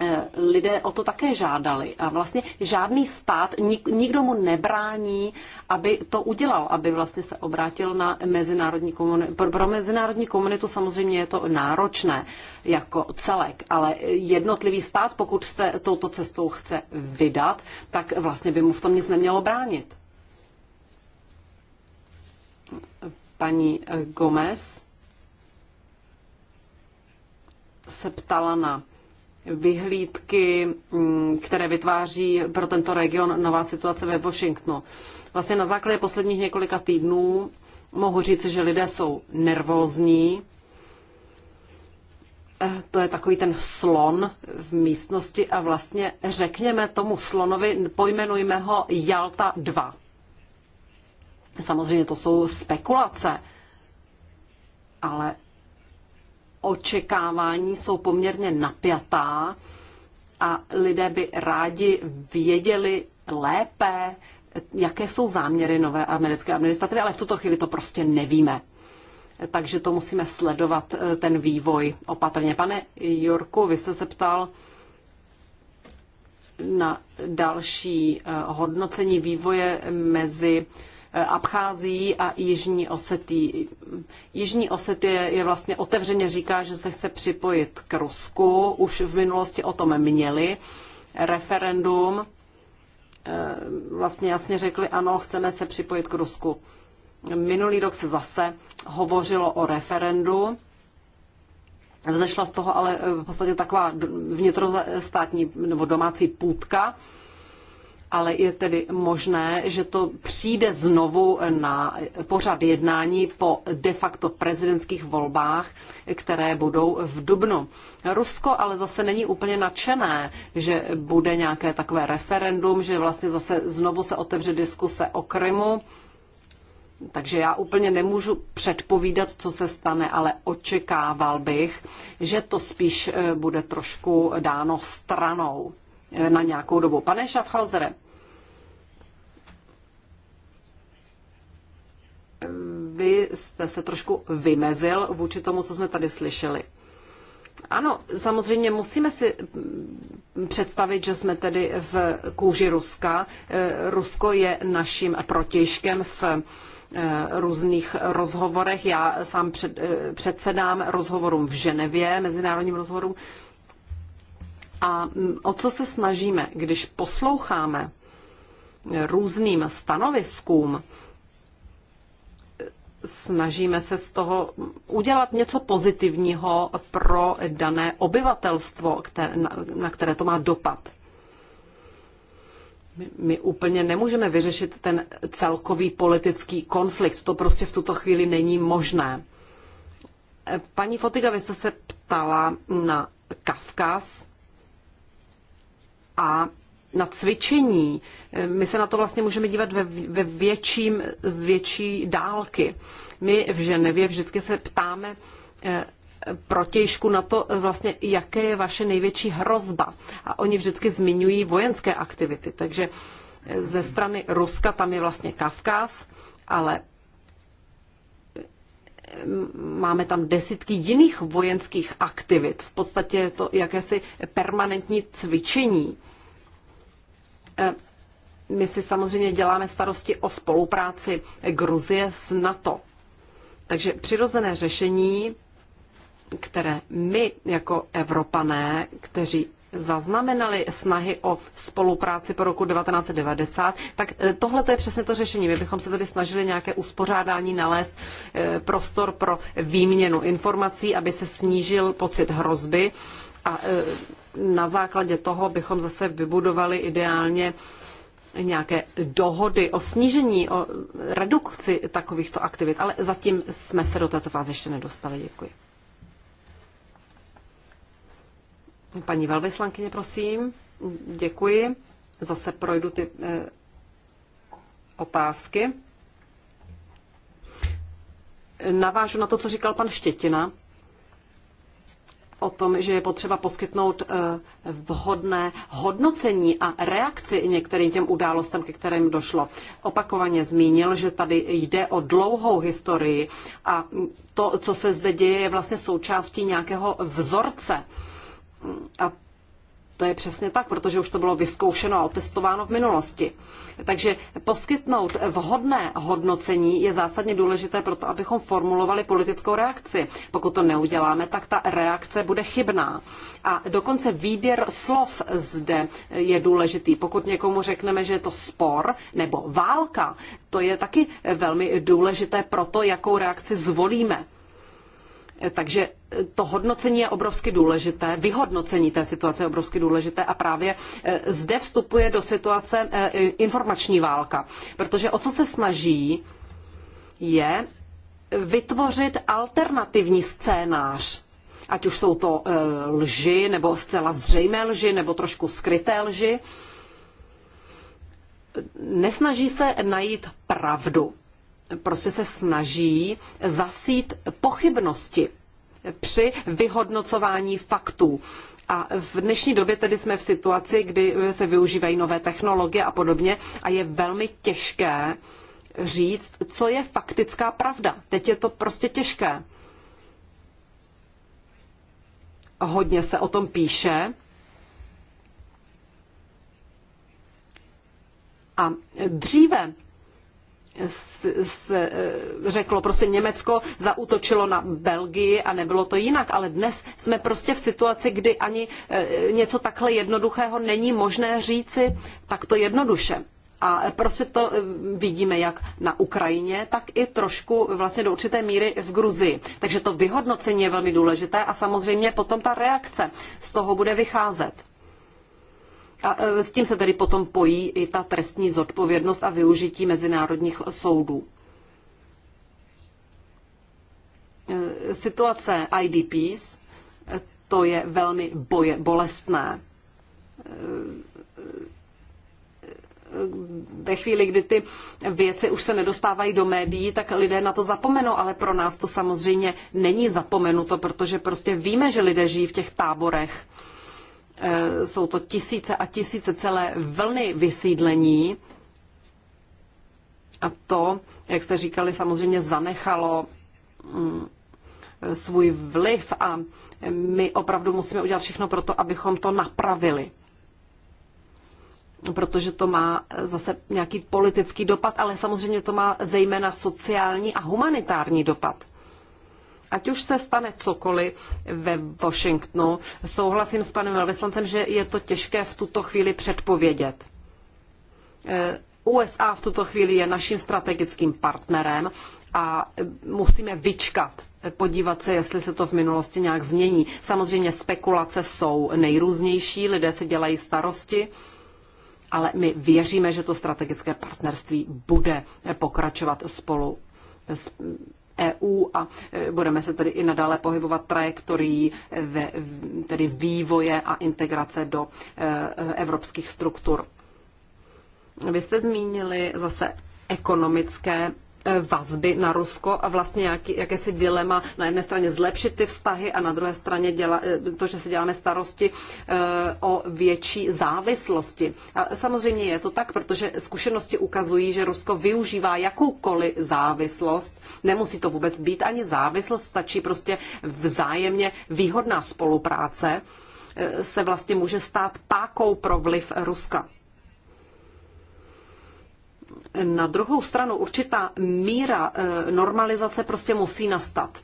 Eh, lidé o to také žádali. A vlastně žádný stát, nikdo mu nebrání, aby to udělal, aby vlastně se obrátil na mezinárodní komunitu. Pro mezinárodní komunitu samozřejmě je to náročné jako celek, ale jednotlivý stát, pokud se touto cestou chce vydat, tak vlastně by mu v tom nic nemělo bránit. Paní eh, Gomez se ptala na vyhlídky, mm, které vytváří pro tento region nová situace ve Washingtonu. Vlastně na základě posledních několika týdnů mohu říct, že lidé jsou nervózní. Eh, to je takový ten slon v místnosti a vlastně řekněme tomu slonovi, pojmenujme ho Jalta 2. Samozřejmě to jsou spekulace, ale očekávání jsou poměrně napjatá a lidé by rádi věděli lépe, jaké jsou záměry nové americké administrativy, ale v tuto chvíli to prostě nevíme. Takže to musíme sledovat, eh, ten vývoj opatrně. Pane Jurku, vy jste se ptal na další eh, hodnocení vývoje mezi Eh, Abcházií a Jižní Osetí. Jižní Osetie je vlastně otevřeně říká, že se chce připojit k Rusku. Už v minulosti o tom měli referendum. Eh, vlastně jasně řekli, ano, chceme se připojit k Rusku. Minulý rok se zase hovořilo o referendu. Vzešla z toho ale eh, v podstatě taková vnitrostátní nebo domácí půdka ale je tedy možné, že to přijde znovu na pořad jednání po de facto prezidentských volbách, které budou v Dubnu. Rusko ale zase není úplně nadšené, že bude nějaké takové referendum, že vlastně zase znovu se otevře diskuse o Krymu. Takže já úplně nemůžu předpovídat, co se stane, ale očekával bych, že to spíš eh, bude trošku dáno stranou. Eh, na nějakou dobu. Pane Schaffhausere, vy jste se trošku vymezil vůči tomu, co jsme tady slyšeli. Ano, samozřejmě musíme si představit, že jsme tedy v kůži Ruska. Eh, Rusko je naším protěžkem v eh, různých rozhovorech. Já sám předsedám rozhovorům v Ženevě, mezinárodním rozhovorům a o co se snažíme, když posloucháme různým stanoviskům, snažíme se z toho udělat něco pozitivního pro dané obyvatelstvo, na které to má dopad. My, my úplně nemůžeme vyřešit ten celkový politický konflikt. To prostě v tuto chvíli není možné. Paní Fotiga, vy jste se ptala na Kavkaz a na cvičení. Eh, my se na to vlastně můžeme dívat ve, ve větším, z větší dálky. My v Ženevě vždycky se ptáme eh, protějšku na to, eh, vlastně, jaké je vaše největší hrozba. A oni vždycky zmiňují vojenské aktivity. Takže ze strany Ruska tam je vlastně Kavkaz, ale máme tam desítky jiných vojenských aktivit. V podstatě je to jakési permanentní cvičení. Eh, my si samozřejmě děláme starosti o spolupráci Gruzie s NATO. Takže přirozené řešení, které my jako Evropané, kteří zaznamenali snahy o spolupráci po roku 1990, tak eh, tohle to je přesně to řešení. My bychom se tady snažili nějaké uspořádání nalézt eh, prostor pro výměnu informací, aby se snížil pocit hrozby a na základě toho bychom zase vybudovali ideálně nějaké dohody o snížení, o redukci takovýchto aktivit, ale zatím jsme se do této fáze ještě nedostali. Děkuji. Paní velvyslankyně, prosím. Děkuji. Zase projdu ty e, otázky. Navážu na to, co říkal pan Štětina o tom, že je potřeba poskytnout eh, vhodné hodnocení a reakci některým těm událostem, ke kterým došlo. Opakovaně zmínil, že tady jde o dlouhou historii a to, co se zde děje, je vlastně součástí nějakého vzorce. A to je přesně tak, protože už to bylo vyzkoušeno a otestováno v minulosti. Takže poskytnout vhodné hodnocení je zásadně důležité pro to, abychom formulovali politickou reakci. Pokud to neuděláme, tak ta reakce bude chybná. A dokonce výběr slov zde je důležitý. Pokud někomu řekneme, že je to spor nebo válka, to je taky velmi důležité pro to, jakou reakci zvolíme. Takže to hodnocení je obrovsky důležité, vyhodnocení té situace je obrovsky důležité a právě eh, zde vstupuje do situace eh, informační válka. Protože o co se snaží, je vytvořit alternativní scénář ať už jsou to eh, lži, nebo zcela zřejmé lži, nebo trošku skryté lži. Nesnaží se najít pravdu prostě se snaží zasít pochybnosti při vyhodnocování faktů. A v dnešní době tedy jsme v situaci, kdy se využívají nové technologie a podobně a je velmi těžké říct, co je faktická pravda. Teď je to prostě těžké. Hodně se o tom píše. A dříve se řeklo, prostě Německo zautočilo na Belgii a nebylo to jinak, ale dnes jsme prostě v situaci, kdy ani eh, něco takhle jednoduchého není možné říci takto jednoduše. A prostě to eh, vidíme jak na Ukrajině, tak i trošku vlastně do určité míry v Gruzii. Takže to vyhodnocení je velmi důležité a samozřejmě potom ta reakce z toho bude vycházet. A e, s tím se tedy potom pojí i ta trestní zodpovědnost a využití mezinárodních soudů. E, situace IDPs, e, to je velmi boje, bolestné ve chvíli, kdy ty věci už se nedostávají do médií, tak lidé na to zapomenou, ale pro nás to samozřejmě není zapomenuto, protože prostě víme, že lidé žijí v těch táborech Eh, jsou to tisíce a tisíce celé vlny vysídlení. A to, jak jste říkali, samozřejmě zanechalo mm, svůj vliv a my opravdu musíme udělat všechno pro to, abychom to napravili. Protože to má zase nějaký politický dopad, ale samozřejmě to má zejména sociální a humanitární dopad ať už se stane cokoliv ve Washingtonu, souhlasím s panem velvyslancem, že je to těžké v tuto chvíli předpovědět. Eh, USA v tuto chvíli je naším strategickým partnerem a musíme vyčkat, podívat se, jestli se to v minulosti nějak změní. Samozřejmě spekulace jsou nejrůznější, lidé se dělají starosti, ale my věříme, že to strategické partnerství bude pokračovat spolu EU a e, budeme se tedy i nadále pohybovat trajektorií e, ve, tedy vývoje a integrace do e, evropských struktur. Vy jste zmínili zase ekonomické vazby na Rusko a vlastně jaký, jakési dilema na jedné straně zlepšit ty vztahy a na druhé straně děla, eh, to, že si děláme starosti eh, o větší závislosti. A samozřejmě je to tak, protože zkušenosti ukazují, že Rusko využívá jakoukoliv závislost. Nemusí to vůbec být ani závislost, stačí prostě vzájemně výhodná spolupráce eh, se vlastně může stát pákou pro vliv Ruska. Na druhou stranu určitá míra e, normalizace prostě musí nastat.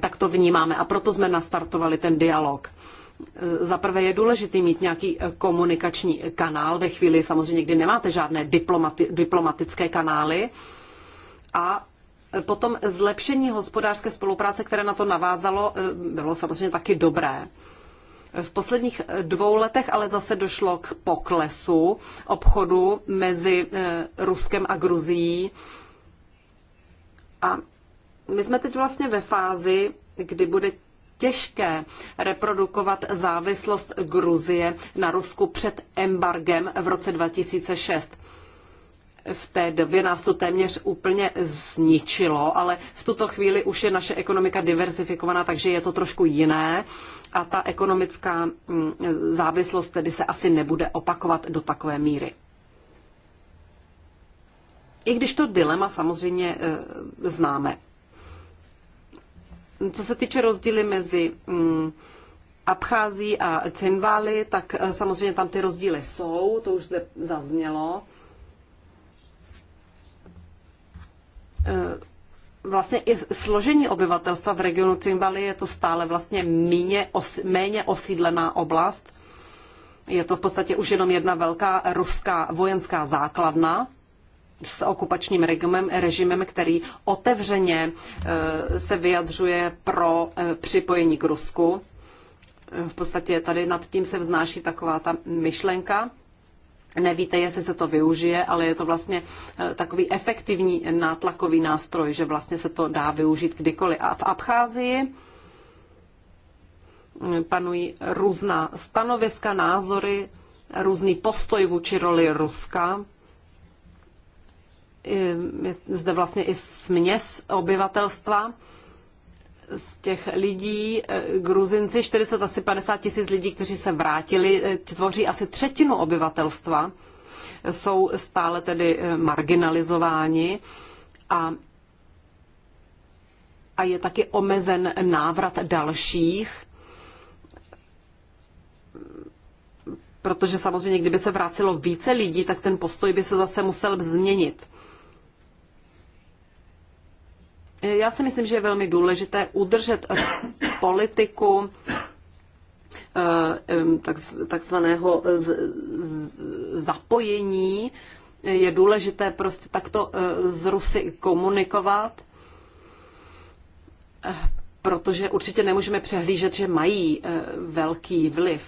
Tak to vnímáme a proto jsme nastartovali ten dialog. E, za prvé je důležité mít nějaký e, komunikační kanál ve chvíli, samozřejmě, kdy nemáte žádné diplomati- diplomatické kanály. A potom zlepšení hospodářské spolupráce, které na to navázalo, bylo samozřejmě taky dobré. V posledních eh, dvou letech ale zase došlo k poklesu obchodu mezi eh, Ruskem a Gruzií. A my jsme teď vlastně ve fázi, kdy bude těžké reprodukovat závislost Gruzie na Rusku před embargem v roce 2006 v té době nás to téměř úplně zničilo, ale v tuto chvíli už je naše ekonomika diversifikovaná, takže je to trošku jiné a ta ekonomická mm, závislost tedy se asi nebude opakovat do takové míry. I když to dilema samozřejmě e, známe. Co se týče rozdíly mezi mm, Abchází a Cinvali, tak e, samozřejmě tam ty rozdíly jsou, to už zde zaznělo. Eh, vlastně i složení obyvatelstva v regionu Twin Valley je to stále vlastně méně, os, méně osídlená oblast. Je to v podstatě už jenom jedna velká ruská vojenská základna s okupačním regimem, režimem který otevřeně eh, se vyjadřuje pro eh, připojení k Rusku. V podstatě tady nad tím se vznáší taková ta myšlenka, Nevíte, jestli se to využije, ale je to vlastně eh, takový efektivní nátlakový nástroj, že vlastně se to dá využít kdykoliv. A v Abcházii panují různá stanoviska, názory, různý postoj vůči roli Ruska. Je zde vlastně i směs obyvatelstva z těch lidí, eh, Gruzinci, 40 asi 50 tisíc lidí, kteří se vrátili, eh, tvoří asi třetinu obyvatelstva, jsou stále tedy eh, marginalizováni a, a je taky omezen návrat dalších, protože samozřejmě, kdyby se vrátilo více lidí, tak ten postoj by se zase musel změnit. Já si myslím, že je velmi důležité udržet politiku eh, takzvaného zapojení. Je důležité prostě takto z eh, Rusy komunikovat, eh, protože určitě nemůžeme přehlížet, že mají velký vliv.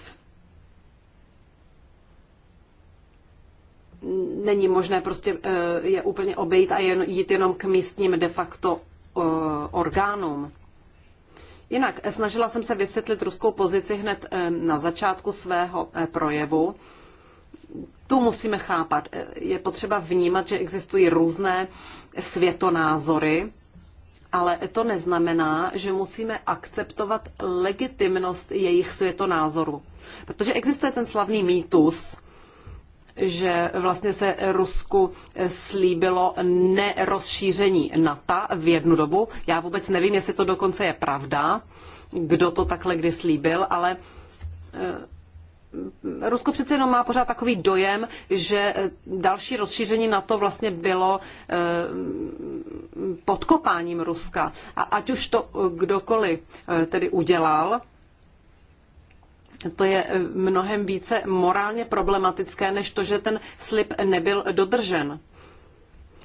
Není možné prostě je úplně obejít a jít jenom k místním de facto Eh, orgánům. Jinak eh, snažila jsem se vysvětlit ruskou pozici hned eh, na začátku svého projevu. Tu musíme chápat. Je potřeba vnímat, že existují různé světonázory, ale to neznamená, že musíme akceptovat legitimnost jejich světonázoru. Protože existuje ten slavný mýtus, že vlastně se Rusku slíbilo nerozšíření NATO v jednu dobu. Já vůbec nevím, jestli to dokonce je pravda, kdo to takhle kdy slíbil, ale eh, Rusko přece jenom má pořád takový dojem, že eh, další rozšíření na to vlastně bylo eh, podkopáním Ruska. A ať už to kdokoliv tedy udělal, to je eh, mnohem více morálně problematické, než to, že ten slib nebyl dodržen.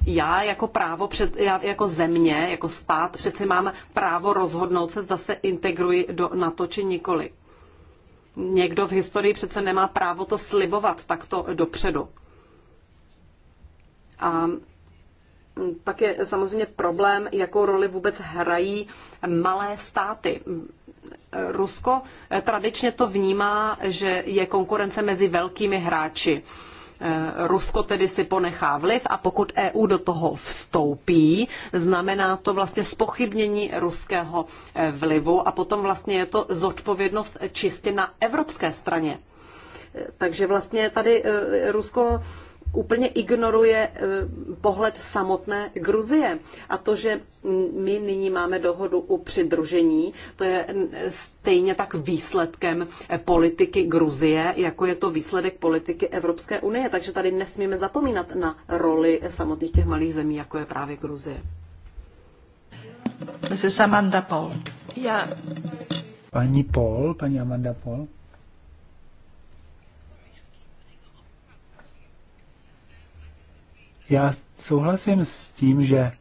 Já jako právo, před, já jako země, jako stát, přeci mám právo rozhodnout se, zda se integruji do NATO či nikoli. Někdo v historii přece nemá právo to slibovat takto dopředu. A pak je samozřejmě problém, jakou roli vůbec hrají malé státy. Rusko tradičně to vnímá, že je konkurence mezi velkými hráči. Eh, Rusko tedy si ponechá vliv a pokud EU do toho vstoupí, znamená to vlastně spochybnění ruského eh, vlivu a potom vlastně je to zodpovědnost čistě na evropské straně. Eh, takže vlastně tady Rusko úplně ignoruje eh, pohled samotné Gruzie. A to, že my nyní máme dohodu u přidružení, to je stejně tak výsledkem eh, politiky Gruzie, jako je to výsledek politiky Evropské unie. Takže tady nesmíme zapomínat na roli samotných těch malých zemí, jako je právě Gruzie. Amanda Paul. Paní Paul, paní Amanda Paul. Já souhlasím s tím, že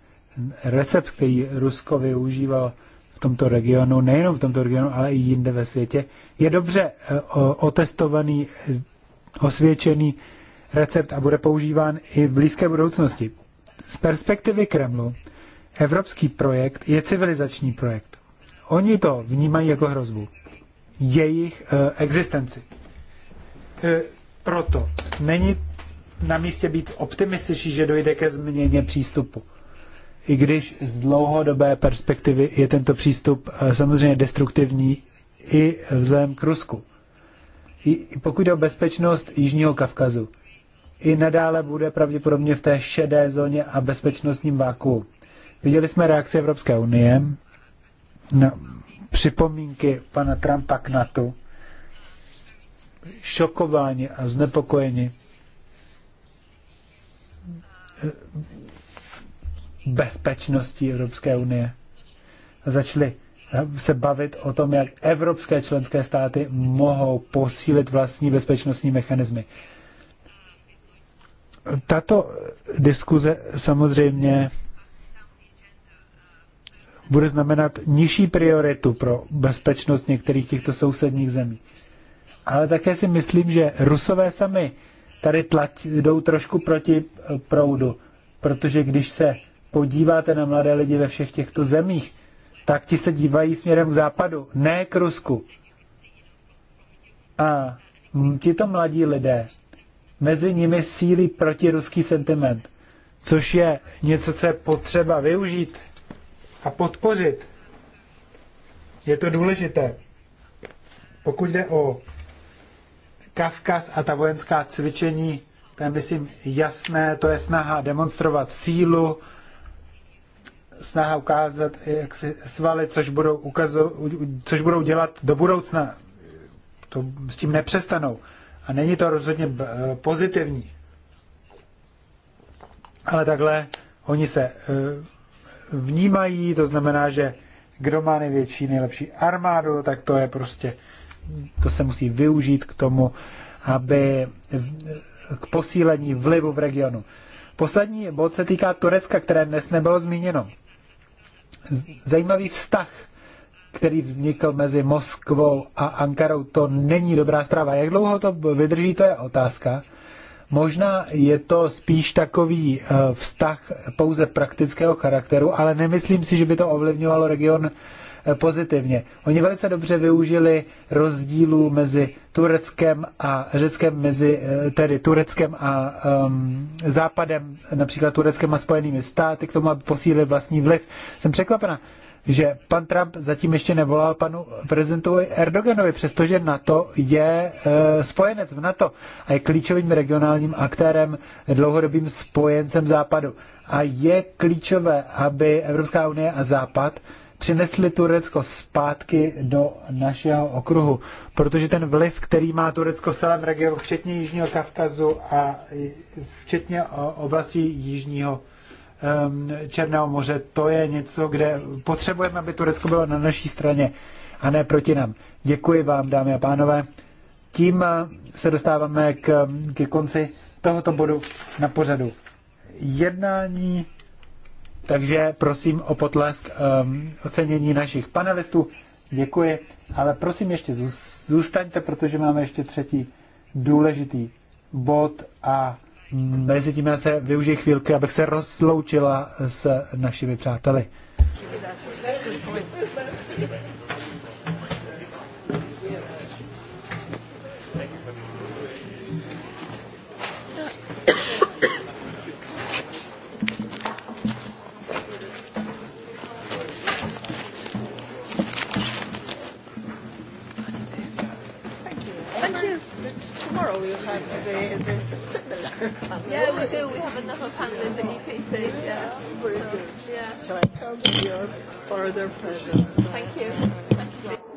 recept, který Rusko využíval v tomto regionu, nejenom v tomto regionu, ale i jinde ve světě, je dobře eh, otestovaný, eh, osvědčený recept a bude používán i v blízké budoucnosti. Z perspektivy Kremlu evropský projekt je civilizační projekt. Oni to vnímají jako hrozbu. Jejich eh, existenci. proto není na místě být optimističní, že dojde ke změně přístupu. I když z dlouhodobé perspektivy je tento přístup eh, samozřejmě destruktivní i vzhledem k Rusku. I pokud jde o bezpečnost Jižního Kavkazu, i nadále bude pravděpodobně v té šedé zóně a bezpečnostním váku. Viděli jsme reakci Evropské unie na připomínky pana Trumpa k NATO. šokování a znepokojení bezpečnosti Evropské unie. A začali se bavit o tom, jak evropské členské státy mohou posílit vlastní bezpečnostní mechanismy. Tato diskuze samozřejmě bude znamenat nižší prioritu pro bezpečnost některých těchto sousedních zemí. Ale také si myslím, že rusové sami tady tlať, jdou trošku proti eh, proudu, protože když se podíváte na mladé lidi ve všech těchto zemích, tak ti se dívají směrem k západu, ne k Rusku. A tito mladí lidé, mezi nimi sílí protiruský sentiment, což je něco, co je potřeba využít a podpořit. Je to důležité. Pokud jde o Kavkaz a ta vojenská cvičení, to je, myslím, jasné, to je snaha demonstrovat sílu, snaha ukázat, jak si svaly, což budou, ukazo, což budou dělat do budoucna. To s tím nepřestanou. A není to rozhodně eh, pozitivní. Ale takhle oni se eh, vnímají, to znamená, že kdo má největší, nejlepší armádu, tak to je prostě to se musí využít k tomu, aby k posílení vlivu v regionu. Poslední bod se týká Turecka, které dnes nebylo zmíněno. Zajímavý vztah, který vznikl mezi Moskvou a Ankarou, to není dobrá zpráva. Jak dlouho to vydrží, to je otázka. Možná je to spíš takový eh, vztah pouze praktického charakteru, ale nemyslím si, že by to ovlivňovalo region Eh, pozitivně. Oni velice dobře využili rozdílu mezi Tureckem a Řeckem, mezi eh, tedy Tureckem a um, Západem, například Tureckem a Spojenými státy, k tomu, aby posílili vlastní vliv. Jsem překvapena, že pan Trump zatím ještě nevolal panu prezidentovi Erdoganovi, přestože NATO je e, spojenec v NATO a je klíčovým regionálním aktérem, dlouhodobým spojencem Západu. A je klíčové, aby Evropská unie a Západ přinesli Turecko zpátky do našeho okruhu. Protože ten vliv, který má Turecko v celém regionu, včetně Jižního Kavkazu a včetně oblasti Jižního Černého moře, to je něco, kde potřebujeme, aby Turecko bylo na naší straně a ne proti nám. Děkuji vám, dámy a pánové. Tím eh, se dostáváme k, k konci tohoto bodu na pořadu jednání. Takže prosím o potlesk um, ocenění našich panelistů. Děkuji, ale prosím ještě zůstaňte, protože máme ještě třetí důležitý bod a mezi tím já se využiju chvílky, abych se rozloučila s našimi přáteli. yeah, we do. We have another panel in the EPC. Yeah. yeah. Very so, good. Yeah. So I come here your further presence. Thank you. Thank you.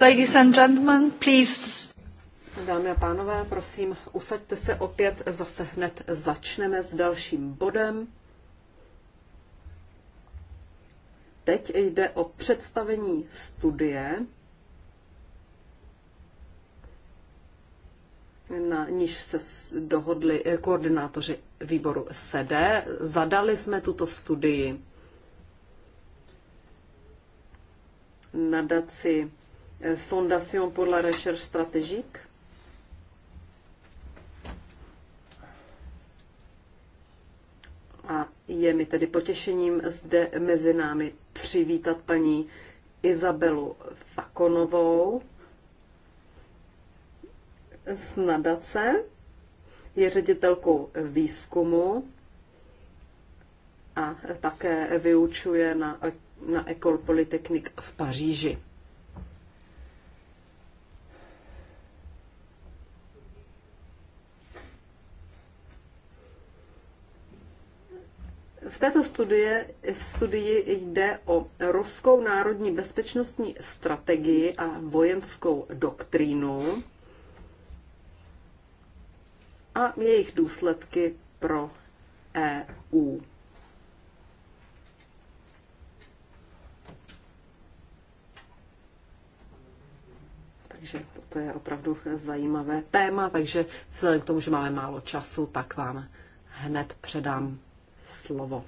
Ladies and gentlemen, please. Dámy a pánové, prosím, usaďte se opět, zase hned začneme s dalším bodem. Teď jde o představení studie, na níž se dohodli eh, koordinátoři výboru SEDE. Zadali jsme tuto studii nadaci Fondation pour la Recherche Stratégique. A je mi tedy potěšením zde mezi námi přivítat paní Izabelu Fakonovou z nadace. Je ředitelkou výzkumu a také vyučuje na, na Ecole Polytechnique v Paříži. této studie, v studii jde o ruskou národní bezpečnostní strategii a vojenskou doktrínu a jejich důsledky pro EU. Takže to je opravdu zajímavé téma, takže vzhledem k tomu, že máme málo času, tak vám hned předám slovo.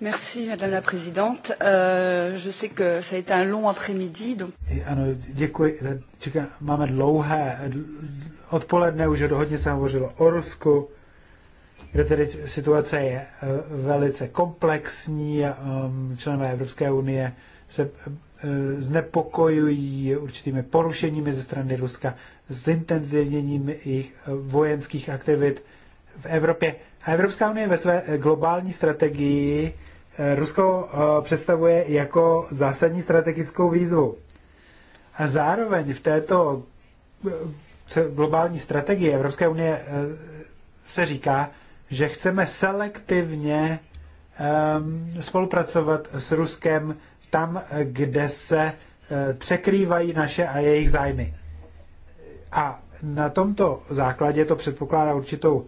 Merci, madame la présidente. Euh, je sais que ça a été un long après-midi. Donc... Eh, ano, děkuji. Čeká, máme dlouhé eh, odpoledne, už hodně se hovořilo o Rusku, kde tedy situace je eh, velice komplexní. a um, Členové Evropské unie se znepokojují určitými porušeními ze strany Ruska, zintenzivněním jejich vojenských aktivit v Evropě. A Evropská unie ve své eh, globální strategii eh, Rusko eh, představuje jako zásadní strategickou výzvu. A zároveň v této globální strategii Evropské unie se říká, že chceme selektivně ehm, spolupracovat s Ruskem tam, kde se překrývají naše a jejich zájmy. A na tomto základě to předpokládá určitou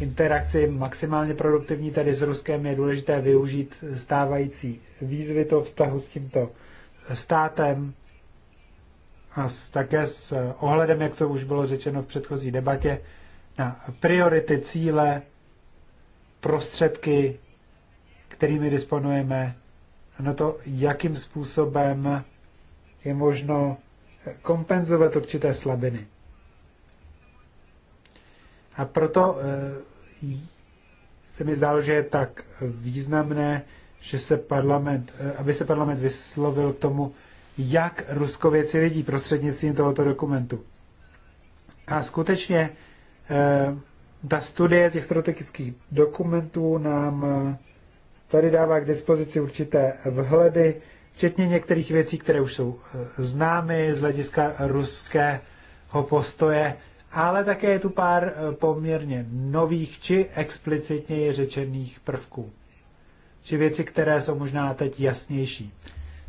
interakci maximálně produktivní tady s Ruskem je důležité využít stávající výzvy toho vztahu s tímto státem a s, také s ohledem, jak to už bylo řečeno v předchozí debatě, na priority, cíle, prostředky, kterými disponujeme, na no to, jakým způsobem je možno kompenzovat určité slabiny. A proto eh, se mi zdálo, že je tak významné, že se parlament, eh, aby se parlament vyslovil k tomu, jak Rusko věci vidí prostřednictvím tohoto dokumentu. A skutečně eh, ta studie těch strategických dokumentů nám tady dává k dispozici určité vhledy, včetně některých věcí, které už jsou známy z hlediska ruského postoje ale také je tu pár eh, poměrně nových či explicitně řečených prvků. Či věci, které jsou možná teď jasnější.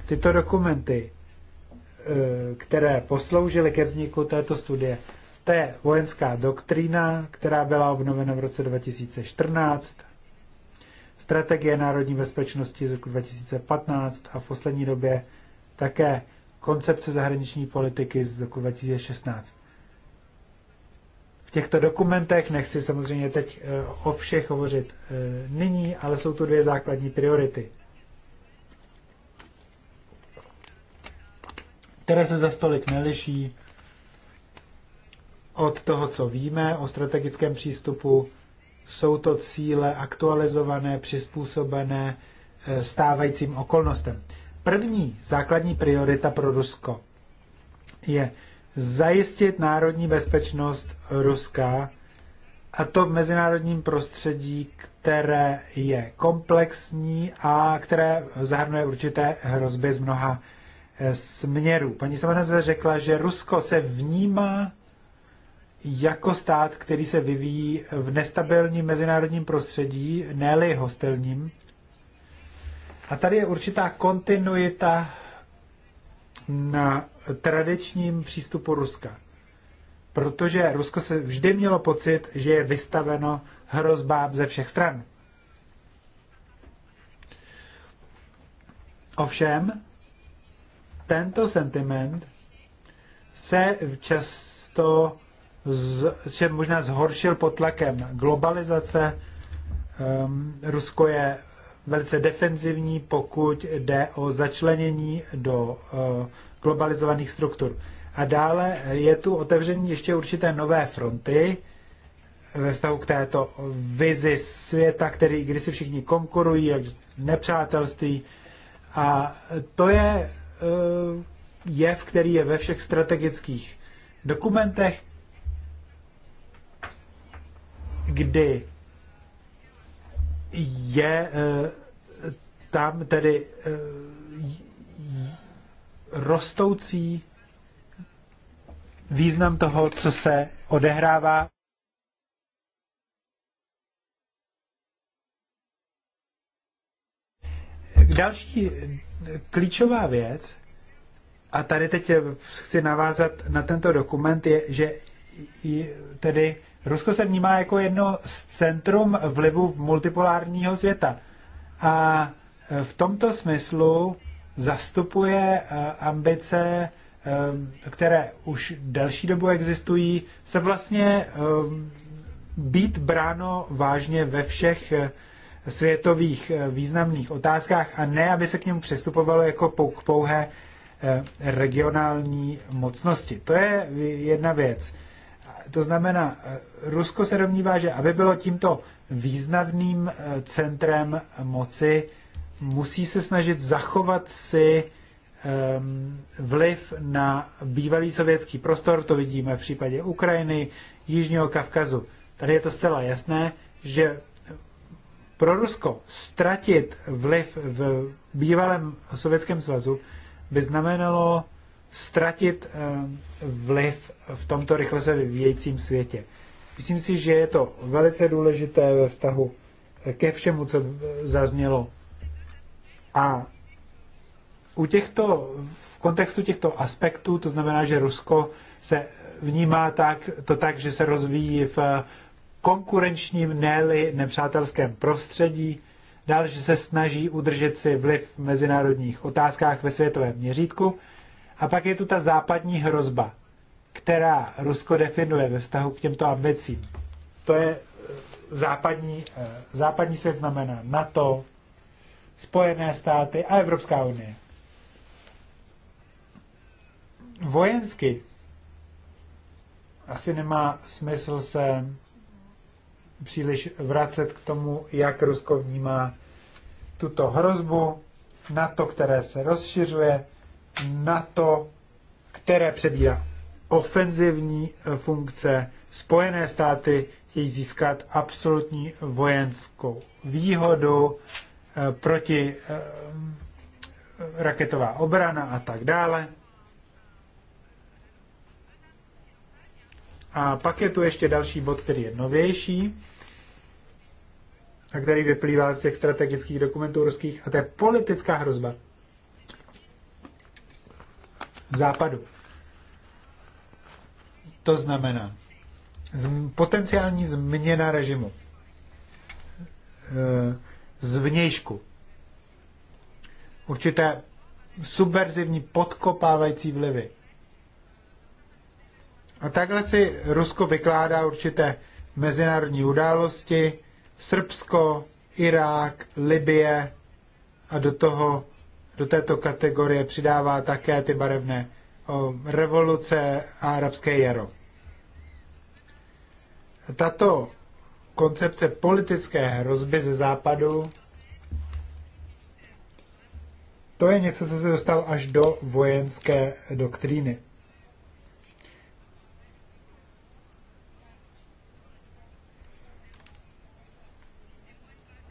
Tyto dokumenty, eh, které posloužily ke vzniku této studie, to je vojenská doktrína, která byla obnovena v roce 2014, strategie národní bezpečnosti z roku 2015 a v poslední době také koncepce zahraniční politiky z roku 2016 v těchto dokumentech. Nechci samozřejmě teď eh, o všech hovořit eh, nyní, ale jsou tu dvě základní priority, které se za stolik neliší od toho, co víme o strategickém přístupu. Jsou to cíle aktualizované, přizpůsobené eh, stávajícím okolnostem. První základní priorita pro Rusko je zajistit národní bezpečnost Ruska a to v mezinárodním prostředí, které je komplexní a které zahrnuje určité hrozby z mnoha eh, směrů. Paní Samaneze řekla, že Rusko se vnímá jako stát, který se vyvíjí v nestabilním mezinárodním prostředí, ne hostelním. A tady je určitá kontinuita na tradičním přístupu Ruska. Protože Rusko se vždy mělo pocit, že je vystaveno hrozbám ze všech stran. Ovšem, tento sentiment se často z, se možná zhoršil pod tlakem globalizace. Um, Rusko je velice defenzivní, pokud jde o začlenění do uh, globalizovaných struktur. A dále je tu otevření ještě určité nové fronty ve vztahu k této vizi světa, který, když si všichni konkurují, jak nepřátelství. A to je eh, jev, který je ve všech strategických dokumentech, kdy je eh, tam tedy eh, rostoucí význam toho, co se odehrává. Další klíčová věc, a tady teď chci navázat na tento dokument, je, že tedy Rusko se vnímá jako jedno z centrum vlivu v multipolárního světa. A v tomto smyslu zastupuje eh, ambice, eh, které už delší dobu existují, se vlastně eh, být bráno vážně ve všech světových významných otázkách a ne, aby se k němu přistupovalo jako k pouhé regionální mocnosti. To je jedna věc. To znamená, Rusko se domnívá, že aby bylo tímto významným centrem moci, musí se snažit zachovat si ehm, vliv na bývalý sovětský prostor, to vidíme v případě Ukrajiny, Jižního Kavkazu. Tady je to zcela jasné, že pro Rusko ztratit vliv v bývalém Sovětském svazu by znamenalo ztratit ehm, vliv v tomto rychle se vyvíjejícím světě. Myslím si, že je to velice důležité ve vztahu ke všemu, co zaznělo a u těchto, v kontextu těchto aspektů, to znamená, že Rusko se vnímá tak, to tak, že se rozvíjí v konkurenčním, ne nepřátelském prostředí, dál, že se snaží udržet si vliv v mezinárodních otázkách ve světovém měřítku. A pak je tu ta západní hrozba, která Rusko definuje ve vztahu k těmto ambicím. To je e, západní, e, západní svět znamená NATO, Spojené státy a Evropská unie. Vojensky asi nemá smysl se příliš vracet k tomu, jak Rusko vnímá tuto hrozbu, na to, které se rozšiřuje, na to, které přebírá ofenzivní funkce. Spojené státy chtějí získat absolutní vojenskou výhodu Eh, proti eh, raketová obrana a tak dále. A pak je tu ještě další bod, který je novější a který vyplývá z těch strategických dokumentů ruských, a to je politická hrozba západu. To znamená potenciální změna režimu. E, zvnějšku. Určité subverzivní podkopávající vlivy. A takhle si Rusko vykládá určité mezinárodní události, Srbsko, Irák, Libie a do toho, do této kategorie přidává také ty barevné o, revoluce a arabské jaro. Tato koncepce politické hrozby ze západu, to je něco, co se dostal až do vojenské doktríny.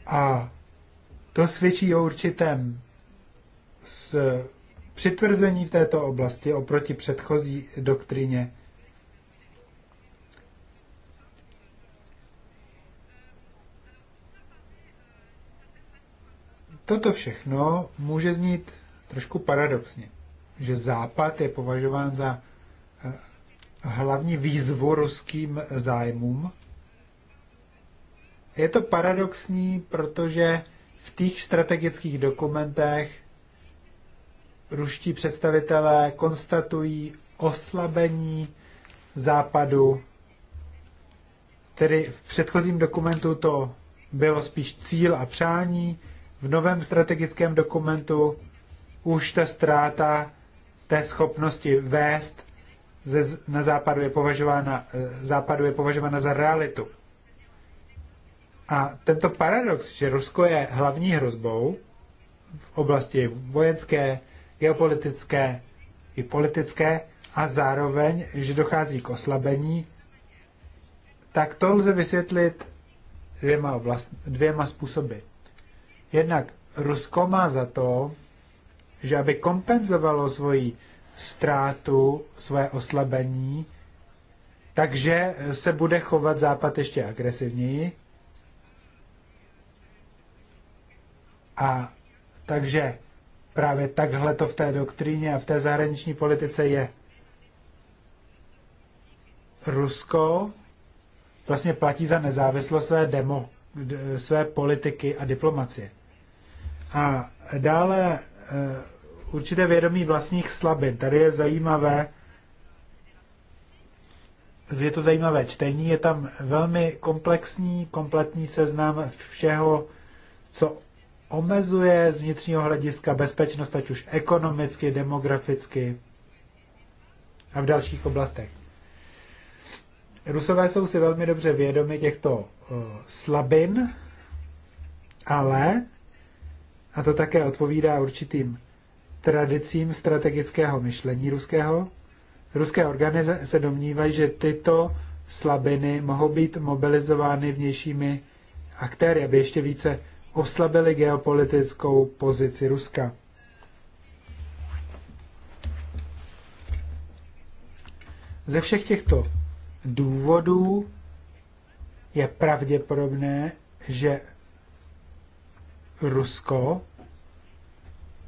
A to svědčí o určitém s přitvrzení v této oblasti oproti předchozí doktríně Toto všechno může znít trošku paradoxně, že Západ je považován za eh, hlavní výzvu ruským zájmům. Je to paradoxní, protože v těch strategických dokumentech ruští představitelé konstatují oslabení západu. Tedy v předchozím dokumentu to bylo spíš cíl a přání, v novém strategickém dokumentu už ta ztráta té schopnosti vést ze, na západu je, považována, eh, západu je považována za realitu. A tento paradox, že Rusko je hlavní hrozbou v oblasti vojenské, geopolitické i politické a zároveň, že dochází k oslabení, tak to lze vysvětlit dvěma, oblast, dvěma způsoby. Jednak Rusko má za to, že aby kompenzovalo svoji ztrátu, své oslabení, takže se bude chovat Západ ještě agresivněji. A takže právě takhle to v té doktríně a v té zahraniční politice je. Rusko vlastně platí za nezávislost své, demo, své politiky a diplomacie. A dále e, určité vědomí vlastních slabin. Tady je zajímavé, je to zajímavé čtení, je tam velmi komplexní, kompletní seznam všeho, co omezuje z vnitřního hlediska bezpečnost, ať už ekonomicky, demograficky a v dalších oblastech. Rusové jsou si velmi dobře vědomi těchto e, slabin, ale a to také odpovídá určitým tradicím strategického myšlení ruského. Ruské organizace se domnívají, že tyto slabiny mohou být mobilizovány vnějšími aktéry, aby ještě více oslabili geopolitickou pozici Ruska. Ze všech těchto důvodů je pravděpodobné, že Rusko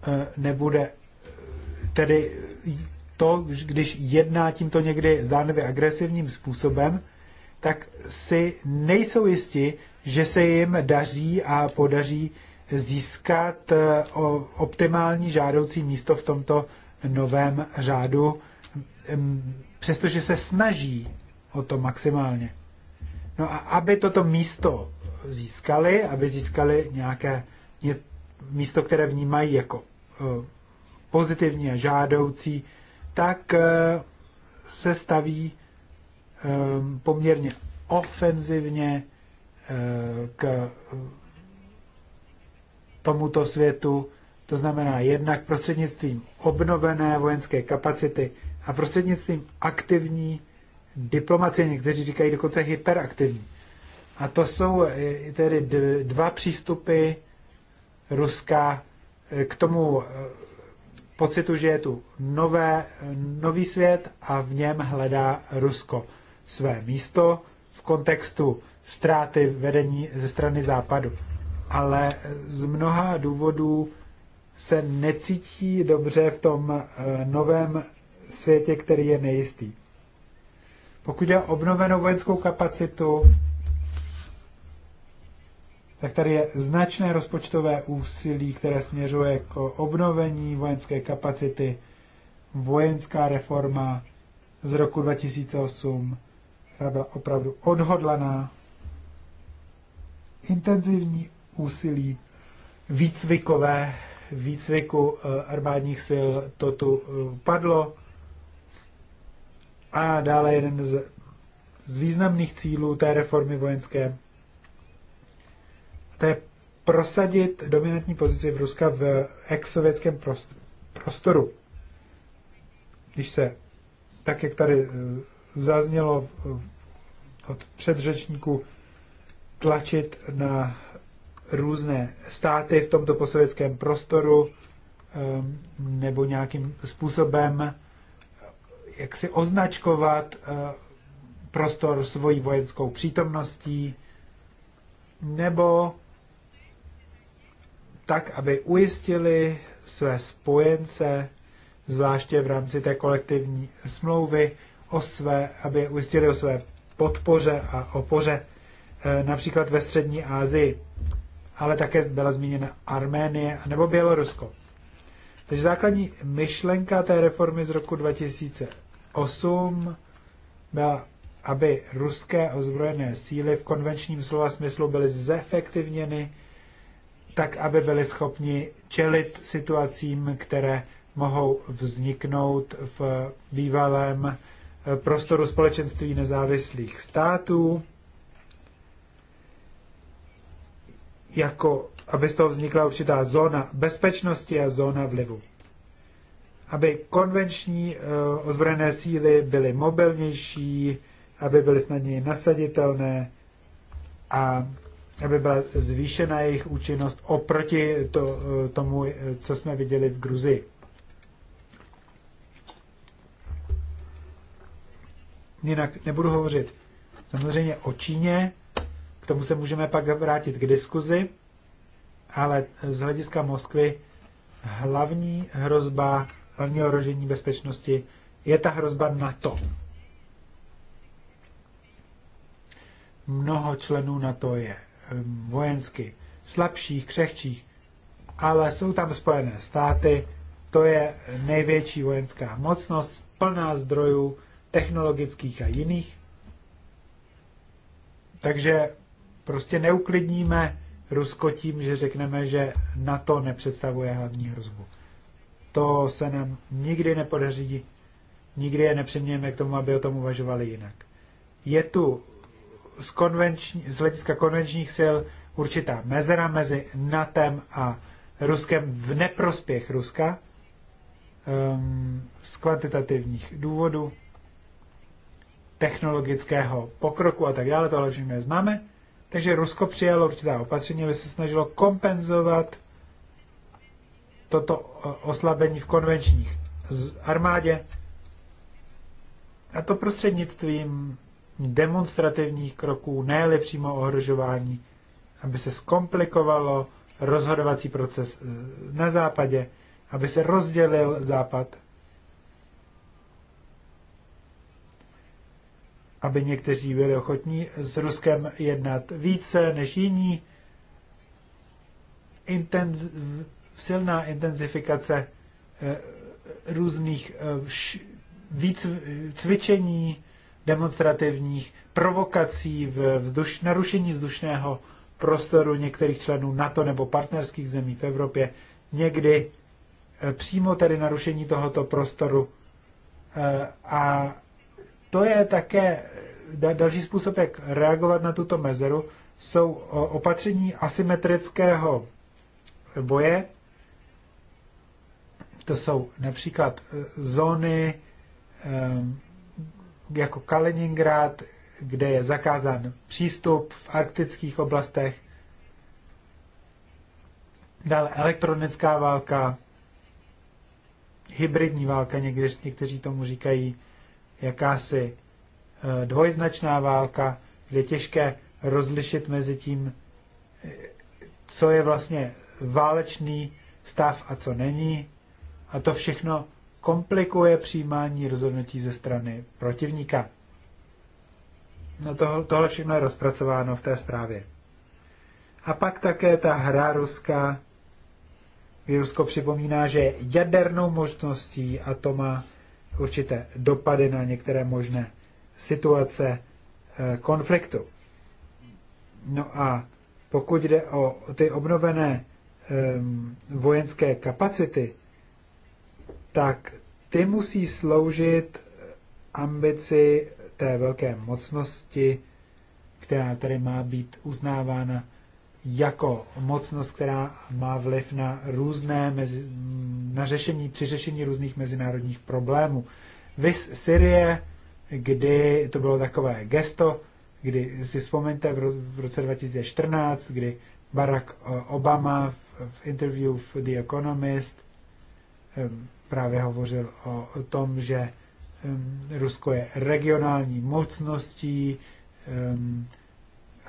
eh, nebude tedy to, když jedná tímto někdy zdánlivě agresivním způsobem, tak si nejsou jisti, že se jim daří a podaří získat eh, optimální žádoucí místo v tomto novém řádu, přestože se snaží o to maximálně. No a aby toto místo získali, aby získali nějaké je místo, které vnímají jako eh, pozitivní a žádoucí, tak eh, se staví eh, poměrně ofenzivně k tomuto světu, to znamená jednak prostřednictvím obnovené vojenské kapacity a prostřednictvím aktivní diplomacie, někteří říkají dokonce hyperaktivní. A to jsou tedy dva přístupy, Ruska eh, k tomu eh, pocitu, že je tu nové, eh, nový svět a v něm hledá Rusko své místo v kontextu ztráty vedení ze strany západu. Ale z mnoha důvodů se necítí dobře v tom novém světě, který je nejistý. Pokud je obnovenou vojenskou kapacitu, tak tady je značné rozpočtové úsilí, které směřuje k obnovení vojenské kapacity, vojenská reforma z roku 2008, která byla opravdu odhodlaná, intenzivní úsilí výcvikové, výcviku eh, armádních sil, to tu eh, padlo. A dále jeden z, z významných cílů té reformy vojenské to je prosadit dominantní pozici v Ruska v ex-sovětském prostoru. Když se, tak jak tady eh, zaznělo od předřečníku, tlačit na různé státy v tomto posovětském prostoru eh, nebo nějakým způsobem eh, jak si označkovat prostor svojí vojenskou přítomností nebo tak, aby ujistili své spojence, zvláště v rámci té kolektivní smlouvy, o své, aby ujistili o své podpoře a opoře, eh, například ve střední Asii, ale také byla zmíněna Arménie nebo Bělorusko. Takže základní myšlenka té reformy z roku 2008 byla, aby ruské ozbrojené síly v konvenčním slova smyslu byly zefektivněny tak aby byli schopni čelit situacím, které mohou vzniknout v bývalém eh, prostoru společenství nezávislých států, jako aby z toho vznikla určitá zóna bezpečnosti a zóna vlivu. Aby konvenční eh, ozbrojené síly byly mobilnější, aby byly snadněji nasaditelné a aby byla zvýšena jejich účinnost oproti to, eh, tomu, eh, co jsme viděli v Gruzii. Jinak nebudu hovořit samozřejmě o Číně, k tomu se můžeme pak vrátit k diskuzi, ale z hlediska Moskvy hlavní hrozba, hlavní ohrožení bezpečnosti je ta hrozba NATO. Mnoho členů NATO je vojensky slabších, křehčích, ale jsou tam Spojené státy, to je největší vojenská mocnost, plná zdrojů technologických a jiných. Takže prostě neuklidníme Rusko tím, že řekneme, že NATO nepředstavuje hlavní hrozbu. To se nám nikdy nepodaří, nikdy je nepřemějeme k tomu, aby o tom uvažovali jinak. Je tu z, konvenční, z hlediska konvenčních sil určitá mezera mezi NATEM a Ruskem v neprospěch Ruska um, z kvantitativních důvodů, technologického pokroku a tak dále, tohle všechno je známe. Takže Rusko přijalo určitá opatření, aby se snažilo kompenzovat toto e, oslabení v konvenčních armádě. A to prostřednictvím demonstrativních kroků, ne přímo ohrožování, aby se zkomplikovalo rozhodovací proces eh, na západě, aby se rozdělil západ, aby někteří byli ochotní s Ruskem jednat více než jiní. Intenziv, silná intenzifikace eh, různých eh, víc cvičení, demonstrativních provokací v vzduš, narušení vzdušného prostoru některých členů NATO nebo partnerských zemí v Evropě, někdy eh, přímo tedy narušení tohoto prostoru. Eh, a to je také další způsob, jak reagovat na tuto mezeru, jsou opatření asymetrického boje. To jsou například eh, zóny jako Kaliningrad, kde je zakázán přístup v arktických oblastech, dále elektronická válka, hybridní válka, někteří, někteří tomu říkají jakási eh, dvojznačná válka, kde je těžké rozlišit mezi tím, eh, co je vlastně válečný stav a co není. A to všechno komplikuje přijímání rozhodnutí ze strany protivníka. No to, tohle všechno je rozpracováno v té zprávě. A pak také ta hra ruská. Rusko připomíná, že jadernou možností a to má určité dopady na některé možné situace eh, konfliktu. No a pokud jde o ty obnovené vojenské kapacity, tak ty musí sloužit ambici té velké mocnosti, která tady má být uznávána jako mocnost, která má vliv na různé, mezi, na řešení, při řešení různých mezinárodních problémů. Vys Syrie, kdy to bylo takové gesto, kdy si vzpomeňte v roce 2014, kdy Barack Obama v, v interview v The Economist právě hovořil o tom, že Rusko je regionální mocností,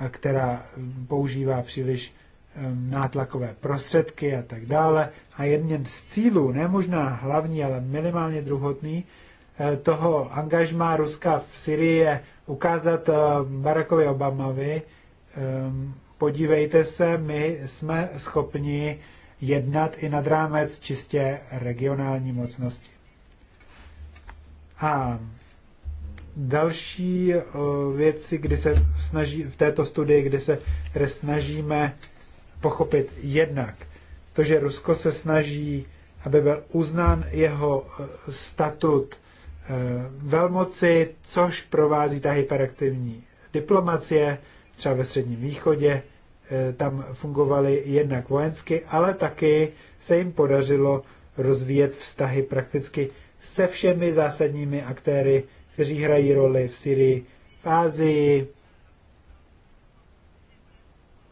která používá příliš nátlakové prostředky a tak dále. A jedním z cílů, ne možná hlavní, ale minimálně druhotný, eh, toho angažmá Ruska v Syrii je ukázat eh, Barackovi Obamovi, podívejte se, my jsme schopni jednat i nad rámec čistě regionální mocnosti. A další eh, věci, kdy se snaží, v této studii, kdy se snažíme pochopit jednak to, že Rusko se snaží, aby byl uznán jeho eh, statut eh, velmoci, což provází ta hyperaktivní diplomacie, třeba ve Středním východě, Eh, tam fungovaly jednak vojensky, ale taky se jim podařilo rozvíjet vztahy prakticky se všemi zásadními aktéry, kteří hrají roli v Syrii, v Ázii.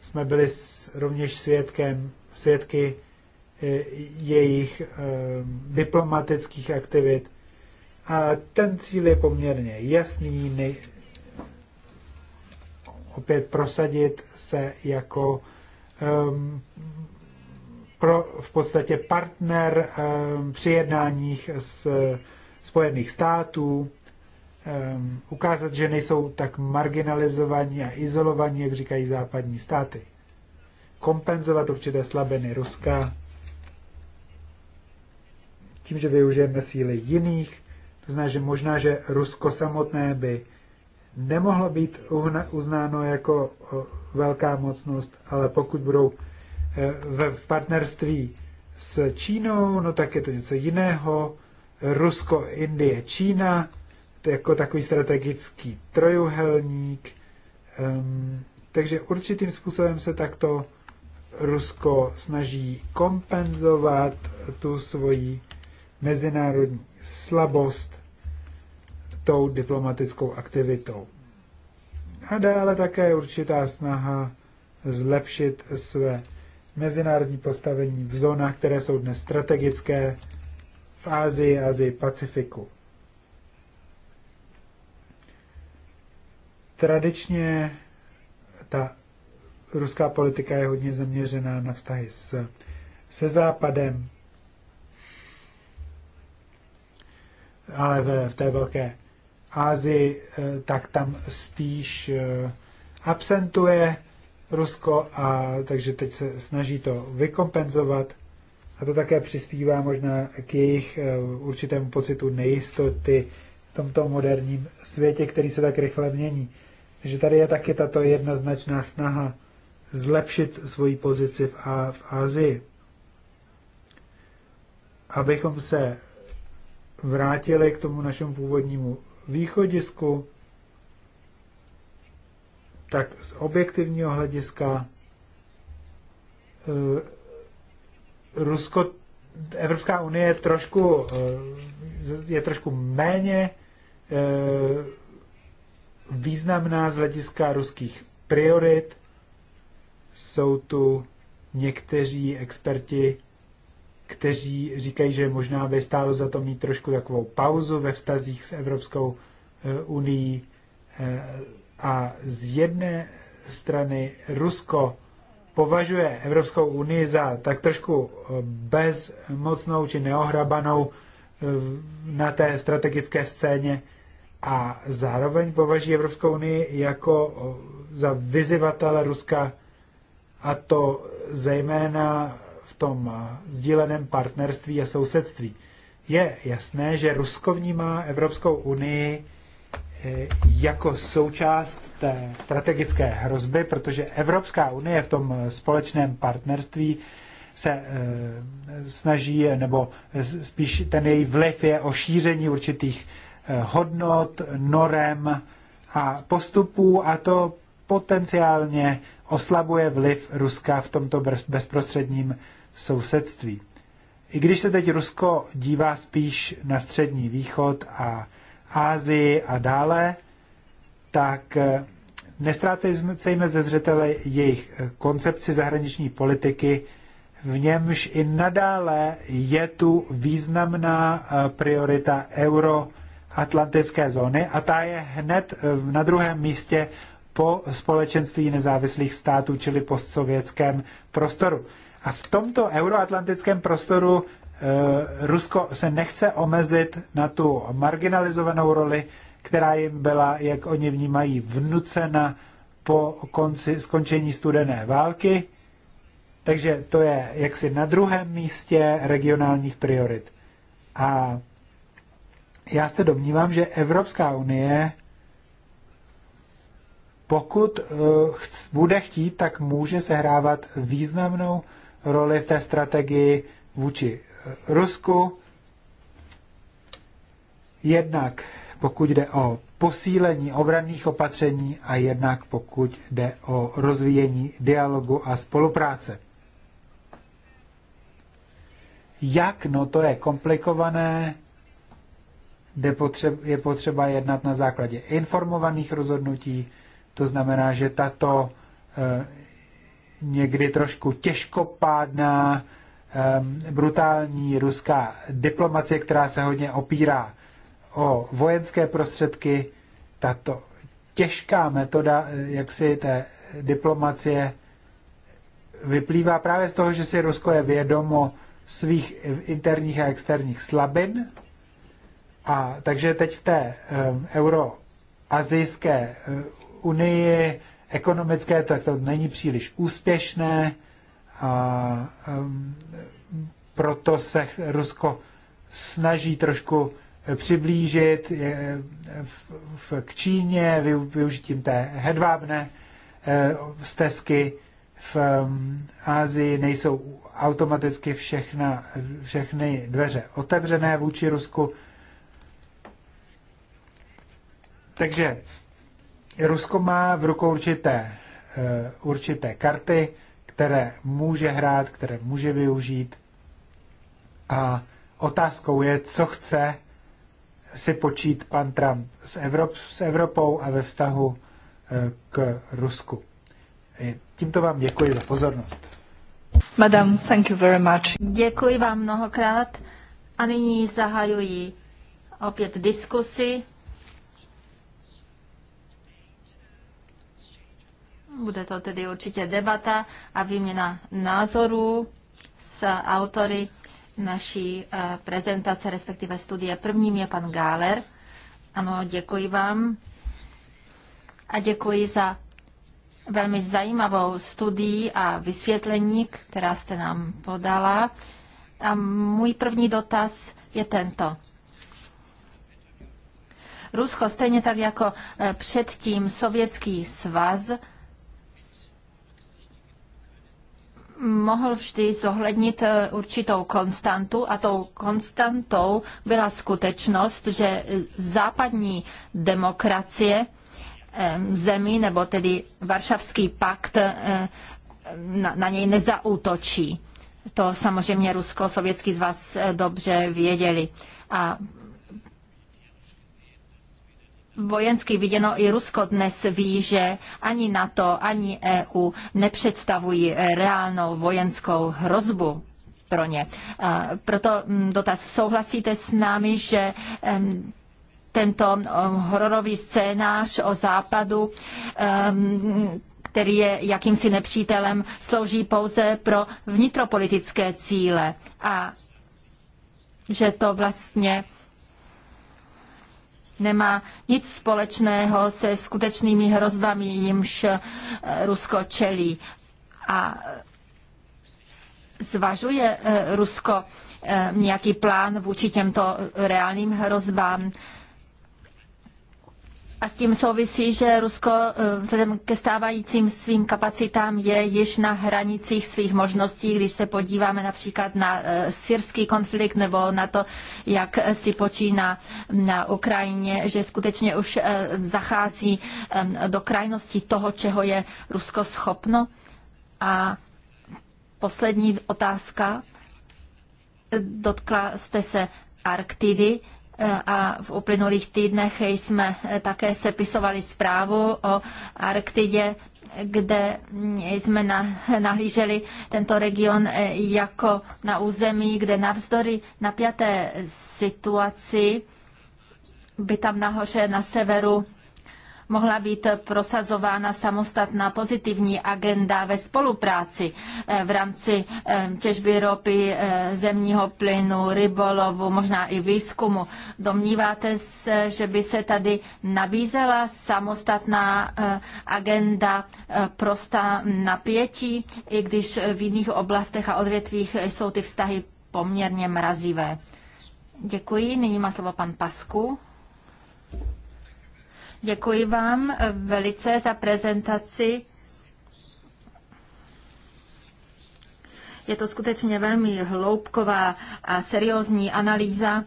Jsme byli rovněž svědkem, svědky eh, jejich eh, diplomatických aktivit. A ten cíl je poměrně jasný, opět prosadit se jako um, pro, v podstatě partner um, při jednáních s eh, Spojených států, um, ukázat, že nejsou tak marginalizovaní a izolovaní, jak říkají západní státy. Kompenzovat určité slabiny Ruska tím, že využijeme síly jiných, to znamená, že možná, že Rusko samotné by nemohlo být uznáno jako velká mocnost, ale pokud budou e, v partnerství s Čínou, no tak je to něco jiného. Rusko, Indie, Čína, to je jako takový strategický trojuhelník. Um, takže určitým způsobem se takto Rusko snaží kompenzovat tu svoji mezinárodní slabost tou diplomatickou aktivitou. A dále také určitá snaha zlepšit své mezinárodní postavení v zónách, které jsou dnes strategické v Ázii, Azii, Pacifiku. Tradičně ta ruská politika je hodně zaměřená na vztahy s, se Západem, ale v, v té velké Ázii, eh, tak tam spíš eh, absentuje Rusko, a takže teď se snaží to vykompenzovat. A to také přispívá možná k jejich eh, určitému pocitu nejistoty v tomto moderním světě, který se tak rychle mění. Takže tady je taky tato jednoznačná snaha zlepšit svoji pozici v, a- v Ázii. Abychom se vrátili k tomu našemu původnímu východisku, tak z objektivního hlediska eh, Rusko, Evropská unie je trošku, eh, je trošku méně eh, významná z hlediska ruských priorit. Jsou tu někteří experti, kteří říkají, že možná by stálo za to mít trošku takovou pauzu ve vztazích s Evropskou eh, unii. Eh, a z jedné strany Rusko považuje Evropskou unii za tak trošku eh, bezmocnou či neohrabanou na té strategické scéně a zároveň považuje Evropskou unii jako za vyzývatele Ruska a to zejména tom eh, sdíleném partnerství a sousedství. Je jasné, že Rusko vnímá Evropskou unii eh, jako součást té strategické hrozby, protože Evropská unie v tom eh, společném partnerství se snaží, nebo spíš ten její vliv je o šíření určitých hodnot, norem a postupů a to potenciálně oslabuje vliv Ruska v tomto bezprostředním sousedství. I když se teď Rusko dívá spíš na střední východ a Ázii a dále, tak eh, nestrácejme ze zřetele jejich eh, koncepci zahraniční politiky, v němž i nadále je tu významná eh, priorita euroatlantické zóny a ta je hned na druhém místě po společenství nezávislých států, čili postsovětském prostoru. A v tomto euroatlantickém prostoru eh, Rusko se nechce omezit na tu marginalizovanou roli, která jim byla, jak oni vnímají, vnucena po konci, skončení studené války. Takže to je jaksi na druhém místě regionálních priorit. A já se domnívám, že Evropská unie, pokud eh, bude chtít, tak může sehrávat významnou roli v té strategii vůči eh, Rusku. Jednak pokud jde o posílení obranných opatření a jednak pokud jde o rozvíjení dialogu a spolupráce. Jak? No to je komplikované, je potřeba jednat na základě informovaných rozhodnutí, to znamená, že tato eh, někdy trošku těžkopádná, brutální ruská diplomacie, která se hodně opírá o vojenské prostředky. Tato těžká metoda eh, jak si té diplomacie vyplývá právě z toho, že si Rusko je vědomo svých interních a externích slabin. A takže teď v té euroazijské eh, unii ekonomické, tak to není příliš úspěšné a proto se Rusko snaží trošku přiblížit k Číně využitím té hedvábné eh, stezky v Ázii nejsou automaticky všechna, všechny dveře otevřené vůči Rusku. Takže Rusko má v rukou určité, eh, určité karty, které může hrát, které může využít. A otázkou je, co chce si počít pan Trump s, Evrop, s Evropou a ve vztahu eh, k Rusku. Eh, tímto vám děkuji za pozornost. Madam, thank you very much. Děkuji vám mnohokrát a nyní zahajuji opět diskusi. Bude to tedy určitě debata a výměna názorů s autory naší eh, prezentace, respektive studie. Prvním je pan Gáler. Ano, děkuji vám a děkuji za velmi zajímavou studii a vysvětlení, která jste nám podala. A můj první dotaz je tento. Rusko, stejně tak jako eh, předtím Sovětský svaz, mohl vždy zohlednit eh, určitou konstantu a tou konstantou byla skutečnost, že západní demokracie zemí, nebo tedy Varšavský pakt eh, na, na něj nezaútočí. To samozřejmě Rusko, sovětský z vás eh, dobře věděli. A vojensky viděno i Rusko dnes ví, že ani NATO, ani EU nepředstavují eh, reálnou vojenskou hrozbu pro ně. Proto mm, dotaz, souhlasíte s námi, že tento eh, hororový scénář o západu který je jakýmsi nepřítelem, slouží pouze pro vnitropolitické cíle a že to vlastně nemá nic společného se skutečnými hrozbami, jimž eh, Rusko čelí. A zvažuje eh, Rusko eh, nějaký plán vůči těmto reálným hrozbám? A s tím souvisí, že Rusko eh, vzhledem ke stávajícím svým kapacitám je již na hranicích svých možností, když se podíváme například na eh, syrský konflikt nebo na to, jak eh, si počíná mm, na Ukrajině, že skutečně už zachází do krajnosti toho, čeho je Rusko schopno. A poslední otázka. Dotkla jste se Arktidy. E, a v uplynulých týdnech jsme e, také sepisovali zprávu o Arktidě, kde jsme nahlíželi tento region e, jako na území, kde navzdory napjaté situaci by tam nahoře na severu mohla být prosazována samostatná pozitivní agenda ve spolupráci eh, v rámci eh, těžby ropy, eh, zemního plynu, rybolovu, možná i výzkumu. Domníváte se, že by se tady nabízela samostatná agenda prosta napětí, i když v jiných oblastech a odvětvích jsou ty vztahy poměrně mrazivé. Děkuji. Nyní má slovo pan Pasku. Děkuji vám velice za prezentaci. Je to skutečně velmi hloubková a seriózní analýza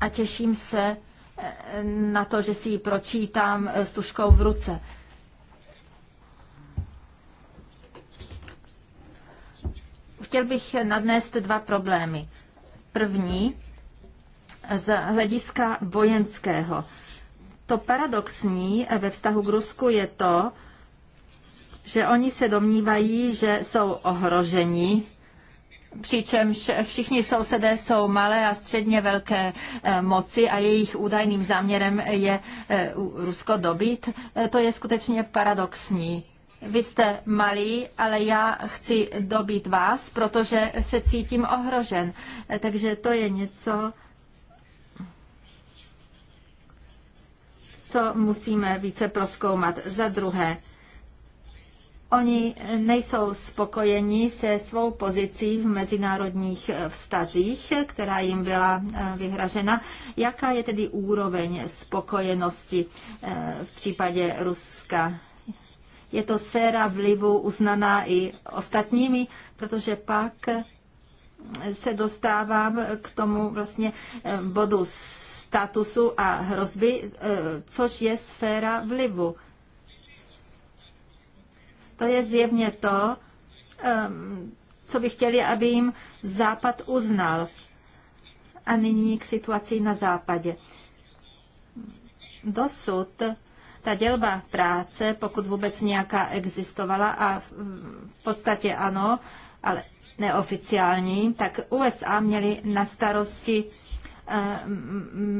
a těším se eh, na to, že si ji pročítám eh, s tuškou v ruce. Chtěl bych nadnést dva problémy. První z hlediska vojenského. To paradoxní ve vztahu k Rusku je to, že oni se domnívají, že jsou ohroženi, přičemž všichni sousedé jsou malé a středně velké eh, moci a jejich údajným záměrem je eh, Rusko dobit. Eh, to je skutečně paradoxní. Vy jste malí, ale já chci dobít vás, protože se cítím ohrožen. Takže to je něco, co musíme více proskoumat. Za druhé, Oni nejsou spokojeni se svou pozicí v mezinárodních vztazích, která jim byla eh, vyhražena. Jaká je tedy úroveň spokojenosti eh, v případě Ruska? Je to sféra vlivu uznaná i ostatními, protože pak se dostávám k tomu vlastně eh, bodu statusu a hrozby, eh, což je sféra vlivu. To je zjevně to, ehm, co by chtěli, aby jim Západ uznal. A nyní k situaci na Západě. Dosud ta dělba práce, pokud vůbec nějaká existovala, a v podstatě ano, ale neoficiální, tak USA měli na starosti Eh,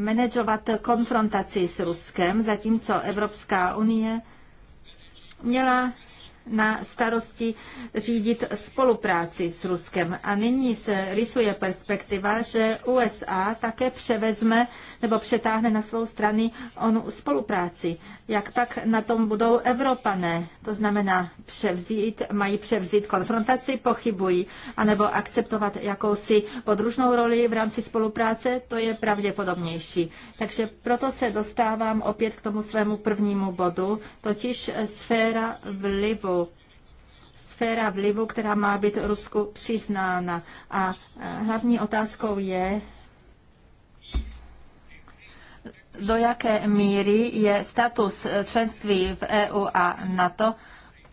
manažovat konfrontaci s Ruskem, zatímco Evropská unie měla na starosti řídit spolupráci s Ruskem. A nyní se rysuje perspektiva, že USA také převezme nebo přetáhne na svou strany onu spolupráci. Jak pak na tom budou Evropané? To znamená, převzít, mají převzít konfrontaci, pochybují, anebo akceptovat jakousi podružnou roli v rámci spolupráce, to je pravděpodobnější. Takže proto se dostávám opět k tomu svému prvnímu bodu, totiž sféra vlivu sféra vlivu, která má být Rusku přiznána. A e, hlavní otázkou je, do jaké míry je status členství v EU a NATO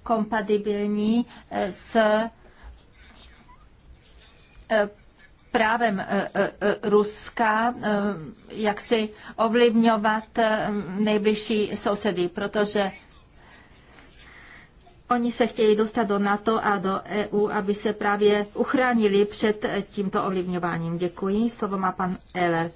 kompatibilní e, s e, právem Ruska jak si ovlivňovat nejbližší sousedy, protože Oni se chtějí dostat do NATO a do EU, aby se právě uchránili před tímto ovlivňováním. Děkuji. Slovo má pan Eller.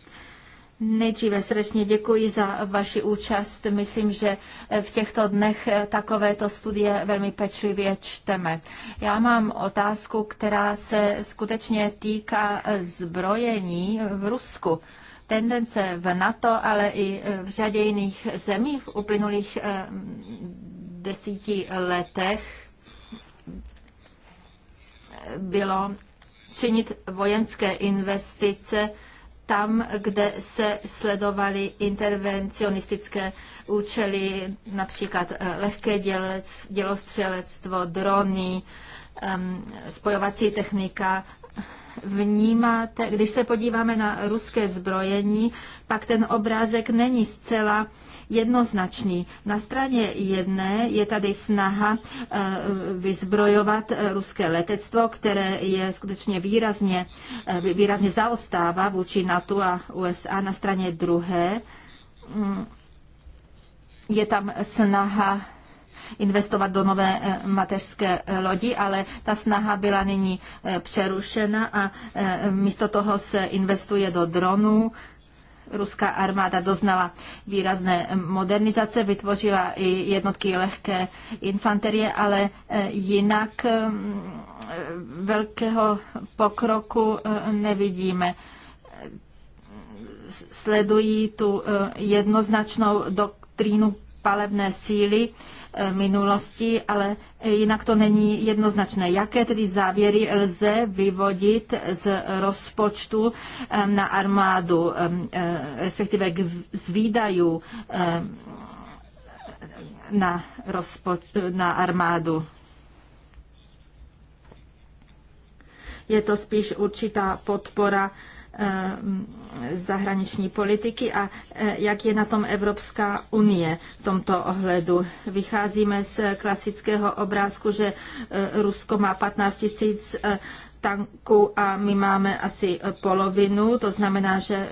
Nejdříve srdečně děkuji za vaši účast. Myslím, že v těchto dnech takovéto studie velmi pečlivě čteme. Já mám otázku, která se skutečně týká zbrojení v Rusku tendence v NATO, ale i v řadě jiných zemí v uplynulých deseti letech bylo činit vojenské investice tam, kde se sledovaly intervencionistické účely, například eh, lehké dělec, dělostřelectvo, drony, ehm, spojovací technika. Vnímáte, když se podíváme na ruské zbrojení, pak ten obrázek není zcela jednoznačný. Na straně jedné je tady snaha eh, vyzbrojovat eh, ruské letectvo, které je skutečně výrazně, eh, výrazně zaostává vůči NATO a USA. Na straně druhé mm, je tam snaha investovat do nové mateřské lodi, ale ta snaha byla nyní přerušena a místo toho se investuje do dronů, ruská armáda doznala výrazné modernizace, vytvořila i jednotky lehké infanterie, ale eh, jinak eh, velkého pokroku eh, nevidíme sledují tu jednoznačnou doktrínu palebné síly, minulosti, ale jinak to není jednoznačné. Jaké tedy závěry lze vyvodit z rozpočtu na armádu, eh, respektive z výdajů na, rozpoč- na armádu? Je to spíš určitá podpora Eh, zahraniční politiky a eh, jak je na tom Evropská unie v tomto ohledu. Vycházíme z klasického obrázku, že eh, Rusko má 15 tisíc tanku a my máme asi polovinu, to znamená, že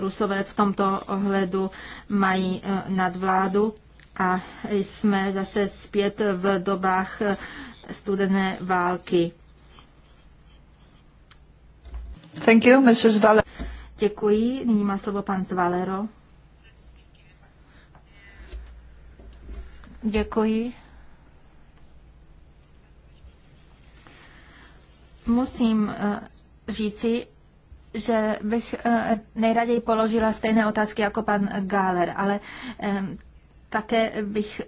Rusové v tomto ohledu mají nadvládu a jsme zase zpět v dobách studené války. Thank you, Mrs. Valer. Děkuji. Nyní má slovo pan Zvalero. Děkuji. Musím eh, říci, že bych eh, nejraději položila stejné otázky jako pan Gáler, ale eh, také bych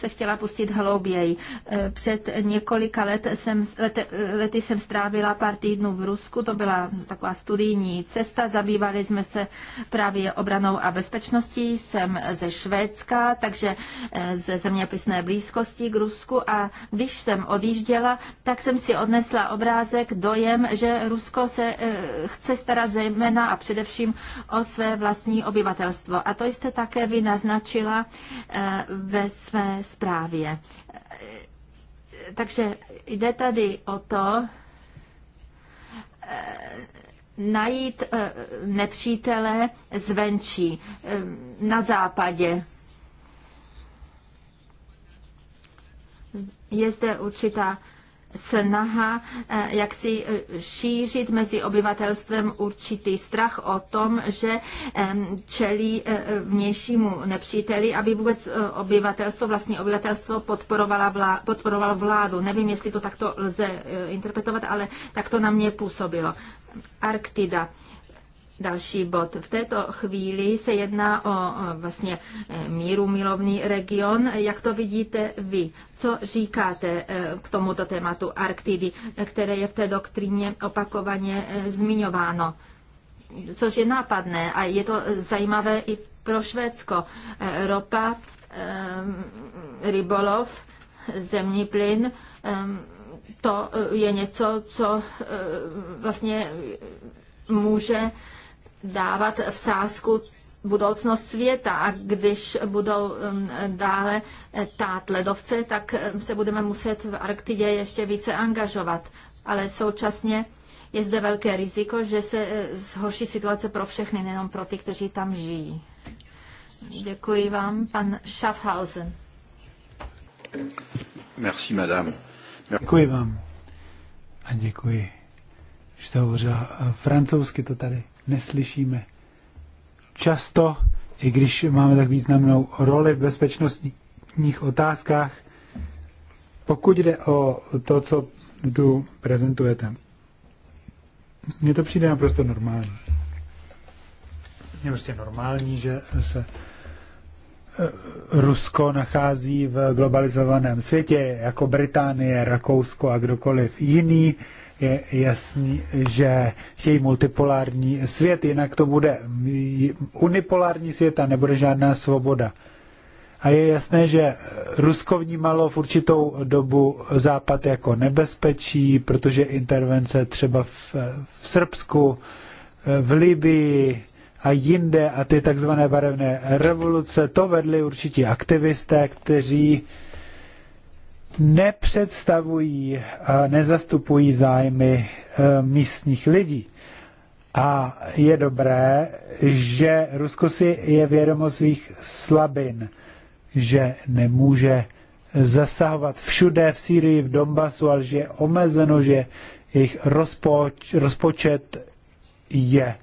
se chtěla pustit hlouběji. Eh, před několika let jsem, lety, lety jsem strávila pár týdnů v Rusku, to byla taková studijní cesta, zabývali jsme se právě obranou a bezpečností, jsem ze Švédska, takže eh, ze zeměpisné blízkosti k Rusku a když jsem odjížděla, tak jsem si odnesla obrázek, dojem, že Rusko se eh, chce starat zejména a především o své vlastní obyvatelstvo. A to jste také vy naznačila ve své zprávě. Takže jde tady o to, eh, najít eh, nepřítele zvenčí, eh, na západě. Je zde určitá snaha eh, jak si eh, šířit mezi obyvatelstvem určitý strach o tom, že čelí eh, vnějšímu nepříteli, aby vůbec obyvatelstvo, vlastní obyvatelstvo podporovala podporovalo vládu. Nevím, jestli to takto lze interpretovat, ale tak to na mě působilo. Arktida. Další bod. V této chvíli se jedná o vlastně eh, míru milovný region. Jak to vidíte vy? Co říkáte eh, k tomuto tématu Arktidy, které je v té doktríně opakovaně eh, zmiňováno? Což je nápadné a je to zajímavé i pro Švédsko. Ropa, rybolov, zemní plyn, to je něco, co vlastně může dávat v sázku budoucnost světa a když budou um, dále eh, tát ledovce, tak eh, se budeme muset v Arktidě ještě více angažovat. Ale současně je zde velké riziko, že se eh, zhorší situace pro všechny, nejenom pro ty, kteří tam žijí. Děkuji vám, pan Schaffhausen. Merci, madame. Děkuji vám. A děkuji, že jste hovořila francouzsky to tady neslyšíme často, i když máme tak významnou roli v bezpečnostních otázkách. Pokud jde o to, co tu prezentujete, mně to přijde naprosto normální. Je prostě normální, že se eh, Rusko nachází v globalizovaném světě, jako Británie, Rakousko a kdokoliv jiný je jasný, že chtějí multipolární svět, jinak to bude unipolární svět a nebude žádná svoboda. A je jasné, že Rusko vnímalo v určitou dobu Západ jako nebezpečí, protože intervence třeba v, v Srbsku, v Libii a jinde a ty takzvané barevné revoluce, to vedli určití aktivisté, kteří nepředstavují, nezastupují zájmy e, místních lidí. A je dobré, že Rusko si je vědomo svých slabin, že nemůže zasahovat všude v Sýrii, v Donbasu, ale že je omezeno, že jejich rozpoč, rozpočet je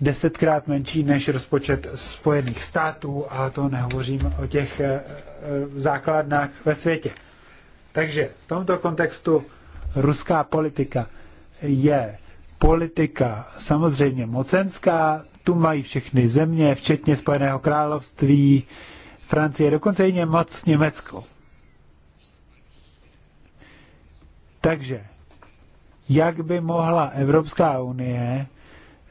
desetkrát menší než rozpočet Spojených států a to nehovořím o těch e, e, základnách ve světě. Takže v tomto kontextu ruská politika je politika samozřejmě mocenská, tu mají všechny země, včetně Spojeného království, Francie, dokonce i moc Německo. Takže, jak by mohla Evropská unie,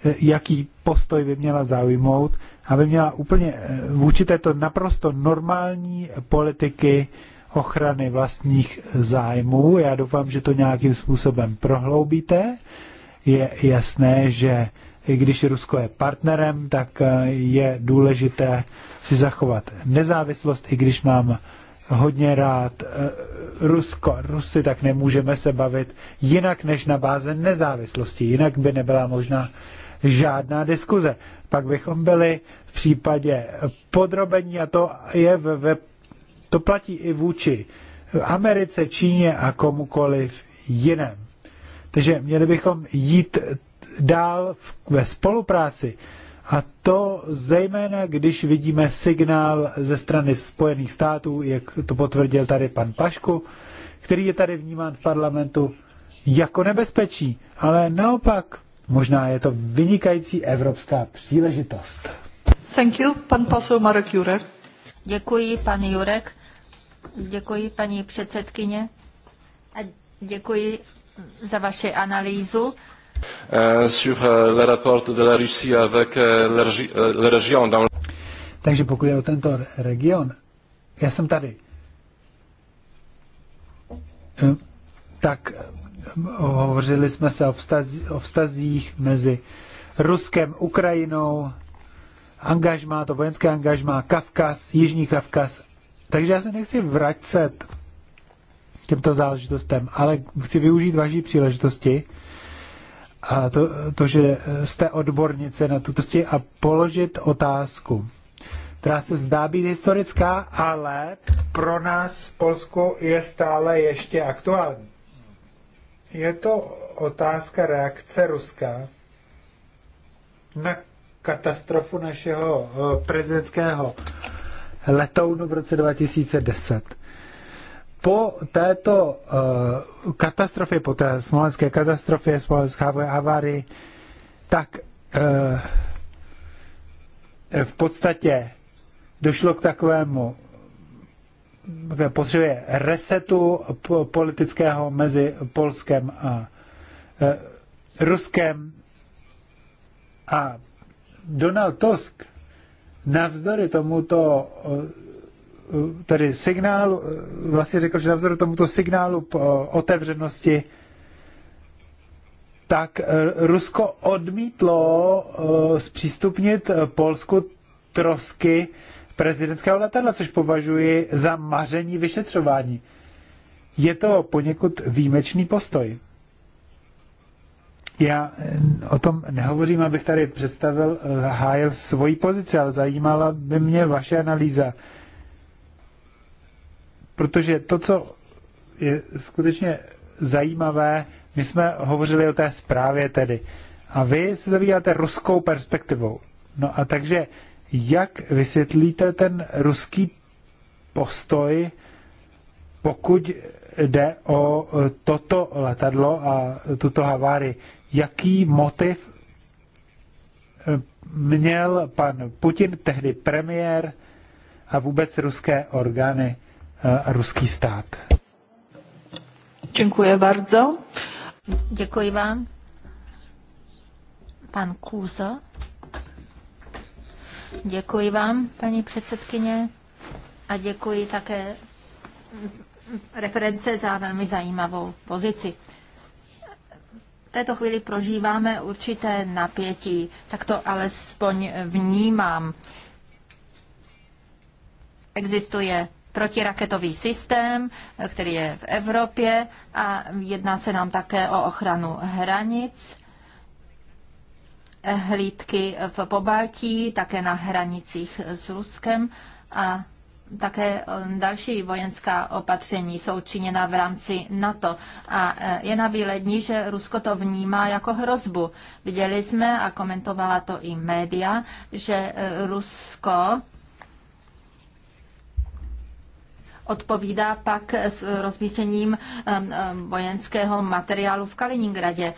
eh, jaký postoj by měla zaujmout, aby měla úplně eh, vůči této naprosto normální politiky ochrany vlastních zájmů. Já doufám, že to nějakým způsobem prohloubíte. Je jasné, že i když Rusko je partnerem, tak eh, je důležité si zachovat nezávislost, i když mám hodně rád eh, Rusko, Rusy, tak nemůžeme se bavit jinak než na báze nezávislosti. Jinak by nebyla možná žádná diskuze. Pak bychom byli v případě podrobení a to je ve, ve to platí i vůči Americe, Číně a komukoliv jiném. Takže měli bychom jít dál ve spolupráci. A to zejména, když vidíme signál ze strany Spojených států, jak to potvrdil tady pan Pašku, který je tady vnímán v parlamentu jako nebezpečí, ale naopak možná je to vynikající evropská příležitost. Thank you, pan posel Marek Jurek. Děkuji, pan Jurek. Děkuji, paní předsedkyně. A děkuji za vaši analýzu. Euh, sur euh, le rapport de la Russie avec le région. Dans... Takže pokud je o tento region, já jsem tady. Hm? Tak hm, hovořili jsme se o, vztaz, o vztazích mezi Ruskem, Ukrajinou, angažmá, to vojenské angažmá, Kavkaz, Jižní Kavkaz takže já se nechci vracet k těmto záležitostem, ale chci využít vaší příležitosti, a to, to, že jste odbornice na tuto stě a položit otázku, která se zdá být historická, ale pro nás v Polsku je stále ještě aktuální. Je to otázka reakce Ruska na katastrofu našeho eh, prezidentského letounu v roce 2010. Po této uh, katastrofě, po té smolenské katastrofě, smolenské havárii, tak uh, v podstatě došlo k takovému potřebuje resetu politického mezi Polskem a e, Ruskem. A Donald Tusk navzdory tomuto eh, tedy signálu, eh, vlastně řekl, že navzdory tomuto signálu otevřenosti, tak eh, Rusko odmítlo zpřístupnit Polsku trosky prezidentského letadla, což považuji za maření vyšetřování. Je to poněkud výjimečný postoj. Já eh, o tom nehovořím, abych tady představil, eh, hájil svoji pozici, ale zajímala by mě vaše analýza. Protože to, co je skutečně zajímavé, my jsme hovořili o té zprávě tedy. A vy se zabýváte ruskou perspektivou. No a takže jak vysvětlíte ten ruský postoj, pokud jde o eh, toto letadlo a tuto havárii? jaký motiv eh, měl pan Putin, tehdy premiér, a vůbec ruské orgány eh, a ruský stát. Děkuji bardzo. Děkuji vám. Pan Kůzo. Děkuji vám, paní předsedkyně, a děkuji také reference za velmi zajímavou pozici této chvíli prožíváme určité napětí, tak to alespoň vnímám. Existuje protiraketový systém, který je v Evropě a jedná se nám také o ochranu hranic, hlídky v Pobaltí, také na hranicích s Ruskem a také eh, další vojenská opatření jsou činěna v rámci NATO. A eh, je na výlední, že Rusko to vnímá jako hrozbu. Viděli jsme, a komentovala to i média, že eh, Rusko odpovídá pak s rozmístěním vojenského materiálu v Kaliningradě.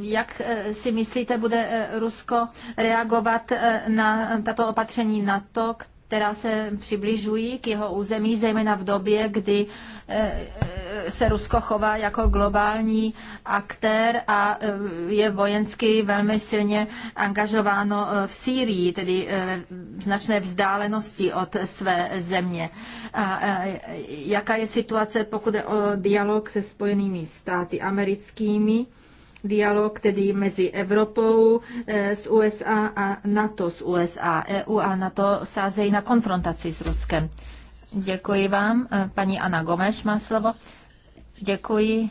Jak si myslíte, bude Rusko reagovat na tato opatření na to, která se přibližují k jeho území, zejména v době, kdy eh, eh, se Rusko chová jako globální aktér a eh, je vojensky velmi silně angažováno v Sýrii, tedy v značné vzdálenosti od své země. A jaká je situace, pokud je o dialog se Spojenými státy americkými? dialog tedy mezi Evropou eh, s USA a NATO s USA. EU a NATO sázejí na konfrontaci s Ruskem. Děkuji vám. Eh, paní Ana Gomeš má slovo. Děkuji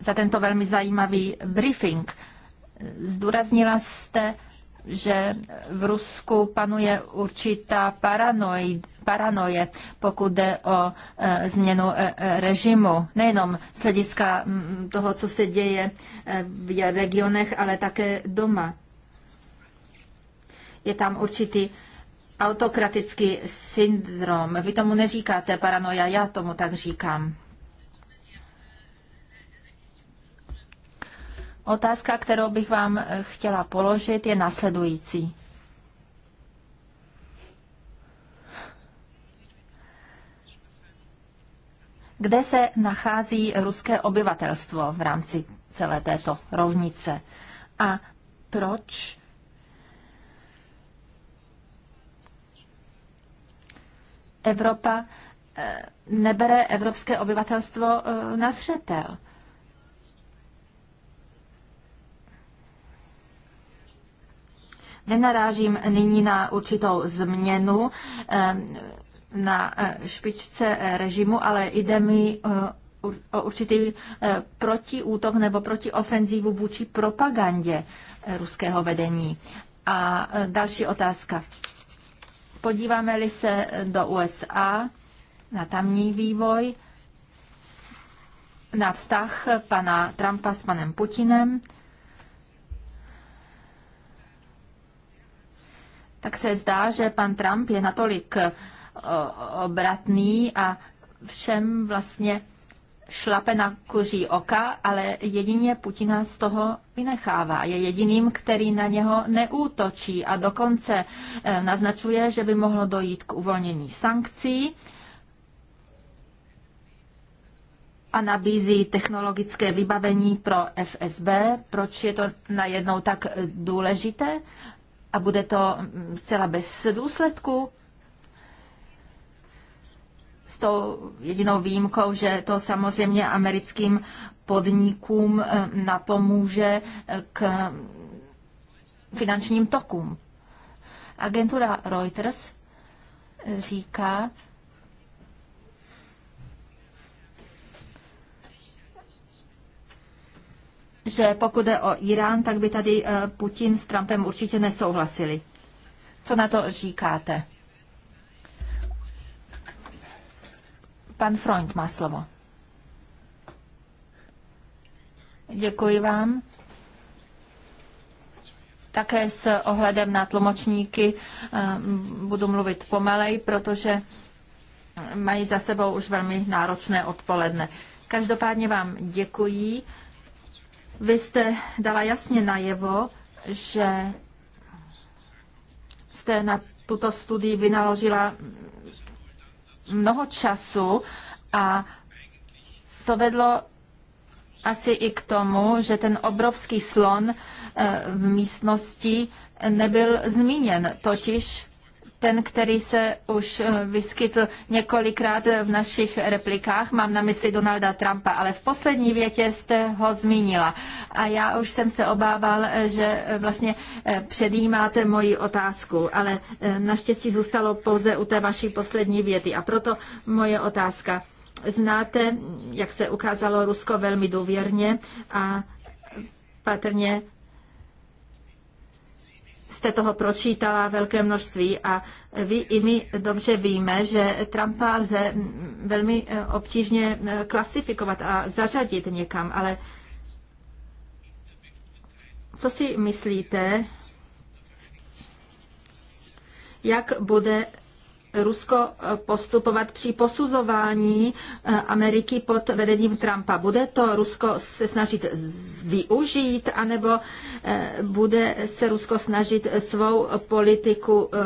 za tento velmi zajímavý briefing. Zdůraznila jste, že v Rusku panuje určitá paranoid, paranoje, pokud jde o e, změnu e, e, režimu, nejenom z hlediska toho, co se děje v regionech, ale také doma. Je tam určitý autokratický syndrom. Vy tomu neříkáte paranoja, já tomu tak říkám. Otázka, kterou bych vám chtěla položit, je následující. kde se nachází ruské obyvatelstvo v rámci celé této rovnice a proč Evropa eh, nebere evropské obyvatelstvo eh, na zřetel. Nenarážím nyní na určitou změnu eh, na eh, špičce eh, režimu, ale jde mi eh, o určitý protiútok nebo protiofenzívu vůči propagandě ruského vedení. A další otázka. Podíváme-li se do USA, na tamní vývoj, na vztah pana Trumpa s panem Putinem, tak se zdá, že pan Trump je natolik obratný a všem vlastně šlape na kuří oka, ale jedině Putina z toho vynechává. Je jediným, který na něho neútočí a dokonce e, naznačuje, že by mohlo dojít k uvolnění sankcí a nabízí technologické vybavení pro FSB. Proč je to najednou tak důležité? A bude to mm, zcela bez důsledku? s tou jedinou výjimkou, že to samozřejmě americkým podnikům eh, napomůže eh, k finančním tokům. Agentura Reuters eh, říká, že pokud jde o Irán, tak by tady Putin s Trumpem určitě nesouhlasili. Co na to říkáte? Pan Freund má slovo. Děkuji vám. Také s ohledem na tlumočníky eh, budu mluvit pomalej, protože mají za sebou už velmi náročné odpoledne. Každopádně vám děkuji. Vy jste dala jasně najevo, že jste na tuto studii vynaložila mnoho času a to vedlo asi i k tomu, že ten obrovský slon eh, v místnosti nebyl zmíněn, totiž ten, který se už eh, vyskytl několikrát v našich replikách, mám na mysli Donalda Trumpa, ale v poslední větě jste ho zmínila. A já už jsem se obával, eh, že eh, vlastně předjímáte moji otázku, ale naštěstí zůstalo pouze u té vaší poslední věty. A proto moje otázka. Znáte, jak se ukázalo Rusko velmi důvěrně a patrně jste toho pročítala velké množství a vy i my dobře víme, že Trumpa lze velmi eh, obtížně eh, klasifikovat a zařadit někam, ale co si myslíte, jak bude Rusko postupovat při posuzování eh, Ameriky pod vedením Trumpa? Bude to Rusko se snažit využít, anebo eh, bude se Rusko snažit svou politiku eh,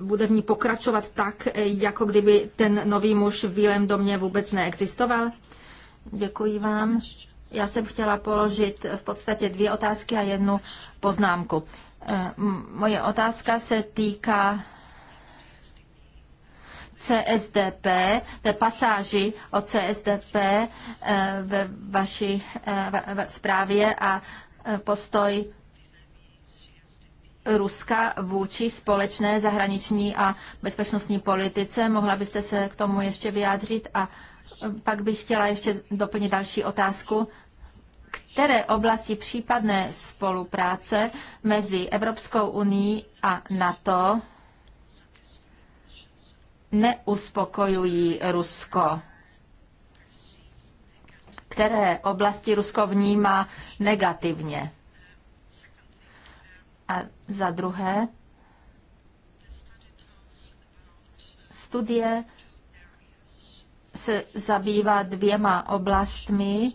bude v ní pokračovat tak, jako kdyby ten nový muž v Bílém domě vůbec neexistoval? Děkuji vám. Já jsem chtěla položit v podstatě dvě otázky a jednu poznámku. Moje otázka se týká CSDP, té pasáži o CSDP eh, ve vaší eh, zprávě a eh, postoj Ruska vůči společné zahraniční a bezpečnostní politice. Mohla byste se k tomu ještě vyjádřit a pak bych chtěla ještě doplnit další otázku. Které oblasti případné spolupráce mezi Evropskou unii a NATO neuspokojují Rusko. Které oblasti Rusko vnímá negativně? A za druhé, studie se zabývá dvěma oblastmi,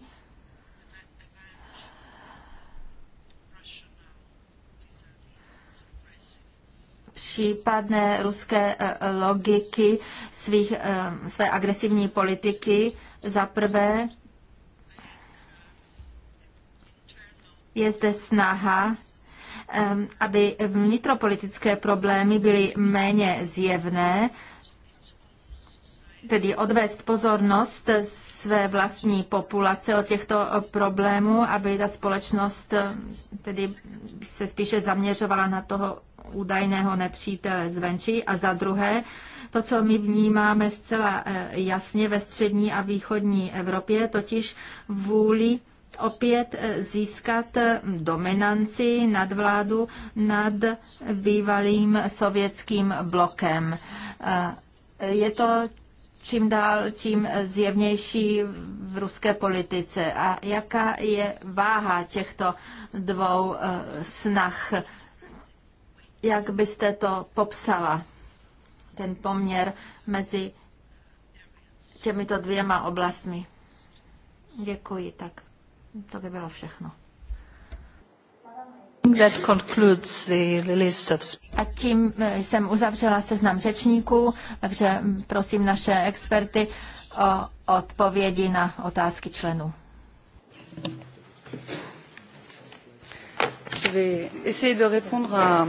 případné ruské eh, logiky svých, eh, své agresivní politiky. Za prvé je zde snaha eh, aby vnitropolitické problémy byly méně zjevné, tedy odvést pozornost své vlastní populace od těchto problémů, aby ta společnost tedy se spíše zaměřovala na toho, údajného nepřítele zvenčí a za druhé to, co my vnímáme zcela eh, jasně ve střední a východní Evropě, totiž vůli opět eh, získat eh, dominanci, nad vládu nad bývalým sovětským blokem. Je to čím dál tím zjevnější v ruské politice. A jaká je váha těchto dvou snah jak byste to popsala, ten poměr mezi těmito dvěma oblastmi? Děkuji, tak to by bylo všechno. That concludes the list of... A tím eh, jsem uzavřela seznam řečníků, takže prosím naše experty o odpovědi na otázky členů. Je vais essayer de répondre à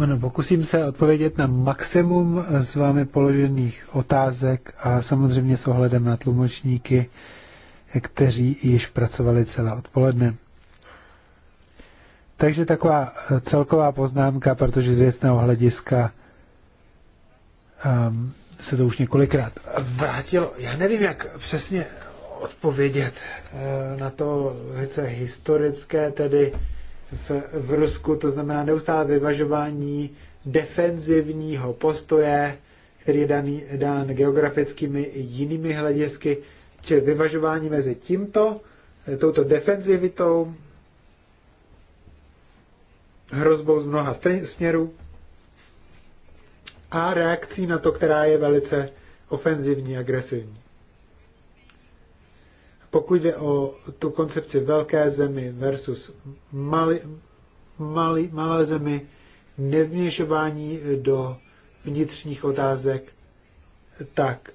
ano, pokusím se odpovědět na maximum z vámi položených otázek a samozřejmě s ohledem na tlumočníky, kteří již pracovali celé odpoledne. Takže taková celková poznámka, protože z věcného hlediska um, se to už několikrát vrátilo. Já nevím, jak přesně odpovědět eh, na to, co je historické, tedy v, v Rusku, to znamená neustále vyvažování defenzivního postoje, který je daný, dán geografickými i jinými hledisky, čili vyvažování mezi tímto, eh, touto defenzivitou, hrozbou z mnoha směrů a reakcí na to, která je velice ofenzivní, agresivní. Pokud jde o tu koncepci velké zemi versus mali, mali, malé zemi, nevměšování do vnitřních otázek, tak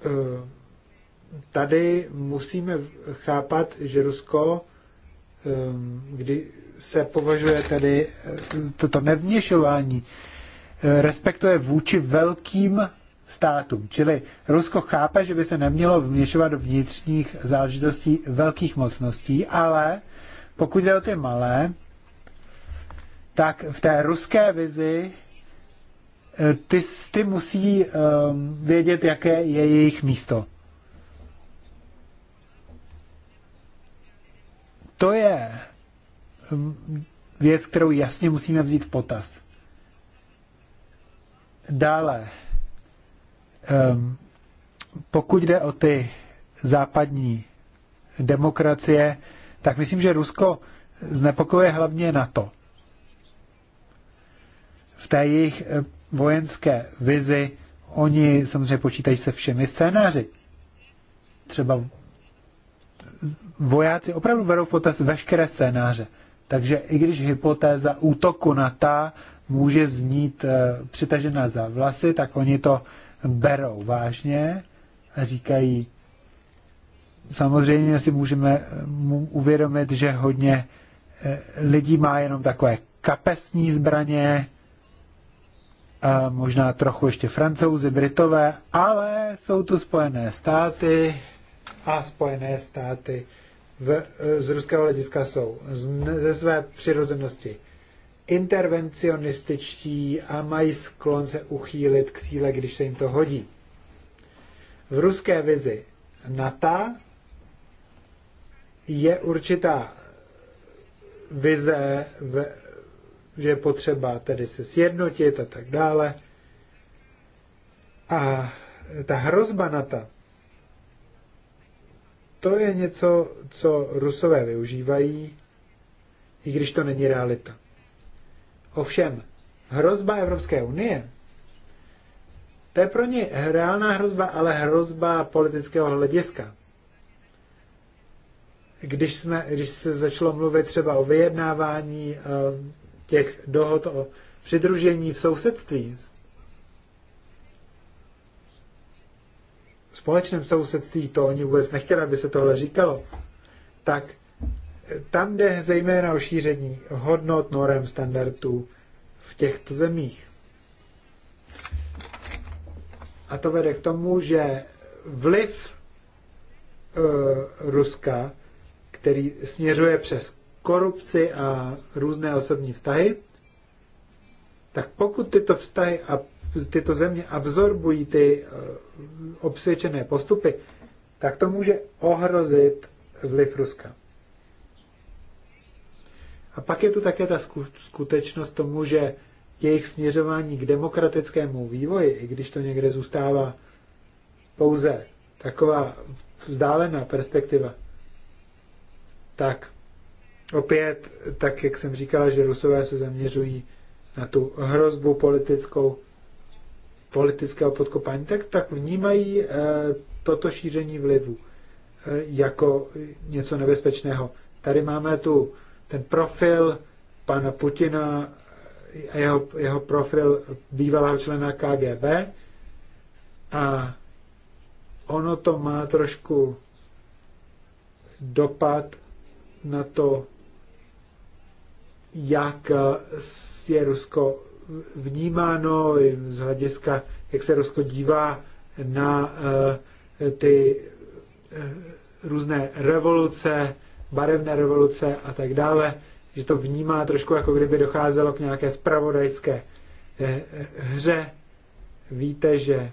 eh, tady musíme chápat, že Rusko, eh, kdy se považuje tady eh, toto nevměšování, respektuje vůči velkým státům. Čili Rusko chápe, že by se nemělo vměšovat do vnitřních záležitostí velkých mocností, ale pokud jde o ty malé, tak v té ruské vizi eh, ty, ty musí um, vědět, jaké je jejich místo. To je ehm, věc, kterou jasně musíme vzít v potaz. Dále, Ehm, pokud jde o ty západní demokracie, tak myslím, že Rusko znepokojuje hlavně NATO. V té jejich eh, vojenské vizi oni samozřejmě počítají se všemi scénáři. Třeba vojáci opravdu berou potaz veškeré scénáře. Takže i když hypotéza útoku na ta může znít e, přitažená za vlasy, tak oni to berou vážně a říkají, samozřejmě si můžeme uvědomit, že hodně eh, lidí má jenom takové kapesní zbraně, a možná trochu ještě francouzi, britové, ale jsou tu spojené státy a spojené státy v, z ruského hlediska jsou z, ze své přirozenosti intervencionističtí a mají sklon se uchýlit k síle, když se jim to hodí. V ruské vizi NATO je určitá vize, že je potřeba tedy se sjednotit a tak dále. A ta hrozba NATO, to je něco, co rusové využívají, i když to není realita. Ovšem, hrozba Evropské unie, to je pro ně reálná hrozba, ale hrozba politického hlediska. Když, jsme, když se začalo mluvit třeba o vyjednávání eh, těch dohod o přidružení v sousedství, společném sousedství, to oni vůbec nechtěli, aby se tohle říkalo, tak tam jde zejména o šíření hodnot, norem, standardů v těchto zemích. A to vede k tomu, že vliv e, Ruska, který směřuje přes korupci a různé osobní vztahy, tak pokud tyto vztahy a tyto země absorbují ty eh, obsvědčené postupy, tak to může ohrozit vliv Ruska. A pak je tu také ta skutečnost tomu, že jejich směřování k demokratickému vývoji, i když to někde zůstává pouze taková vzdálená perspektiva, tak opět, tak jak jsem říkala, že Rusové se zaměřují na tu hrozbu politickou, politického podkopání, tak, tak vnímají e, toto šíření vlivu e, jako něco nebezpečného. Tady máme tu ten profil pana Putina a jeho, jeho profil bývalého člena KGB a ono to má trošku dopad na to, jak je Rusko vnímáno z hlediska, jak se Rusko dívá na eh, ty eh, různé revoluce, barevné revoluce a tak dále, že to vnímá trošku jako kdyby docházelo k nějaké spravodajské eh, eh, hře. Víte, že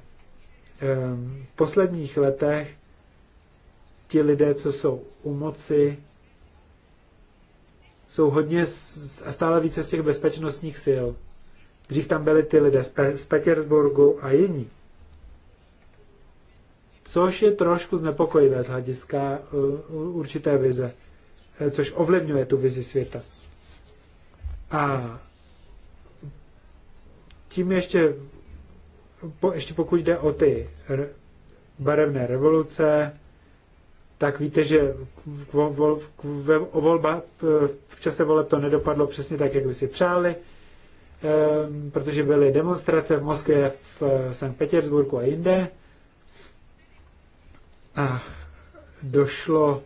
ehm, v posledních letech ti lidé, co jsou u moci, jsou hodně a stále více z těch bezpečnostních sil. Dřív tam byli ty lidé z, Petersburgu a jiní. Což je trošku znepokojivé z hlediska eh, určité vize. Eh, což ovlivňuje tu vizi světa. A tím ještě, po, ještě pokud jde o ty barevné revoluce, tak víte, že o volba, v čase voleb to nedopadlo přesně tak, jak by si přáli, ehm, protože byly demonstrace v Moskvě, v eh, Sankt Petersburgu a jinde. A došlo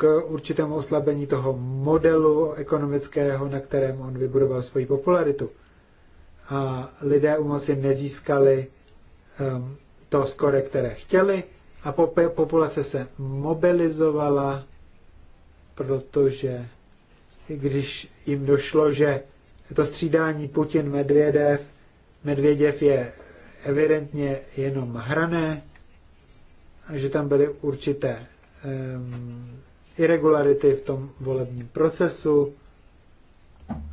k určitému oslabení toho modelu ekonomického, na kterém on vybudoval svoji popularitu. A lidé u moci nezískali um, to skore, které chtěli a pop- populace se mobilizovala, protože když jim došlo, že to střídání Putin-Medvěděv, Medvěděv je evidentně jenom hrané, že tam byly určité um, irregularity v tom volebním procesu.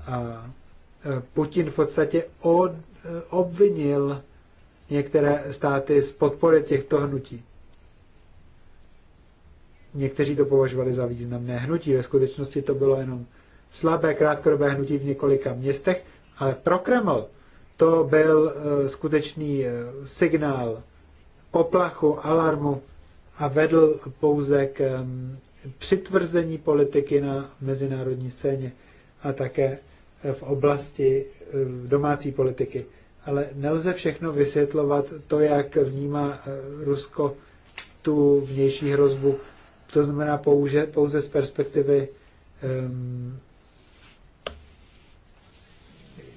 A e, Putin v podstatě od, e, obvinil některé státy z podpory těchto hnutí. Někteří to považovali za významné hnutí, ve skutečnosti to bylo jenom slabé krátkodobé hnutí v několika městech, ale pro Kreml to byl e, skutečný signál poplachu, alarmu a vedl pouze k přitvrzení politiky na mezinárodní scéně a také v oblasti eh, domácí politiky. Ale nelze všechno vysvětlovat to, jak vnímá eh, Rusko tu vnější hrozbu. To znamená pouze, pouze z perspektivy. Um,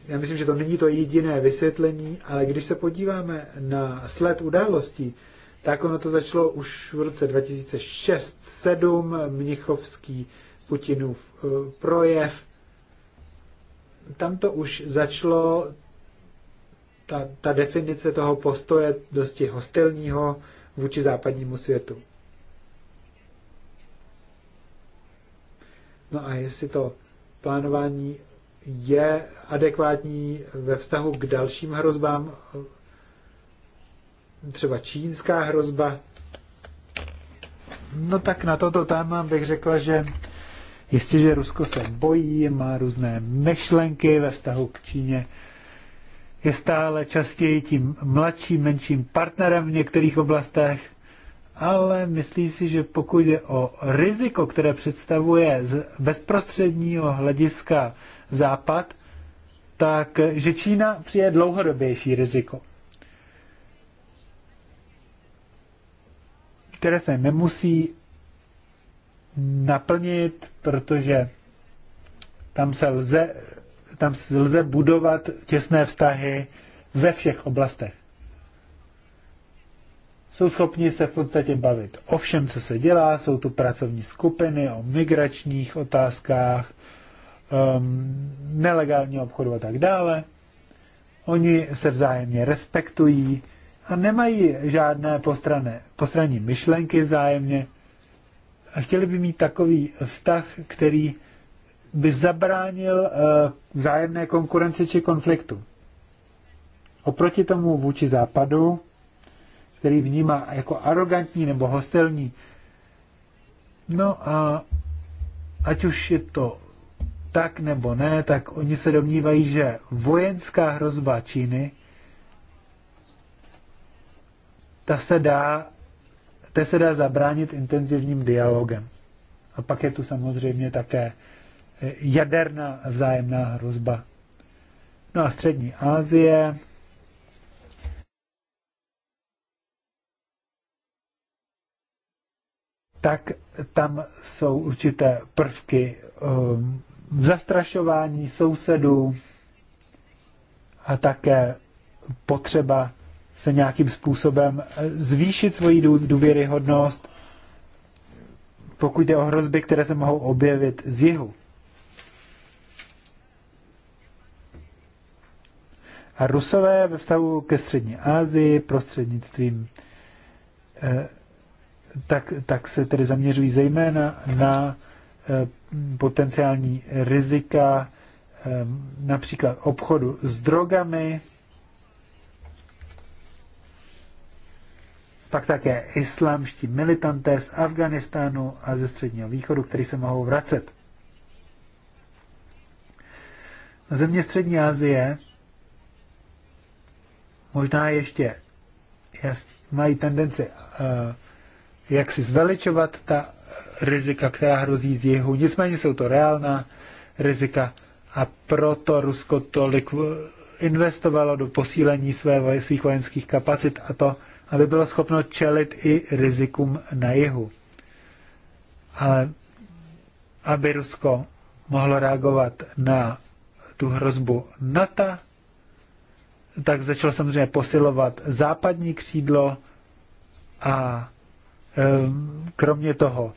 já myslím, že to není to jediné vysvětlení, ale když se podíváme na sled událostí, tak ono to začalo už v roce 2006-2007, Mnichovský Putinův e, projev. Tam to už začalo, ta, ta definice toho postoje dosti hostilního vůči západnímu světu. No a jestli to plánování je adekvátní ve vztahu k dalším hrozbám třeba čínská hrozba. No tak na toto téma bych řekla, že jistě, že Rusko se bojí, má různé myšlenky ve vztahu k Číně. Je stále častěji tím mladším, menším partnerem v některých oblastech, ale myslí si, že pokud je o riziko, které představuje z bezprostředního hlediska Západ, tak že Čína přijde dlouhodobější riziko. které se nemusí naplnit, protože tam se lze, tam se lze budovat těsné vztahy ve všech oblastech. Jsou schopni se v podstatě bavit o všem, co se dělá, jsou tu pracovní skupiny o migračních otázkách, um, nelegální obchodu a tak dále. Oni se vzájemně respektují, a nemají žádné postrané, postranní myšlenky vzájemně a chtěli by mít takový vztah, který by zabránil eh, vzájemné konkurenci či konfliktu. Oproti tomu vůči západu, který vnímá jako arrogantní nebo hostelní, no a ať už je to tak nebo ne, tak oni se domnívají, že vojenská hrozba Číny ta se dá, té se dá zabránit intenzivním dialogem. A pak je tu samozřejmě také eh, jaderná vzájemná hrozba. No a střední Asie, tak tam jsou určité prvky um, zastrašování sousedů a také potřeba se nějakým způsobem eh, zvýšit svoji důvěryhodnost, pokud jde o hrozby, které se mohou objevit z jihu. A rusové ve vztahu ke střední Asii prostřednictvím eh, tak, tak se tedy zaměřují zejména na eh, potenciální rizika například obchodu s drogami, pak také islámští militanté z Afganistánu a ze Středního východu, kteří se mohou vracet. na Země Střední Asie možná ještě mají tendenci eh, jak si zveličovat ta rizika, která hrozí z jihu. Nicméně jsou to reálná rizika a proto Rusko tolik eh, investovalo do posílení své, svých vojenských kapacit a to aby bylo schopno čelit i rizikům na jihu. Ale aby Rusko mohlo reagovat na tu hrozbu NATO, tak začalo samozřejmě posilovat západní křídlo a kromě toho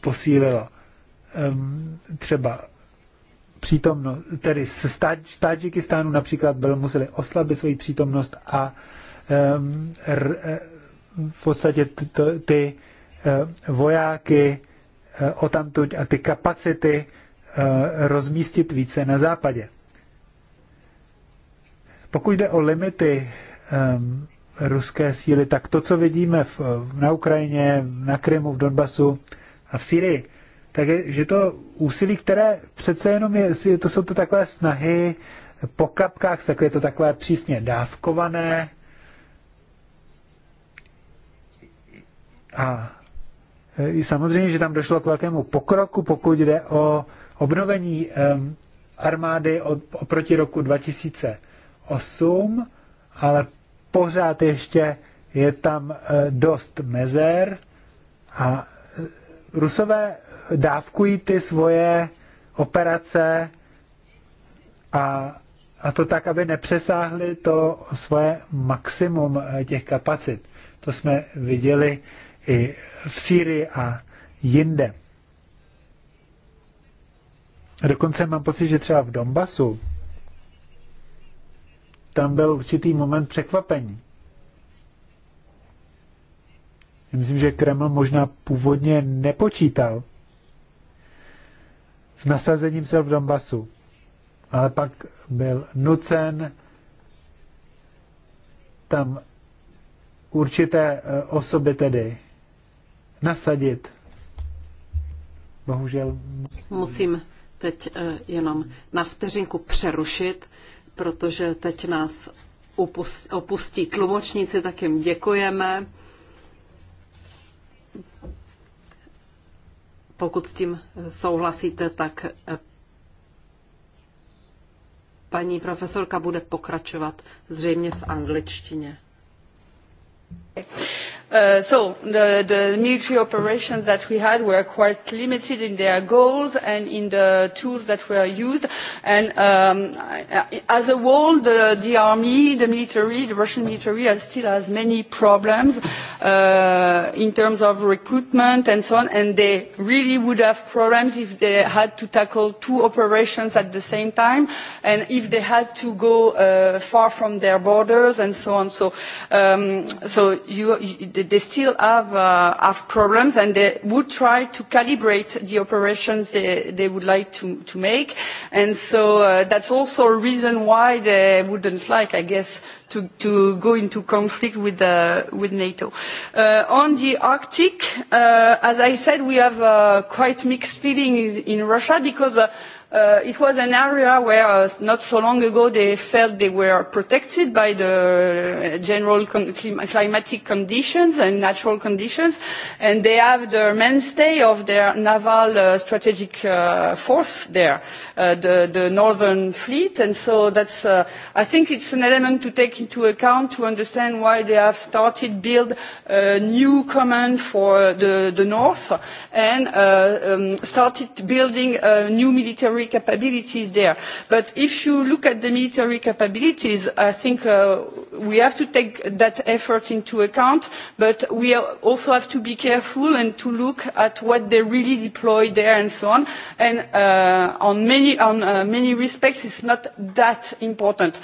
posílilo třeba přítomnost, tedy z Tadžikistánu například byl museli oslabit svoji přítomnost a Ehm, e, v podstatě ty e, vojáky e, otamtuť a ty kapacity rozmístit více na západě. Pokud jde o limity ehm, ruské síly, tak to, co vidíme na Ukrajině, na Krymu, v Donbasu a v Syrii, tak je, že to úsilí, které přece jenom je, to jsou to takové snahy po kapkách, tak je to takové přísně dávkované, A e, samozřejmě, že tam došlo k velkému pokroku, pokud jde o obnovení armády oproti roku 2008, ale pořád ještě je tam e, dost mezer a e, Rusové dávkují ty svoje operace a, a to tak, aby nepřesáhli to svoje maximum těch kapacit. To jsme viděli i v Sýrii a jinde. Dokonce mám pocit, že třeba v Donbasu tam byl určitý moment překvapení. Myslím, že Kreml možná původně nepočítal s nasazením se v Donbasu, ale pak byl nucen tam určité eh, osoby tedy nasadit. Bohužel. Musím, musím teď eh, jenom na vteřinku přerušit, protože teď nás opustí tlumočníci, tak jim děkujeme. Pokud s tím souhlasíte, tak eh, paní profesorka bude pokračovat zřejmě v angličtině. Uh, so the, the military operations that we had were quite limited in their goals and in the tools that were used. And um, as a whole, the, the army, the military, the Russian military has still has many problems uh, in terms of recruitment and so on. And they really would have problems if they had to tackle two operations at the same time and if they had to go uh, far from their borders and so on. So, um, so they still have, uh, have problems and they would try to calibrate the operations they, they would like to, to make. And so uh, that's also a reason why they wouldn't like, I guess, to, to go into conflict with, uh, with NATO. Uh, on the Arctic, uh, as I said, we have uh, quite mixed feelings in Russia because uh, Uh, it was an area where uh, not so long ago they felt they were protected by the general con climatic conditions and natural conditions and they have the mainstay of their naval uh, strategic uh, force there uh, the, the northern fleet and so that's uh, i think it's an element to take into account to understand why they have started build a new command for the, the north and um, started building a new military military capabilities there. But if you look at the military capabilities, I think uh, we have to take that effort into account, but we also have to be careful and to look at what they really deploy there and so on. And in uh, on many, uh, many respects, it's not that important.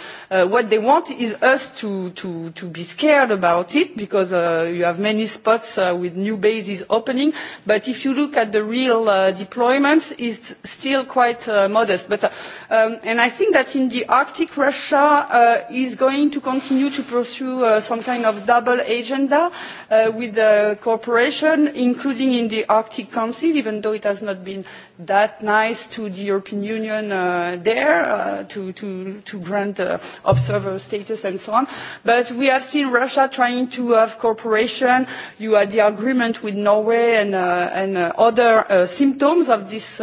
what they want is us to, to, to be scared about it because you have many spots with new bases opening. But if you look at the real deployments, it's still quite quite uh, modest. But, uh, um, and I think that in the Arctic, Russia uh, is going to continue to pursue some kind of double agenda with uh, cooperation, including in the Arctic Council, even though it has not been that nice to the European Union there to, grant observer status and so on. But we have seen Russia trying to have cooperation. You had the agreement with Norway and, other symptoms of this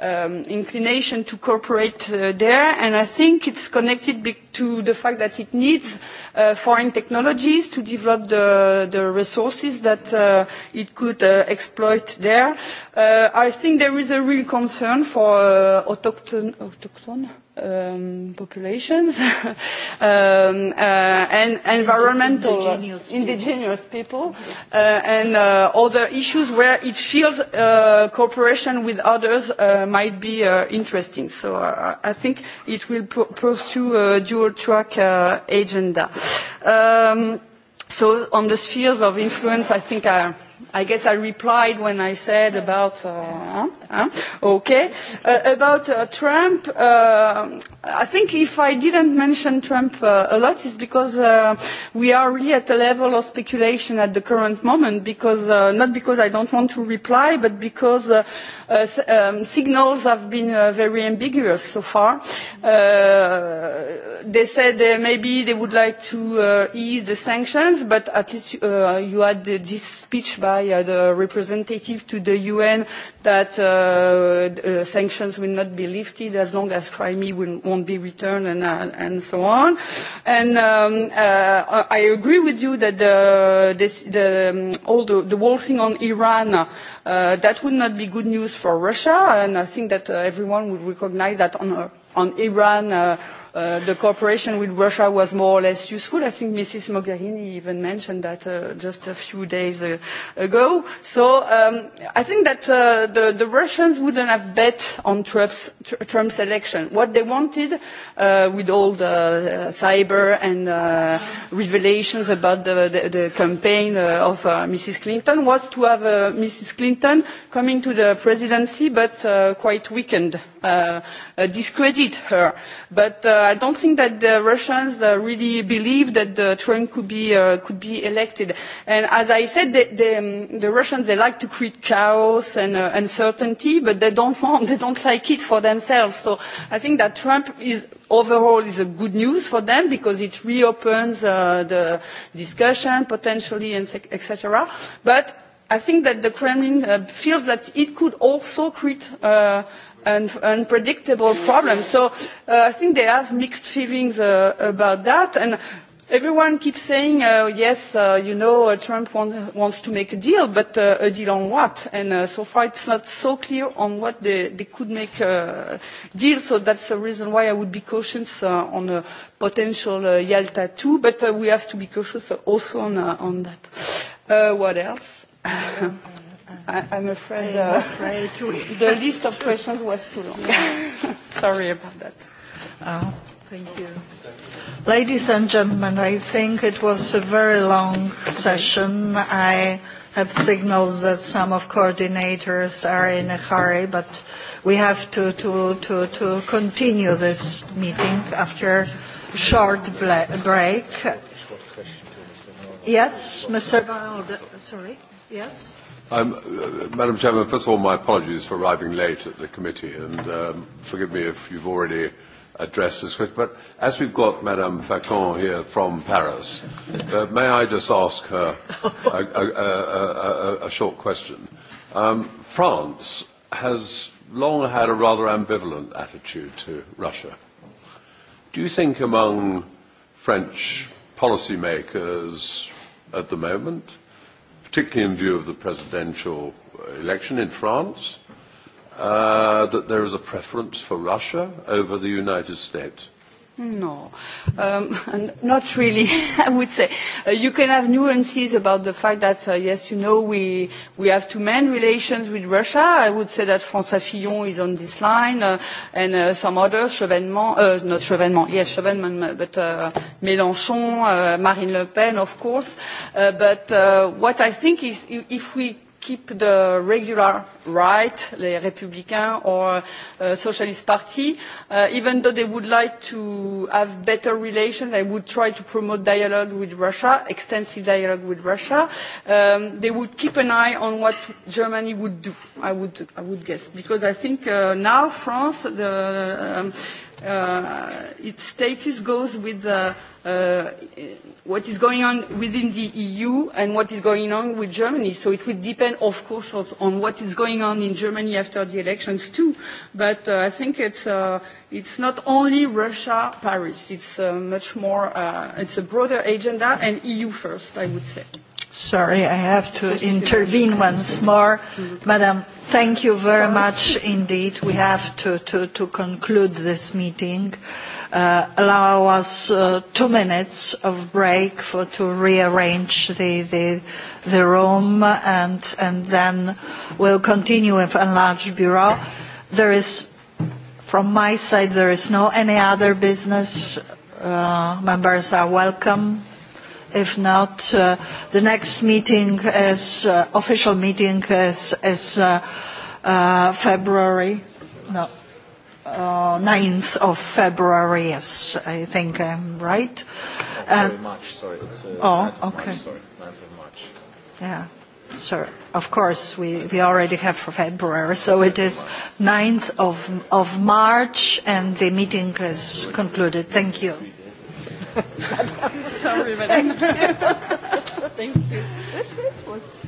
um, inclination to cooperate uh, there, and I think it's connected to the fact that it needs uh, foreign technologies to develop the, the resources that uh, it could uh, exploit there. Uh, I think there is a real concern for uh, autochthon, autochthon um, populations um, uh, and environmental indigenous, indigenous people, people uh, and uh, other issues where it feels uh, cooperation with others uh, might be uh, interesting. So uh, I think it will pr pursue a dual track uh, agenda. Um, so on the spheres of influence, I think I i guess I replied when I said about uh, huh? okay uh, about uh, Trump. Uh, I think if I didn't mention Trump uh, a lot, it's because uh, we are really at a level of speculation at the current moment. Because uh, not because I don't want to reply, but because uh, uh, um, signals have been uh, very ambiguous so far. Uh, they said uh, maybe they would like to uh, ease the sanctions, but at least uh, you had this speech by by uh, the representative to the UN that uh, uh, sanctions will not be lifted as long as Crimea will, won't be returned and, uh, and so on. And um, uh, I agree with you that the, this, the, um, all the, the whole thing on Iran, uh, that would not be good news for Russia. And I think that uh, everyone would recognize that on, uh, on Iran, uh, Uh, the cooperation with Russia was more or less useful. I think Mrs. Mogherini even mentioned that uh, just a few days uh, ago. So um, I think that uh, the, the Russians wouldn't have bet on Trump's, tr election. What they wanted uh, with all the uh, cyber and uh, revelations about the, the, the campaign uh, of uh, Mrs. Clinton was to have uh, Mrs. Clinton coming to the presidency but uh, quite weakened, uh, uh, discredit her. But uh, i don't think that the Russians uh, really believe that uh, Trump could be uh, could be elected. And as I said, they, they, um, the Russians they like to create chaos and uh, uncertainty, but they don't want they don't like it for themselves. So I think that Trump is overall is a good news for them because it reopens uh, the discussion potentially and etc. But I think that the Kremlin uh, feels that it could also create. Uh, and unpredictable problems. So uh, I think they have mixed feelings uh, about that. And everyone keeps saying, uh, yes, you know, Trump wants to make a deal, but a deal on what? And so far it's not so clear on what they, could make a deal. So that's the reason why I would be cautious on a potential Yalta too but we have to be cautious also on, that. what else? I, I'm afraid, uh, I'm afraid to... the list of questions was too long. Sorry about that. Uh, thank you. Ladies and gentlemen, I think it was a very long session. I have signals that some of coordinators are in a hurry, but we have to, to, to, to continue this meeting after a short break. Yes, Mr. Sorry. Yes. Um, Madam Chairman, first of all, my apologies for arriving late at the committee, and um, forgive me if you've already addressed this question. But as we've got Madame Facon here from Paris, uh, may I just ask her a, a, a, a, a short question? Um, France has long had a rather ambivalent attitude to Russia. Do you think among French policymakers at the moment – particularly in view of the presidential election in France, uh, that there is a preference for Russia over the United States. No, um, not really, I would say. Uh, you can have nuances about the fact that, uh, yes, you know, we, we have to mend relations with Russia. I would say that François Fillon is on this line, uh, and uh, some others, Chevènement, uh, not Chevènement, yes, Chevènement, but uh, Mélenchon, uh, Marine Le Pen, of course. Uh, but uh, what I think is if we keep the regular right, les Républicains or uh, Socialist Party, uh, even though they would like to have better relations, they would try to promote dialogue with Russia, extensive dialogue with Russia. Um, they would keep an eye on what Germany would do, I would, I would guess, because I think uh, now France, the, um, uh, its status goes with uh, uh, what is going on within the EU and what is going on with Germany. So it will depend, of course, also on what is going on in Germany after the elections too. But uh, I think it's, uh, it's not only Russia, Paris. It's uh, much more, uh, it's a broader agenda and EU first, I would say. Sorry, I have to intervene once more. Madam, thank you very much indeed. We have to, to, to conclude this meeting. Uh, allow us uh, two minutes of break for, to rearrange the, the, the room and, and then we'll continue with enlarged bureau. There is, from my side, there is no any other business. Uh, members are welcome If not, uh, the next meeting is uh, official meeting as as uh, uh, February, no, uh, 9th of February. Yes, I think I'm right. Oh, very uh, much. Sorry, it's, uh, oh, okay. March, sorry, 9th of March. Yeah. Sir, of course, we, we already have for February, so it is 9th of, of March, and the meeting is concluded. Thank you. Sorry, madam. Thank you. Thank you. was